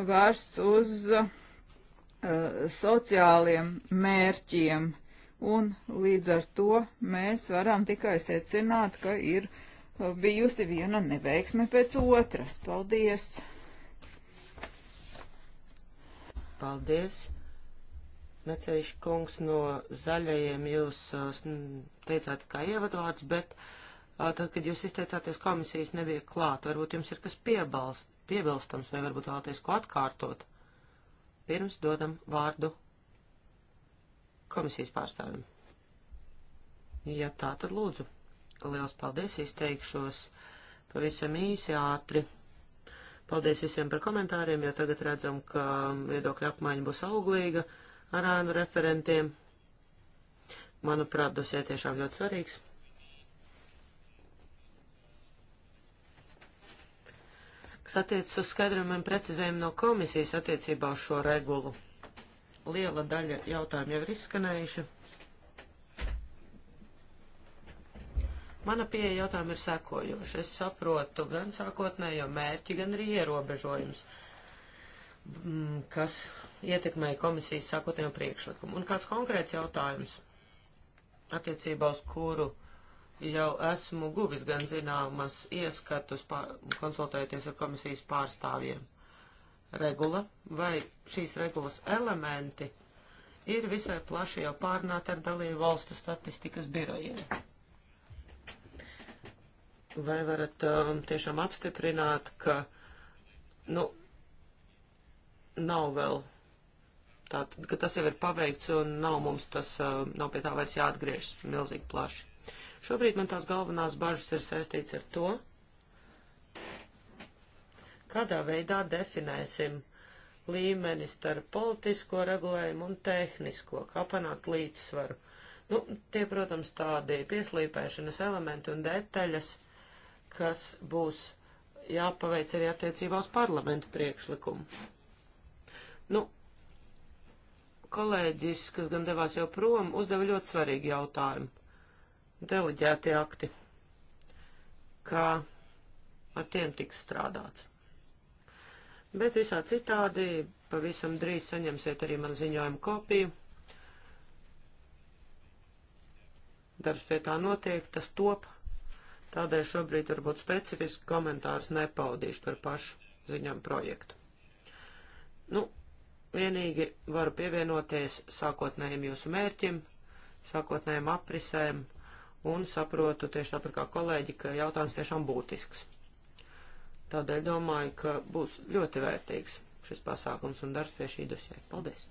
vērsts uz uh, sociāliem mērķiem, un līdz ar to mēs varam tikai secināt, ka ir bijusi viena neveiksme pēc otras. Paldies! Paldies! Meceļš kungs no zaļajiem jūs teicāt kā ievadvārds, bet uh, tad, kad jūs izteicāties komisijas nebija klāt, varbūt jums ir kas piebalst, piebilstams vai varbūt vēlaties ko atkārtot. Pirms dodam vārdu komisijas pārstāvim. Ja tā, tad lūdzu. Liels paldies, izteikšos pavisam īsi ātri. Paldies visiem par komentāriem, jo ja tagad redzam, ka viedokļa apmaiņa būs auglīga ar ēnu referentiem. Manuprāt, dosie tiešām ļoti svarīgs. kas attiecas uz skaidrojumiem precizējumu no komisijas attiecībā uz šo regulu. Liela daļa jautājumu jau ir izskanējuši. Mana pieeja jautājumu ir sekojoša. Es saprotu gan sākotnējo mērķi, gan arī ierobežojums, mm, kas ietekmēja komisijas sākotnējo priekšlikumu. Un kāds konkrēts jautājums, attiecībā uz kuru jau esmu guvis gan zināmas ieskatus, konsultējoties ar komisijas pārstāvjiem. Regula vai šīs regulas elementi ir visai plaši jau pārnāti ar dalību valstu statistikas birojiem. Vai varat um, tiešām apstiprināt, ka nu, nav vēl tātad, ka tas jau ir paveikts un nav mums tas, um, nav pie tā vairs jāatgriežas milzīgi plaši. Šobrīd man tās galvenās bažas ir saistīts ar to, kādā veidā definēsim līmeni starp politisko regulējumu un tehnisko, kā panākt līdzsvaru. Nu, tie, protams, tādi pieslīpēšanas elementi un detaļas, kas būs jāpaveic arī attiecībā uz parlamentu priekšlikumu. Nu, kolēģis, kas gan devās jau prom, uzdeva ļoti svarīgu jautājumu deleģēti akti, kā ar tiem tiks strādāts. Bet visā citādi pavisam drīz saņemsiet arī man ziņojumu kopiju. Darbs pie tā notiek, tas top, tādēļ šobrīd varbūt specifiski komentārus nepaudīšu par pašu ziņojumu projektu. Nu, vienīgi varu pievienoties sākotnējiem jūsu mērķim, sākotnējiem aprisēm un saprotu tieši tāpat kā kolēģi, ka jautājums tiešām būtisks. Tādēļ domāju, ka būs ļoti vērtīgs šis pasākums un darbs pie šī dosē. Paldies!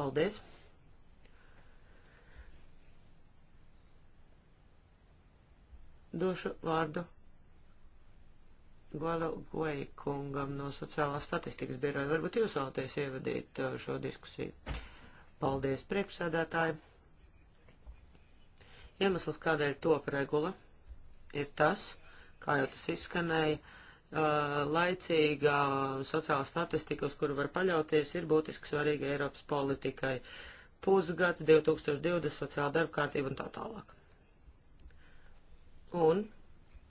Paldies! Došu vārdu Gualagoi kungam no Sociālās statistikas biroja. Varbūt jūs vēlaties ievadīt uh, šo diskusiju. Paldies, priekšsēdētāji! Iemesls, kādēļ top regula, ir tas, kā jau tas izskanēja, laicīgā sociāla statistika, uz kuru var paļauties, ir būtiski svarīga Eiropas politikai. Pusgads, 2020, sociāla darba kārtība un tā tālāk. Un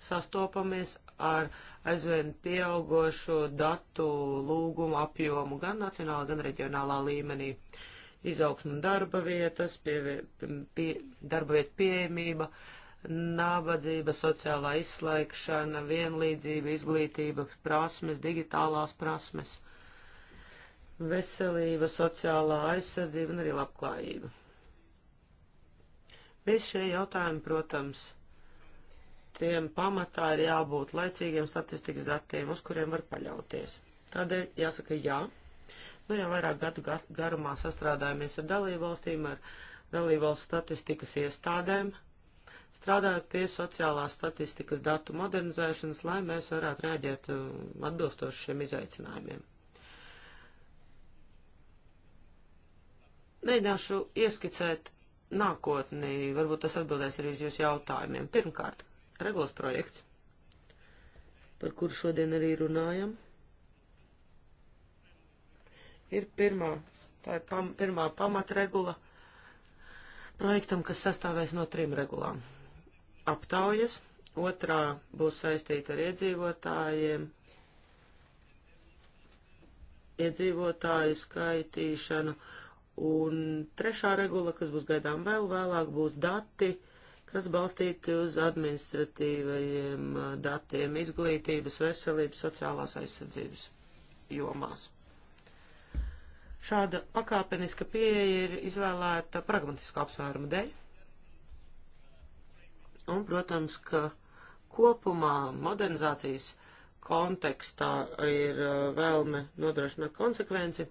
sastopamies ar aizvien pieaugošu datu lūgumu apjomu gan nacionālā, gan reģionālā līmenī. Uh, izaugsmu un darba vietas, pie, pie, darba vietu pieejamība, nabadzība, sociālā izslēgšana, vienlīdzība, izglītība, prasmes, digitālās prasmes, veselība, sociālā aizsardzība un arī labklājība. Visi šie jautājumi, protams, tiem pamatā ir jābūt laicīgiem statistikas datiem, uz kuriem var paļauties. Tādēļ jāsaka jā. Ja Nu, jau vairāk gadu garumā sastrādājamies ar dalībvalstīm, ar dalībvalstu statistikas iestādēm, strādājot pie sociālās statistikas datu modernizēšanas, lai mēs varētu rēģēt um, atbilstoši šiem izaicinājumiem. Mēģināšu ieskicēt nākotnī, varbūt tas atbildēs arī uz jūsu jautājumiem. Pirmkārt, regulas projekts, par kuru šodien arī runājam ir pirmā, tā ir pam, pirmā pamatregula projektam, kas sastāvēs no trim regulām. Aptaujas, otrā būs saistīta ar iedzīvotājiem, iedzīvotāju skaitīšanu, un trešā regula, kas būs gaidām vēl vēlāk, būs dati, kas balstīti uz administratīvajiem uh, datiem izglītības, veselības, sociālās aizsardzības jomās. Šāda pakāpeniska pieeja ir izvēlēta pragmatiska apsvēruma dēļ. Un, protams, ka kopumā modernizācijas kontekstā ir uh, vēlme nodrošināt konsekvenci,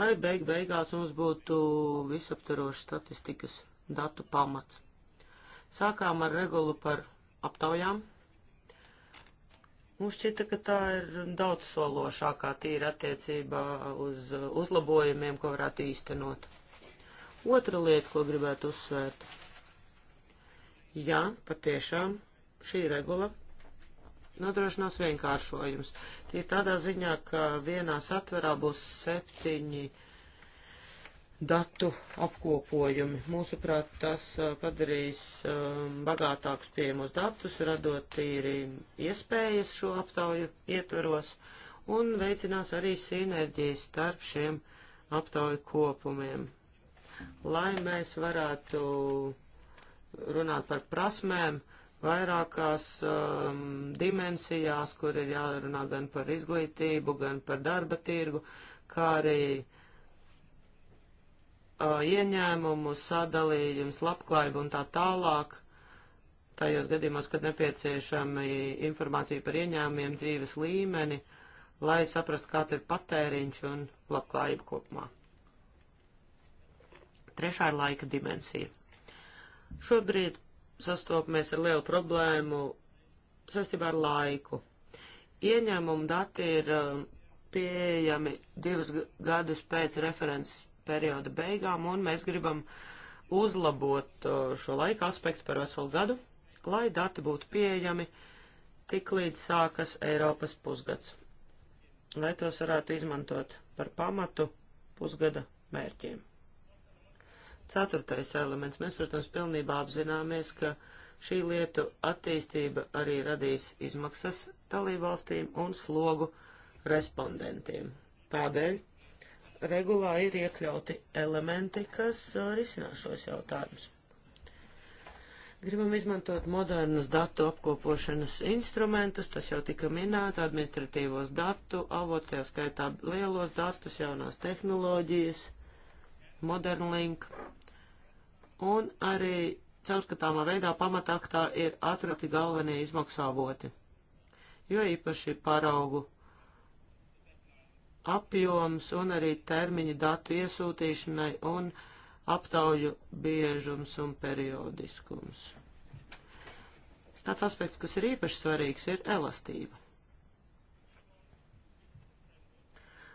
lai beig beigās mums būtu visaptarošs statistikas datu pamats. Sākām ar regulu par aptaujām Mums šķita, ka tā ir daudz sološākā tīra attiecībā uz uzlabojumiem, ko varētu īstenot. Otra lieta, ko gribētu uzsvērt. Jā, patiešām šī regula nodrošinās vienkāršojums. Tie tādā ziņā, ka vienā satverā būs septiņi datu apkopojumi. Mūsuprāt, tas uh, padarīs um, bagātākus pieejamos datus, radot tīri iespējas šo aptauju ietvaros un veicinās arī sinerģijas starp šiem aptauju kopumiem. Lai mēs varētu runāt par prasmēm, vairākās um, dimensijās, kur ir jārunā gan par izglītību, gan par darba tirgu, kā arī uh, ieņēmumu, sadalījums, labklājību un tā tālāk. Tajos gadījumos, kad nepieciešami informācija par ieņēmumiem, dzīves līmeni, lai saprastu, kāds ir patēriņš un labklājība kopumā. Trešā ir laika dimensija. Šobrīd sastopamies ar lielu problēmu saistībā ar laiku. Ieņēmumu dati ir pieejami divus gadus pēc references perioda beigām, un mēs gribam uzlabot uh, šo laika aspektu par veselu gadu, lai dati būtu pieejami tik līdz sākas Eiropas pusgads, lai tos varētu izmantot par pamatu pusgada mērķiem. Ceturtais elements. Mēs, protams, pilnībā apzināmies, ka šī lietu attīstība arī radīs izmaksas dalībvalstīm un slogu respondentiem. Tādēļ regulā ir iekļauti elementi, kas uh, risinās šos jautājumus. Gribam izmantot modernus datu apkopošanas instrumentus, tas jau tika minēts, administratīvos datu, avotajā skaitā lielos datus, jaunās tehnoloģijas, modern link, un arī caurskatāmā veidā pamataktā ir atrati galvenie izmaksu avoti, jo īpaši paraugu apjoms un arī termiņi datu iesūtīšanai un aptauju biežums un periodiskums. Tāds aspekts, kas ir īpaši svarīgs, ir elastība.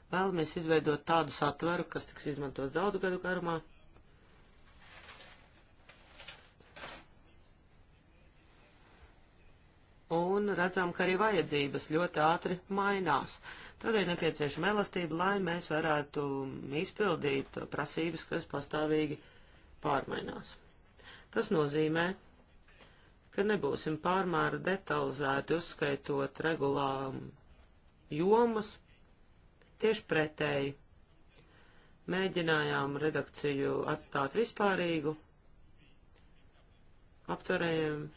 Vēlamies izveidot tādu satveru, kas tiks izmantos daudzu gadu garumā. Un redzam, ka arī vajadzības ļoti ātri mainās. Uh, Tad ir nepieciešama elastība, lai mēs varētu izpildīt prasības, kas pastāvīgi pārmainās. Tas nozīmē, ka nebūsim pārmēru detalizēti uzskaitot regulā jomas, tieši pretēji. Mēģinājām redakciju atstāt vispārīgu, aptverējiem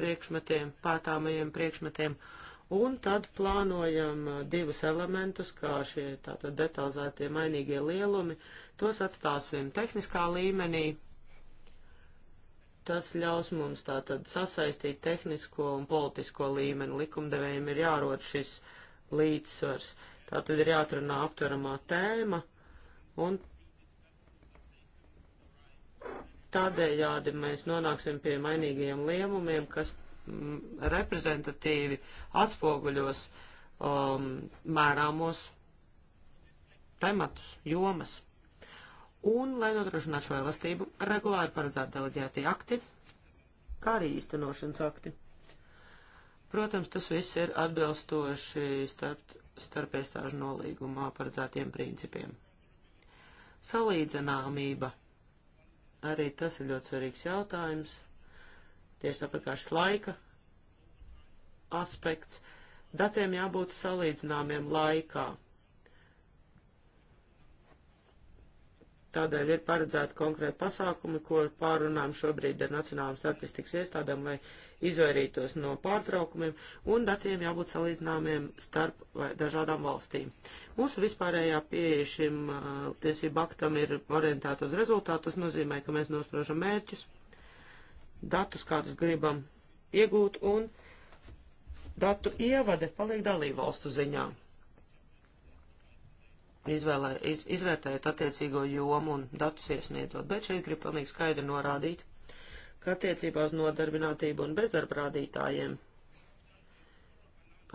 priekšmetiem, pētāmajiem priekšmetiem, uh, Un tad plānojam uh, divus elementus, kā šie tātad detalizētie mainīgie lielumi. Tos atstāsim tehniskā līmenī. Tas ļaus mums tātad sasaistīt tehnisko un politisko līmeni. Likumdevējiem ir jārod šis līdzsvars. Tātad ir jāatrunā aptveramā tēma un tādējādi mēs nonāksim pie mainīgajiem lielumiem, kas Mm, reprezentatīvi atspoguļos um, mērāmos tematus, jomas. Un, lai nodrošinātu šo elastību, regulāri paredzētu deleģētie akti, kā arī īstenošanas akti. Protams, tas viss ir atbilstoši starp, starp iestāžu nolīgumā paredzētiem principiem. Salīdzināmība. Arī tas ir ļoti svarīgs jautājums tieši tāpat laika aspekts. Datiem jābūt salīdzināmiem laikā. Tādēļ ir paredzēti konkrēti pasākumi, ko pārunājam šobrīd ar Nacionālām statistikas iestādēm, lai izvairītos no pārtraukumiem, un datiem jābūt salīdzināmiem starp vai dažādām valstīm. Mūsu vispārējā pieeja šim uh, tiesību aktam ir orientēta uz rezultātu, tas nozīmē, ka mēs nosprožam mērķus, datus, kādus gribam iegūt, un datu ievade paliek dalībvalstu ziņā. Izvēlē, iz, izvērtējot attiecīgo jomu un datus iesniedzot, bet šeit grib pilnīgi skaidri norādīt, ka attiecībā uz nodarbinātību un bezdarba rādītājiem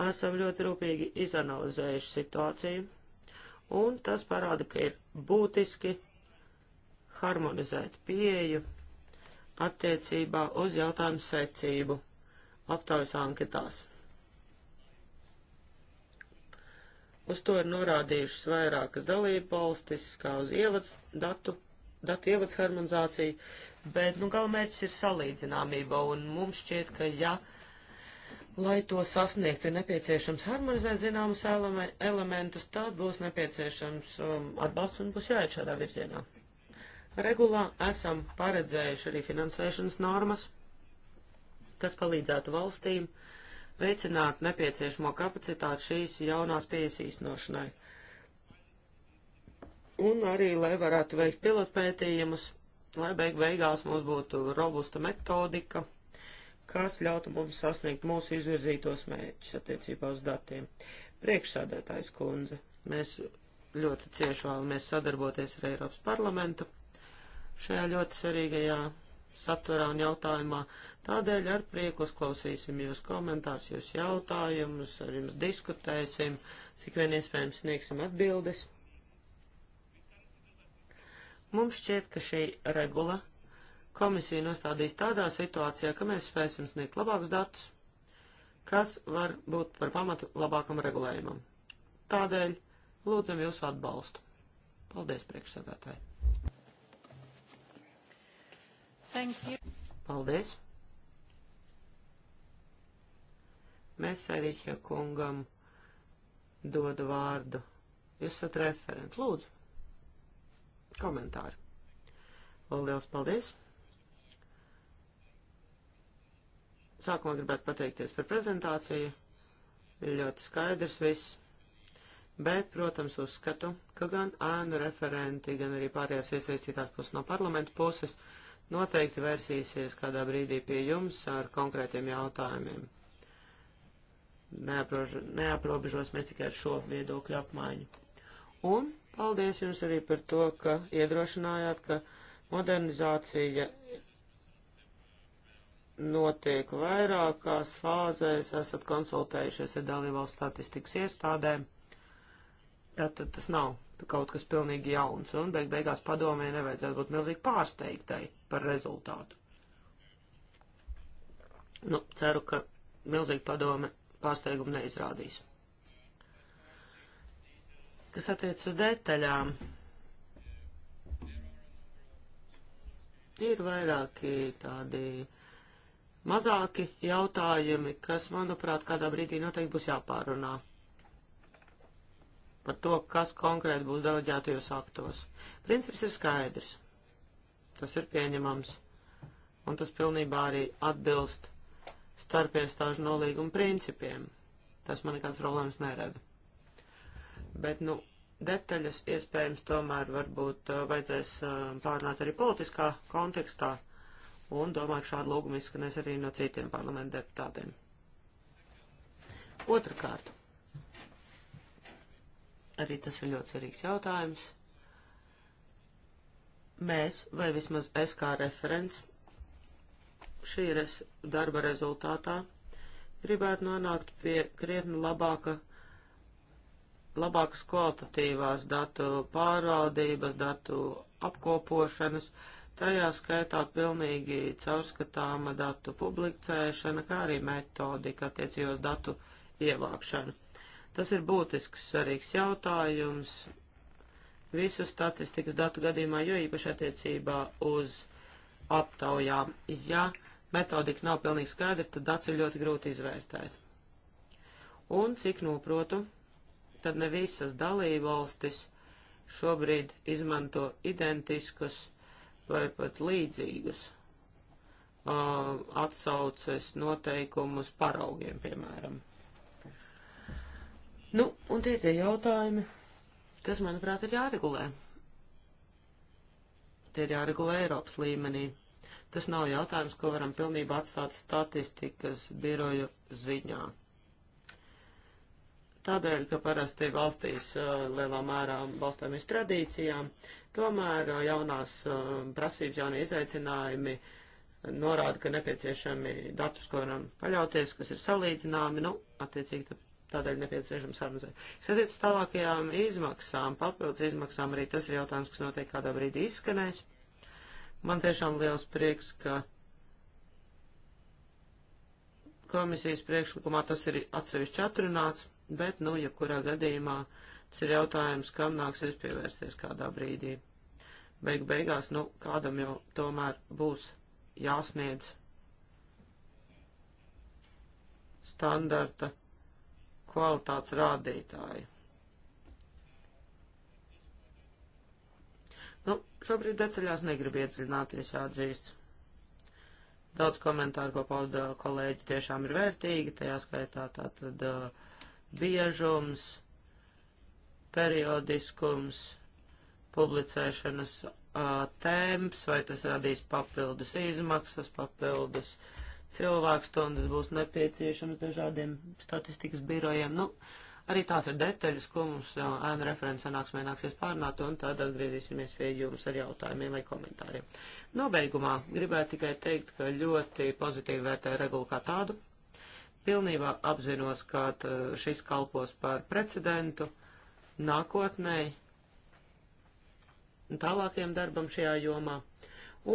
esam ļoti rūpīgi izanalizējuši situāciju, un tas parāda, ka ir būtiski harmonizēt pieeju attiecībā uz jautājumu secību aptaujas anketās. Uz to ir norādījušas vairākas dalība valstis, kā uz ievads datu, datu ievads harmonizāciju, bet, nu, galvenmērķis ir salīdzināmība, un mums šķiet, ka, ja, lai to sasniegtu, ir nepieciešams harmonizēt zināmus elementus, tad būs nepieciešams um, atbalsts un būs jāiet šādā virzienā. Regulā esam paredzējuši arī finansēšanas normas, kas palīdzētu valstīm veicināt nepieciešamo kapacitāti šīs jaunās pieejas īstenošanai. Un arī, lai varētu veikt pilotpētījumus, lai beig beigās mums būtu robusta metodika, kas ļautu mums sasniegt mūsu izvirzītos mērķus attiecībā uz datiem. Priekšsādētājs kundze, mēs ļoti cieši vēlamies sadarboties ar Eiropas parlamentu šajā ļoti svarīgajā saturā un jautājumā. Tādēļ ar prieku uzklausīsim jūs komentārus, jūs jautājumus, ar jums diskutēsim, cik vien iespējams sniegsim atbildes. Mums šķiet, ka šī regula komisija nostādīs tādā situācijā, ka mēs spēsim sniegt labākus datus, kas var būt par pamatu labākam regulējumam. Tādēļ lūdzam jūsu atbalstu. Paldies, priekšsēdētāji! Paldies! Mēs arī kungam dodu vārdu. Jūs esat referenti. Lūdzu, komentāri. Paldies, paldies! Sākumā gribētu pateikties par prezentāciju. Ļoti skaidrs viss. Bet, protams, uzskatu, ka gan ēnu referenti, gan arī pārējās iesaistītās puses no parlamenta puses uh, noteikti vērsīsies kādā brīdī pie jums ar konkrētiem jautājumiem. Neaprož, neaprobežosimies tikai ar šo viedokļu apmaiņu. Un paldies jums arī par to, ka iedrošinājāt, ka modernizācija notiek vairākās fāzēs, esat konsultējušies ar dalībvalsts statistikas iestādēm. Tātad tas nav kaut kas pilnīgi jauns, un beig beigās padomē nevajadzētu būt milzīgi pārsteigtai par rezultātu. Nu, ceru, ka milzīgi padome pārsteigumu neizrādīs. Kas attiec uz detaļām, ir vairāki tādi mazāki jautājumi, kas, manuprāt, kādā brīdī noteikti būs jāpārunā par to, kas konkrēti būs deleģētajos aktos. Princips ir skaidrs. Tas ir pieņemams. Un tas pilnībā arī atbilst starpiestāžu nolīguma principiem. Tas man nekāds problēmas nerada. Bet, nu, detaļas iespējams tomēr varbūt uh, vajadzēs uh, pārnāt arī politiskā kontekstā. Un domāju, ka šāda lūguma izskanēs arī no citiem parlamenta deputātiem. Otrakārt. Arī tas ir ļoti svarīgs jautājums. Mēs, vai vismaz es kā referents, šī res, darba rezultātā gribētu nonākt pie krietni labāka, labākas kvalitatīvās datu pārvaldības, datu apkopošanas, tajā skaitā pilnīgi caurskatāma datu publicēšana, kā arī metodika attiecībos datu ievākšana. Tas ir būtisks, svarīgs jautājums visu statistikas datu gadījumā, jo īpaši attiecībā uz aptaujām. Ja metodika nav pilnīgi skaidra, tad dats ir ļoti grūti izvērtēt. Un, cik noprotu, tad ne visas dalībvalstis šobrīd izmanto identiskus vai pat līdzīgus uh, atsauces noteikumus paraugiem, piemēram. Nu, un tie tie jautājumi, kas, manuprāt, ir jāregulē. Tie ir jāregulē Eiropas līmenī. Tas nav jautājums, ko varam pilnībā atstāt statistikas biroju ziņā. Tādēļ, ka parasti valstīs uh, lielā mērā balstāmies tradīcijām, tomēr uh, jaunās uh, prasības, jaunie izaicinājumi norāda, ka nepieciešami datus, ko varam paļauties, kas ir salīdzināmi, nu, attiecīgi tad tādēļ nepieciešams harmonizēt. Kas attiec tālākajām izmaksām, papildus izmaksām, arī tas ir jautājums, kas noteikti kādā brīdī izskanēs. Man tiešām liels prieks, ka komisijas priekšlikumā tas ir atsevišķi atrunāts, bet, nu, ja kurā gadījumā tas ir jautājums, kam nāksies pievērsties kādā brīdī. Beig beigās, nu, kādam jau tomēr būs jāsniedz standarta kvalitātes rādītāji. Nu, šobrīd detaļās negribu iedziļināties, jāatzīst. Daudz komentāru, ko pauda kolēģi, tiešām ir vērtīgi, tajā skaitā tātad uh, biežums, periodiskums, publicēšanas uh, temps, vai tas radīs papildus izmaksas, papildus uh, cilvēkstundas būs nepieciešams dažādiem statistikas birojiem. Nu, arī tās ir detaļas, ko mums ēnu referents sanāksmē nāksies pārnāt, un tad atgriezīsimies pie jums ar jautājumiem vai komentāriem. Nobeigumā gribētu tikai teikt, ka ļoti pozitīvi vērtē regulu kā tādu. Pilnībā apzinos, ka šis kalpos par precedentu nākotnēji tālākiem darbam šajā jomā,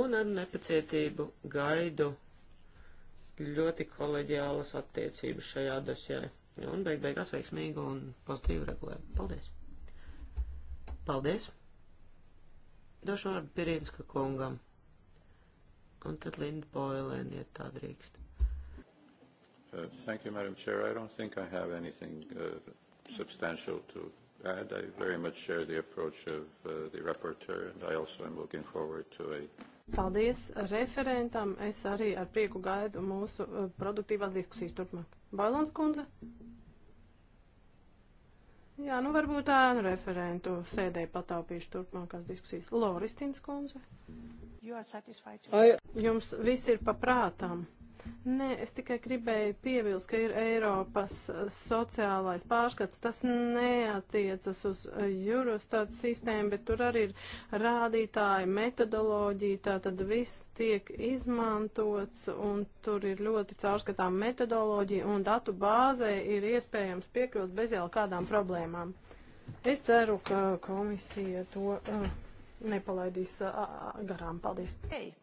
un ar nepacietību gaidu ļoti koleģiālas attiecības šajā dosjē. Un beig beigās veiksmīgu un pozitīvu regulējumu. Paldies! Paldies! Došu vārdu Pirinska kungam. Un tad Linda Boilēni, ja tā drīkst. Uh, thank you, Madam Chair. I don't think I have anything uh, substantial to add. I very much share the approach of uh, the rapporteur, and I also am looking forward to a Paldies referentam. Es arī ar prieku gaidu mūsu eh, produktīvās diskusijas turpmāk. Bailons kundze? Jā, nu varbūt ēnu referentu sēdē pataupīšu turpmākās diskusijas. Loristins kundze? Jums viss ir paprātām. Nē, es tikai gribēju piebilst, ka ir Eiropas sociālais pārskats. Tas neatiecas uz Eurostat sistēmu, bet tur arī ir rādītāji, metodoloģija, tā tad viss tiek izmantots un tur ir ļoti caurskatām metodoloģija un datu bāzē ir iespējams piekļūt bez jau kādām problēmām. Es ceru, ka komisija to uh, nepalaidīs uh, garām. Paldies! Hey.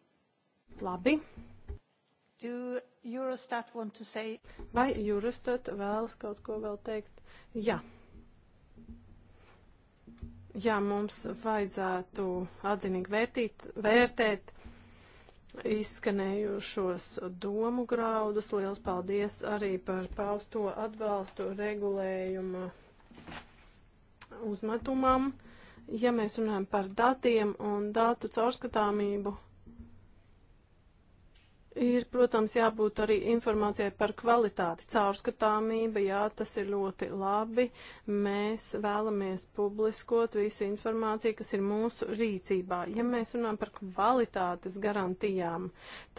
Labi. Vai Eurostat vēlas kaut ko vēl teikt? Jā. Jā, mums vajadzētu atzinīgi vērtīt, vērtēt izskanējušos domu graudus. Liels paldies arī par pausto atbalstu regulējuma uzmetumam. Ja mēs runājam par datiem un datu caurskatāmību, Ir, protams, jābūt arī informācijai par kvalitāti. Caurskatāmība, jā, tas ir ļoti labi. Mēs vēlamies publiskot visu informāciju, kas ir mūsu rīcībā. Ja mēs runājam par kvalitātes garantijām,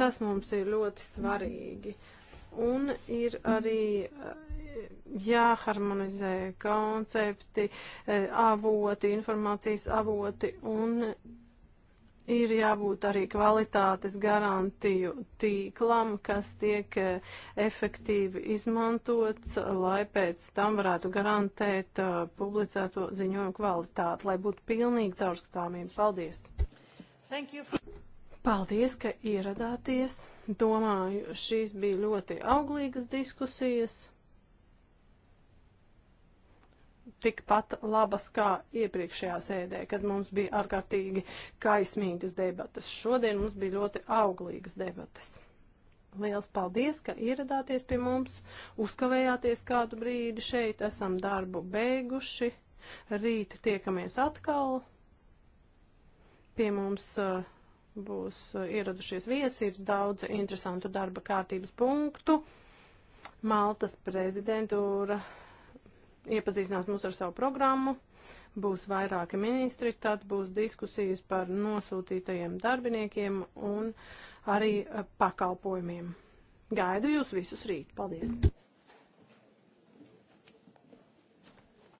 tas mums ir ļoti svarīgi. Un ir arī eh, jāharmonizē koncepti, eh, avoti, informācijas avoti un ir jābūt arī kvalitātes garantiju tīklam, kas tiek eh, efektīvi izmantots, lai pēc tam varētu garantēt uh, publicēto ziņojumu kvalitāti, lai būtu pilnīgi caurskatāmība. Paldies! For... Paldies, ka ieradāties. Domāju, šīs bija ļoti auglīgas diskusijas tikpat labas kā iepriekšējā sēdē, kad mums bija ārkārtīgi kaismīgas debatas. Šodien mums bija ļoti auglīgas debatas. Liels paldies, ka ieradāties pie mums, uzkavējāties kādu brīdi šeit, esam darbu beiguši, rīt tiekamies atkal, pie mums uh, būs uh, ieradušies viesi, ir daudz interesantu darba kārtības punktu. Maltas prezidentūra iepazīstinās mūs ar savu programmu, būs vairāki ministri, tad būs diskusijas par nosūtītajiem darbiniekiem un arī eh, pakalpojumiem. Gaidu jūs visus rīt. Paldies!